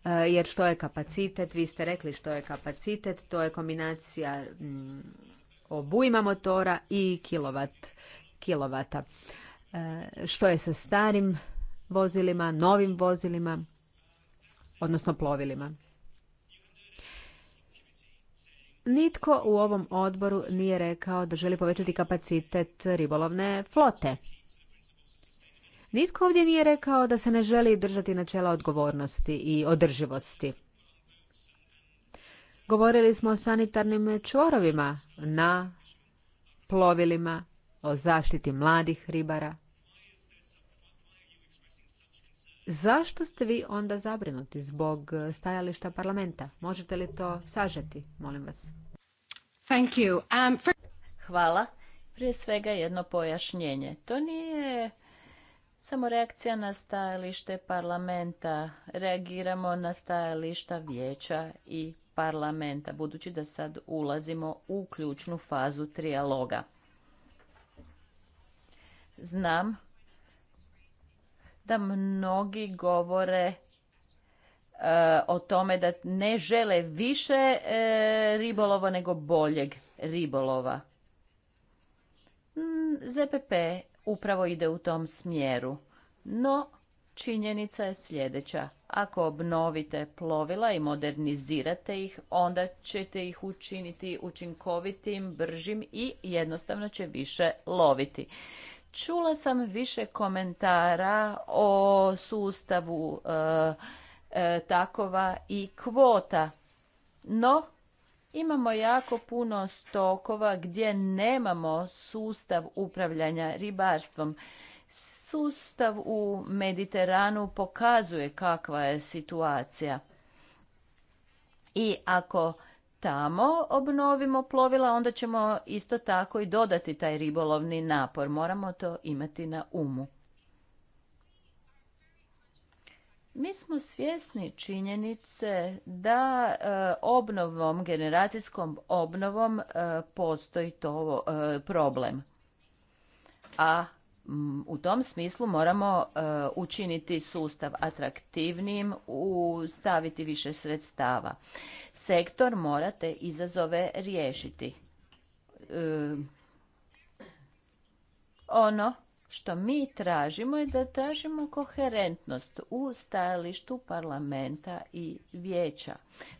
E, jer što je kapacitet, vi ste rekli što je kapacitet, to je kombinacija mm, obujma motora i kilovat, kilovata. E, što je sa starim vozilima, novim vozilima, odnosno plovilima? Nitko u ovom odboru nije rekao da želi povećati kapacitet ribolovne flote. Nitko ovdje nije rekao da se ne želi držati načela odgovornosti i održivosti. Govorili smo o sanitarnim čvorovima na plovilima, o zaštiti mladih ribara. Zašto ste vi onda zabrinuti zbog stajališta parlamenta? Možete li to sažeti, molim vas? Um, Hvala. Prije svega jedno pojašnjenje. To nije samo reakcija na stajalište parlamenta. Reagiramo na stajališta vijeća i parlamenta, budući da sad ulazimo u ključnu fazu trijaloga. Znam da mnogi govore e, o tome da ne žele više e, ribolova nego boljeg ribolova. ZPP upravo ide u tom smjeru. No, činjenica je sljedeća. Ako obnovite plovila i modernizirate ih, onda ćete ih učiniti učinkovitim, bržim i jednostavno će više loviti. Čula sam više komentara o sustavu e, e, takova i kvota. No, Imamo jako puno stokova gdje nemamo sustav upravljanja ribarstvom. Sustav u Mediteranu pokazuje kakva je situacija. I ako tamo obnovimo plovila, onda ćemo isto tako i dodati taj ribolovni napor. Moramo to imati na umu. Mi smo svjesni činjenice da e, obnovom, generacijskom obnovom e, postoji to e, problem. A u tom smislu moramo učiniti sustav atraktivnijim, staviti više sredstava. Sektor mora te izazove riješiti. Ono što mi tražimo je da tražimo koherentnost u stajalištu parlamenta i vijeća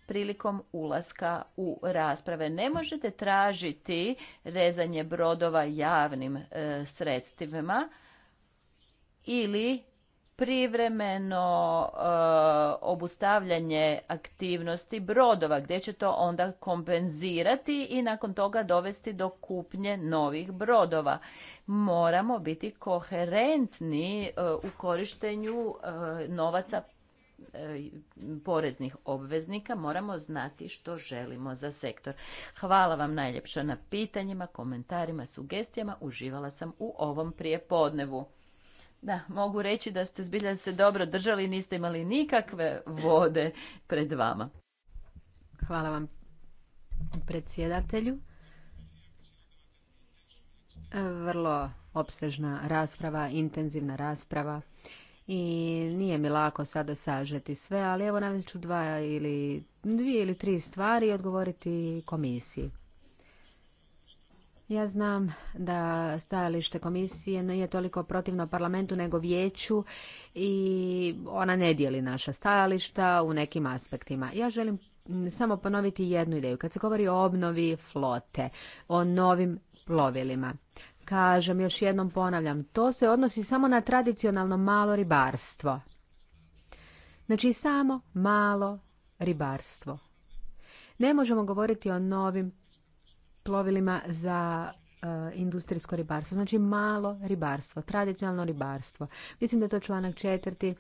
prilikom ulaska u rasprave. Ne možete tražiti rezanje brodova javnim e, sredstvima ili privremeno e, obustavljanje aktivnosti brodova gdje će to onda kompenzirati i nakon toga dovesti do kupnje novih brodova moramo biti koherentni e, u korištenju e, novaca poreznih obveznika moramo znati što želimo za sektor. Hvala vam najljepša na pitanjima, komentarima, sugestijama. Uživala sam u ovom prijepodnevu. Da, mogu reći da ste zbilja se dobro držali i niste imali nikakve vode pred vama. Hvala vam predsjedatelju. Vrlo opsežna rasprava, intenzivna rasprava i nije mi lako sada sažeti sve, ali evo ću dva ili dvije ili tri stvari odgovoriti komisiji. Ja znam da stajalište komisije nije toliko protivno parlamentu nego vijeću i ona ne dijeli naša stajališta u nekim aspektima. Ja želim samo ponoviti jednu ideju. Kad se govori o obnovi flote, o novim plovilima, kažem još jednom ponavljam, to se odnosi samo na tradicionalno malo ribarstvo. Znači samo malo ribarstvo. Ne možemo govoriti o novim plovilima za e, industrijsko ribarstvo, znači malo ribarstvo, tradicionalno ribarstvo. Mislim da je to članak četvrti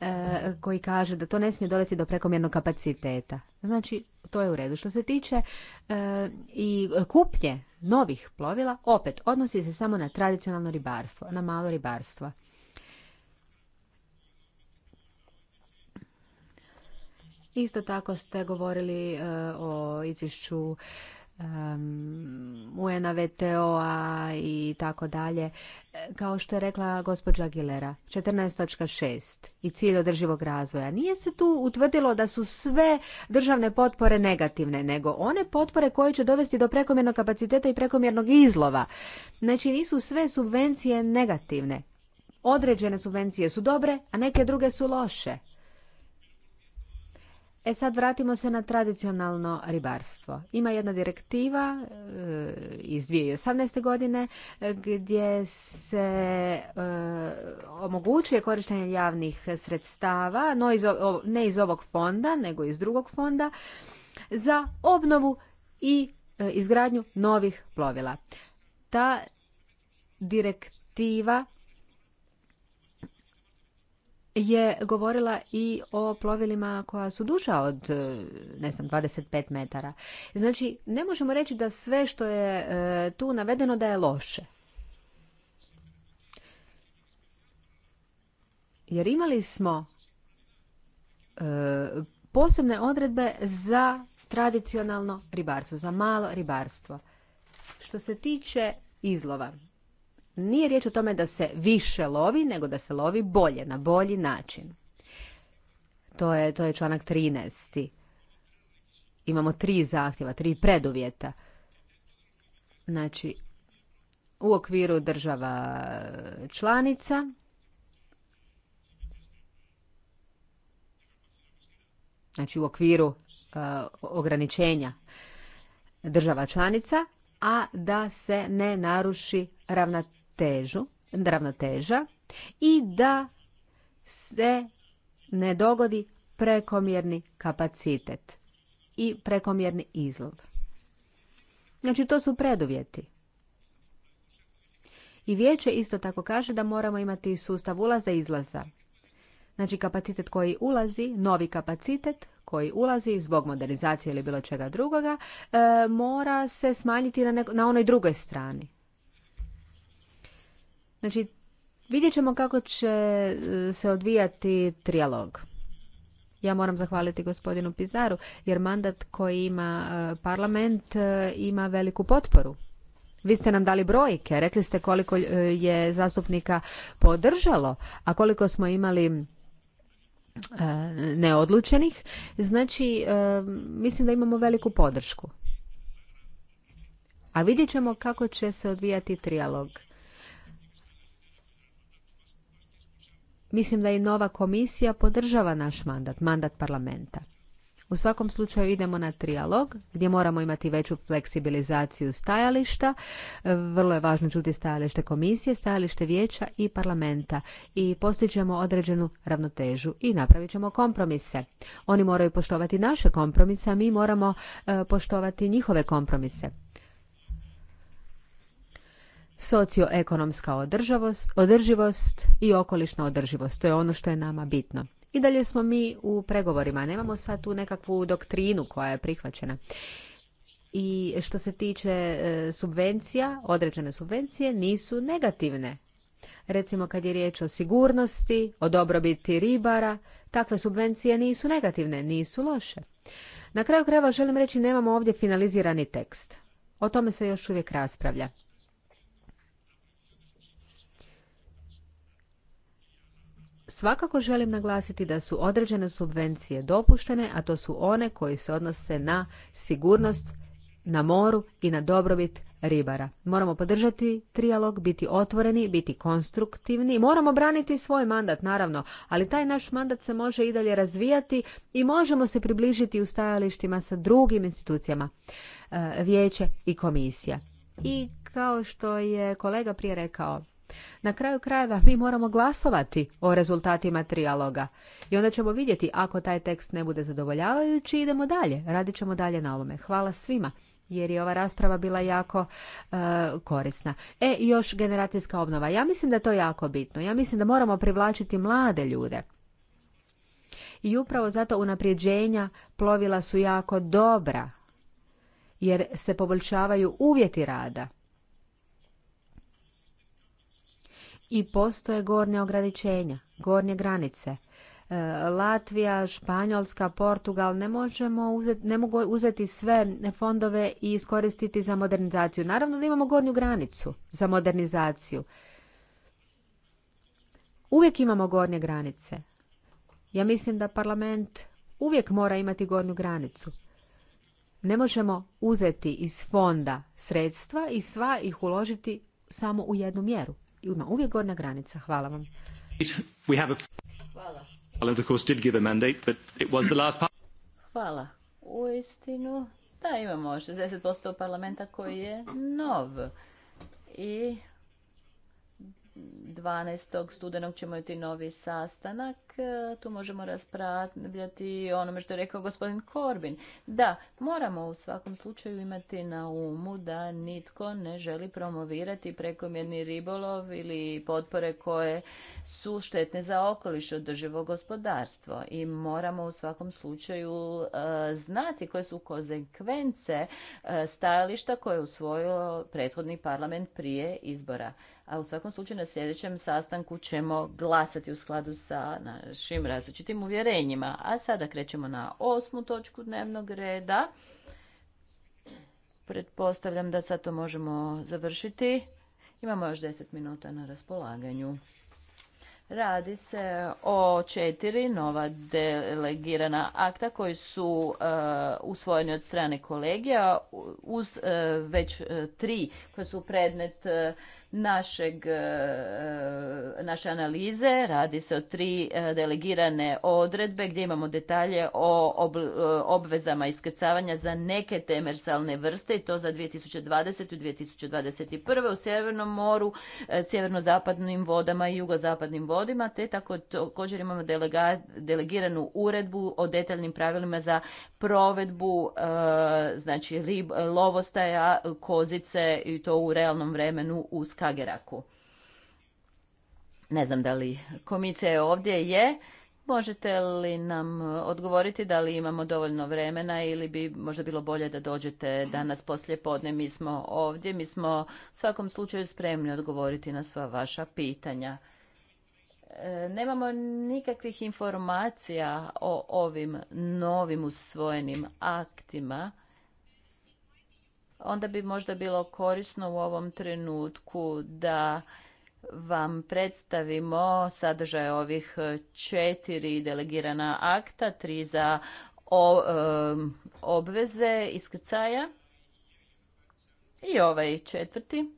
e, koji kaže da to ne smije dovesti do prekomjernog kapaciteta. Znači, to je u redu. Što se tiče e, i kupnje novih plovila, opet, odnosi se samo na tradicionalno ribarstvo, na malo ribarstvo. Isto tako ste govorili o izvješću um, Uena a i tako dalje. Kao što je rekla gospođa Gilera, 14.6 i cilj održivog razvoja. Nije se tu utvrdilo da su sve državne potpore negativne, nego one potpore koje će dovesti do prekomjernog kapaciteta i prekomjernog izlova. Znači nisu sve subvencije negativne. Određene subvencije su dobre, a neke druge su loše. E sad vratimo se na tradicionalno ribarstvo. Ima jedna direktiva e, iz 2018. godine e, gdje se e, omogućuje korištenje javnih sredstava, no iz, ne iz ovog fonda, nego iz drugog fonda, za obnovu i izgradnju novih plovila. Ta direktiva je govorila i o plovilima koja su duža od, e, ne znam, 25 metara. Znači, ne možemo reći da sve što je e, tu navedeno da je loše. Jer imali smo e, posebne odredbe za tradicionalno ribarstvo, za malo ribarstvo. Što se tiče izlova, nije riječ o tome da se više lovi, nego da se lovi bolje, na bolji način. To je, to je članak 13. Imamo tri zahtjeva, tri preduvjeta. Znači, u okviru država članica, znači u okviru e, ograničenja država članica, a da se ne naruši ravnatelj ravnotežu, ravnoteža i da se ne dogodi prekomjerni kapacitet i prekomjerni izlov. Znači, to su preduvjeti. I vijeće isto tako kaže da moramo imati sustav ulaza i izlaza. Znači, kapacitet koji ulazi, novi kapacitet koji ulazi zbog modernizacije ili bilo čega drugoga, e, mora se smanjiti na, na onoj drugoj strani. Znači, vidjet ćemo kako će e, se odvijati trijalog. Ja moram zahvaliti gospodinu Pizaru, jer mandat koji ima e, parlament e, ima veliku potporu. Vi ste nam dali brojke, rekli ste koliko je zastupnika podržalo, a koliko smo imali neodlučenih. Znači, mislim da imamo veliku podršku. A vidjet ćemo kako će se odvijati trijalog. Mislim da i nova komisija podržava naš mandat, mandat parlamenta. U svakom slučaju idemo na trijalog gdje moramo imati veću fleksibilizaciju stajališta. Vrlo je važno čuti stajalište komisije, stajalište vijeća i parlamenta i postićemo određenu ravnotežu i napravit ćemo kompromise. Oni moraju poštovati naše kompromise, a mi moramo e, poštovati njihove kompromise socioekonomska održavost, održivost i okolišna održivost. To je ono što je nama bitno. I dalje smo mi u pregovorima. Nemamo sad tu nekakvu doktrinu koja je prihvaćena. I što se tiče e, subvencija, određene subvencije nisu negativne. Recimo kad je riječ o sigurnosti, o dobrobiti ribara, takve subvencije nisu negativne, nisu loše. Na kraju krajeva želim reći nemamo ovdje finalizirani tekst. O tome se još uvijek raspravlja. Svakako želim naglasiti da su određene subvencije dopuštene, a to su one koje se odnose na sigurnost na moru i na dobrobit ribara. Moramo podržati trijalog, biti otvoreni, biti konstruktivni. Moramo braniti svoj mandat, naravno, ali taj naš mandat se može i dalje razvijati i možemo se približiti u stajalištima sa drugim institucijama, e, vijeće i komisija. I kao što je kolega prije rekao, na kraju krajeva mi moramo glasovati o rezultatima trijaloga i onda ćemo vidjeti ako taj tekst ne bude zadovoljavajući idemo dalje, radit ćemo dalje na ovome. Hvala svima jer je ova rasprava bila jako e, korisna. E, još generacijska obnova. Ja mislim da je to jako bitno. Ja mislim da moramo privlačiti mlade ljude. I upravo zato unaprijeđenja plovila su jako dobra, jer se poboljšavaju uvjeti rada. i postoje gornje ograničenja, gornje granice. E, Latvija, Španjolska, Portugal, ne, možemo uzeti, ne mogu uzeti sve fondove i iskoristiti za modernizaciju. Naravno da imamo gornju granicu za modernizaciju. Uvijek imamo gornje granice. Ja mislim da parlament uvijek mora imati gornju granicu. Ne možemo uzeti iz fonda sredstva i sva ih uložiti samo u jednu mjeru ima uvijek gornja granica. Hvala vam. Hvala. da imamo 60% parlamenta koji je nov. I 12. studenog ćemo imati novi sastanak. E, tu možemo raspravljati onome što je rekao gospodin Korbin. Da, moramo u svakom slučaju imati na umu da nitko ne želi promovirati prekomjerni ribolov ili potpore koje su štetne za okoliš održivo gospodarstvo. I moramo u svakom slučaju e, znati koje su konsekvence e, stajališta koje je usvojio prethodni parlament prije izbora a u svakom slučaju na sljedećem sastanku ćemo glasati u skladu sa našim različitim uvjerenjima. A sada krećemo na osmu točku dnevnog reda. Pretpostavljam da sad to možemo završiti. Imamo još 10 minuta na raspolaganju. Radi se o četiri nova delegirana akta koji su e, usvojeni od strane kolegija uz e, već e, tri koje su predmet našeg, e, e, naše analize. Radi se o tri e, delegirane odredbe gdje imamo detalje o obvezama iskrcavanja za neke temersalne vrste i to za 2020. i 2021. u Sjevernom moru, sjeverno-zapadnim vodama i jugozapadnim vodima, te tako također imamo delegiranu uredbu o detaljnim pravilima za provedbu znači lovostaja, kozice i to u realnom vremenu uz Kageraku. Ne znam da li komisija je ovdje, je. Možete li nam odgovoriti da li imamo dovoljno vremena ili bi možda bilo bolje da dođete danas poslije podne? Mi smo ovdje, mi smo u svakom slučaju spremni odgovoriti na sva vaša pitanja. E, nemamo nikakvih informacija o ovim novim usvojenim aktima onda bi možda bilo korisno u ovom trenutku da vam predstavimo sadržaj ovih e, četiri delegirana akta, tri za e, obveze iskrcaja i ovaj četvrti.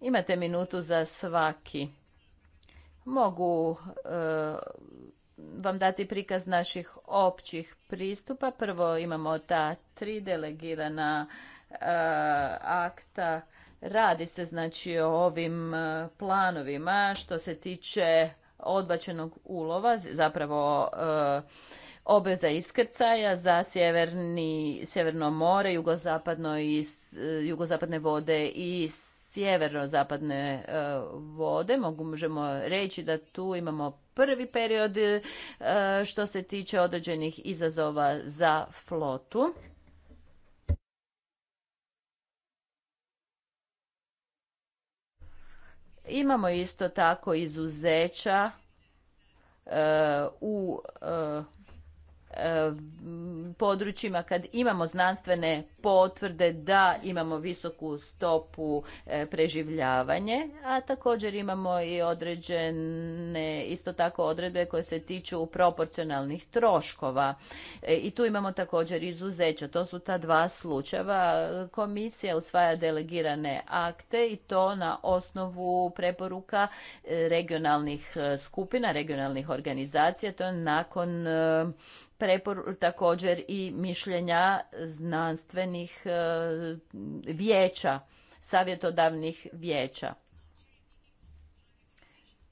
Imate minutu za svaki. Mogu e, vam dati prikaz naših općih pristupa. Prvo imamo ta tri delegirana eh, akta. Radi se znači o ovim eh, planovima što se tiče odbačenog ulova, zapravo eh, obveza iskrcaja za sjeverni, sjeverno more, jugozapadno i, jugozapadne vode i sjeverno-zapadne e, vode. Mogu, možemo reći da tu imamo prvi period e, što se tiče određenih izazova za flotu. Imamo isto tako izuzeća e, u E, područjima kad imamo znanstvene potvrde da imamo visoku stopu e, preživljavanje, a također imamo i određene isto tako odredbe koje se tiču proporcionalnih troškova. E, I tu imamo također izuzeća. To su ta dva slučajeva. Komisija usvaja delegirane akte i to na osnovu preporuka regionalnih skupina, regionalnih organizacija. To je nakon preporu, također i mišljenja znanstvenih e, vijeća, savjetodavnih vijeća.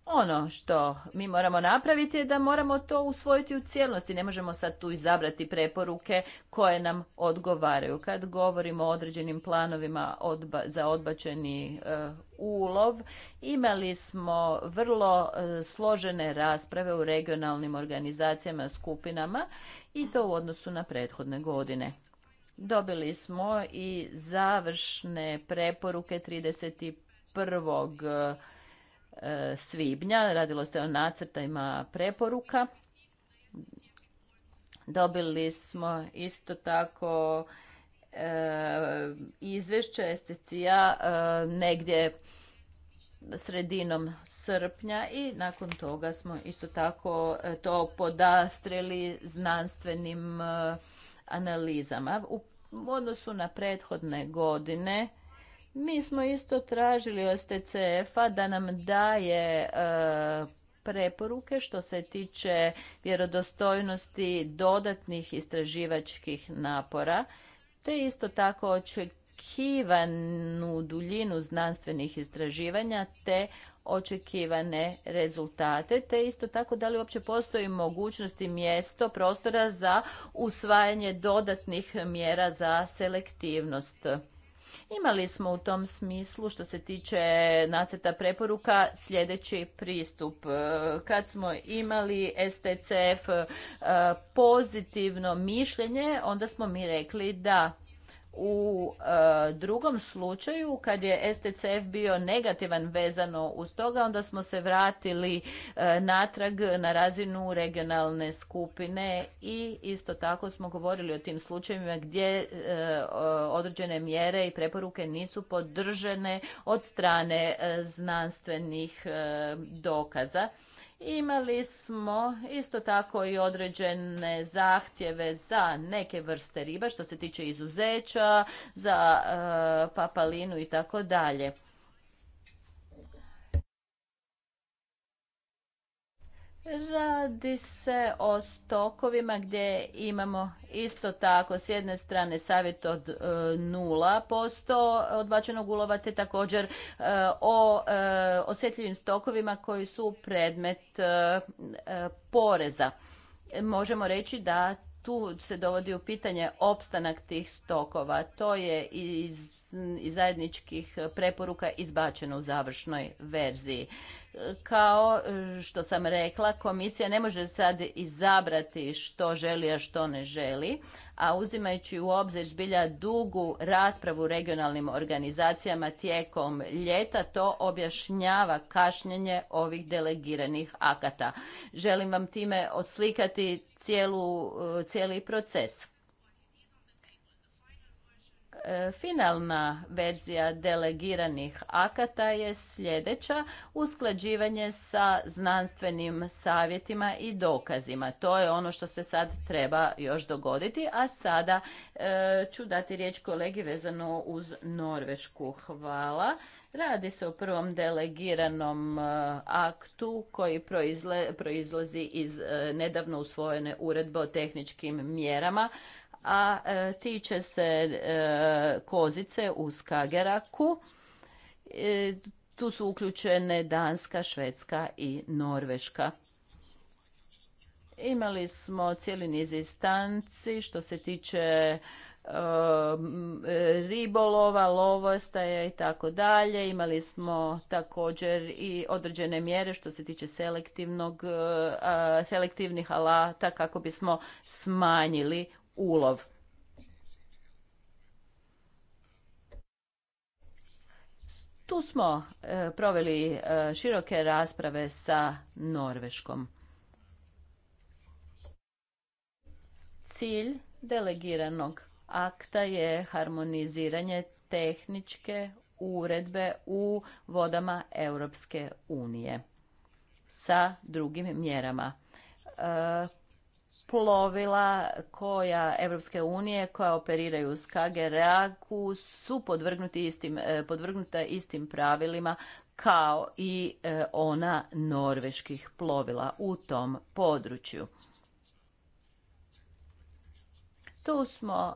Ono što mi moramo napraviti je da moramo to usvojiti u cijelosti. Ne možemo sad tu izabrati preporuke koje nam odgovaraju. Kad govorimo o određenim planovima za odbačeni e, ulov, imali smo vrlo e, složene rasprave u regionalnim organizacijama, skupinama i to u odnosu na prethodne godine. Dobili smo i završne preporuke 31. E, svibnja. Radilo se o nacrtajima preporuka. Dobili smo isto tako e, izvješće stc e, negdje sredinom srpnja i nakon toga smo isto tako to podastreli znanstvenim analizama. U odnosu na prethodne godine mi smo isto tražili od STCF-a da nam daje e, preporuke što se tiče vjerodostojnosti dodatnih istraživačkih napora, te isto tako očekivanu duljinu znanstvenih istraživanja, te očekivane rezultate, te isto tako da li uopće postoji mogućnost i mjesto prostora za usvajanje dodatnih mjera za selektivnost. Imali smo u tom smislu što se tiče nacrta preporuka sljedeći pristup. E, kad smo imali STCF e, pozitivno mišljenje, onda smo mi rekli da u e, drugom slučaju kad je STCF bio negativan vezano uz toga onda smo se vratili e, natrag na razinu regionalne skupine i isto tako smo govorili o tim slučajevima gdje e, određene mjere i preporuke nisu podržene od strane znanstvenih dokaza Imali smo isto tako i određene zahtjeve za neke vrste riba što se tiče izuzeća, za e, papalinu i tako dalje. Radi se o stokovima gdje imamo isto tako s jedne strane savjet od 0% e, odbačenog ulova te također e, o e, osjetljivim stokovima koji su predmet poreza. Možemo reći da tu se dovodi u pitanje opstanak tih stokova. To je iz i zajedničkih preporuka izbačeno u završnoj verziji. Kao što sam rekla, komisija ne može sad izabrati što želi, a što ne želi, a uzimajući u obzir zbilja dugu raspravu regionalnim organizacijama tijekom ljeta, to objašnjava kašnjenje ovih delegiranih akata. Želim vam time oslikati cijelu, cijeli proces. E, finalna verzija delegiranih akata je sljedeća usklađivanje sa znanstvenim savjetima i dokazima. To je ono što se sad treba još dogoditi, a sada e, ću dati riječ kolegi vezano uz Norvešku. Hvala. Radi se o prvom delegiranom e, aktu koji proizle, proizlazi iz nedavno usvojene uredbe o tehničkim mjerama a e, tiče se e, kozice u Skageraku. E, tu su uključene Danska, Švedska i Norveška. Imali smo cijeli niz istanci što se tiče ribolova, lovostaja i tako dalje. Imali smo također i određene mjere što se tiče selektivnog, selektivnih alata kako bismo smanjili ulov. Tu smo e, proveli e, široke rasprave sa Norveškom. Cilj delegiranog akta je harmoniziranje tehničke uredbe u vodama Europske unije sa drugim mjerama. E, plovila koja Evropske unije koja operiraju s kgr su podvrgnuti istim, e, podvrgnuta istim pravilima kao i e, ona norveških plovila u tom području. Tu smo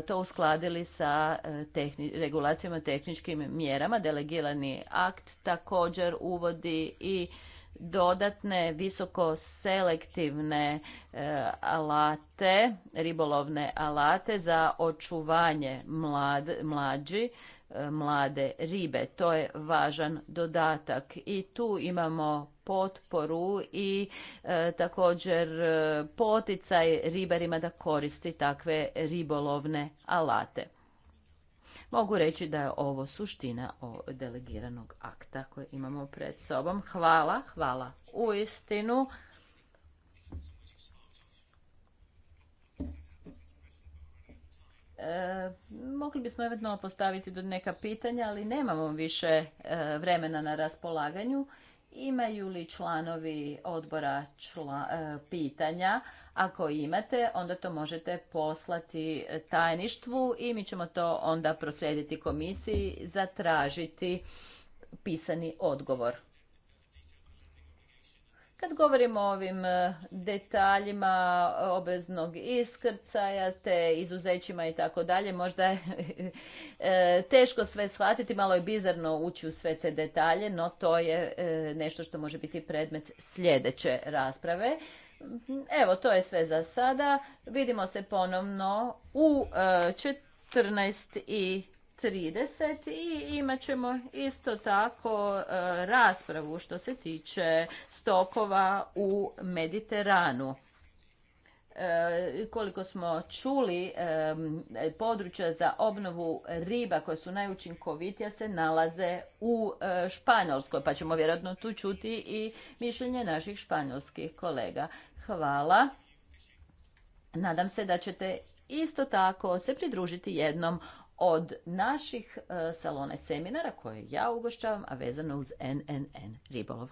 e, to uskladili sa regulacijama tehničkim mjerama. Delegirani akt također uvodi i dodatne visoko selektivne e, alate, ribolovne alate za očuvanje mlađi, e, mlade ribe. To je važan dodatak i tu imamo potporu i e, također poticaj ribarima da koristi takve ribolovne alate. Mogu reći da je ovo suština o delegiranog akta koje imamo pred sobom. Hvala, hvala. U istinu, e, mogli bismo eventualno postaviti do neka pitanja, ali nemamo više e, vremena na raspolaganju. Imaju li članovi odbora čla, e, pitanja? Ako imate, onda to možete poslati tajništvu i mi ćemo to onda proslijediti komisiji, zatražiti pisani odgovor. Kad govorimo o ovim e, detaljima e, obveznog iskrcaja, te izuzećima i tako dalje, možda je e, teško sve shvatiti, malo je bizarno ući u sve te detalje, no to je nešto što može biti predmet sljedeće rasprave. Evo, to je sve za sada. Vidimo se ponovno u 14 i 30 i imat ćemo isto tako e, raspravu što se tiče stokova u Mediteranu. E, koliko smo čuli e, područja za obnovu riba koja su najučinkovitija se nalaze u Španjolskoj, pa ćemo vjerojatno tu čuti i mišljenje naših španjolskih kolega. Hvala. Nadam se da ćete isto tako se pridružiti jednom od naših e, salona seminara koje ja ugošćavam, a vezano uz NNN ribolov.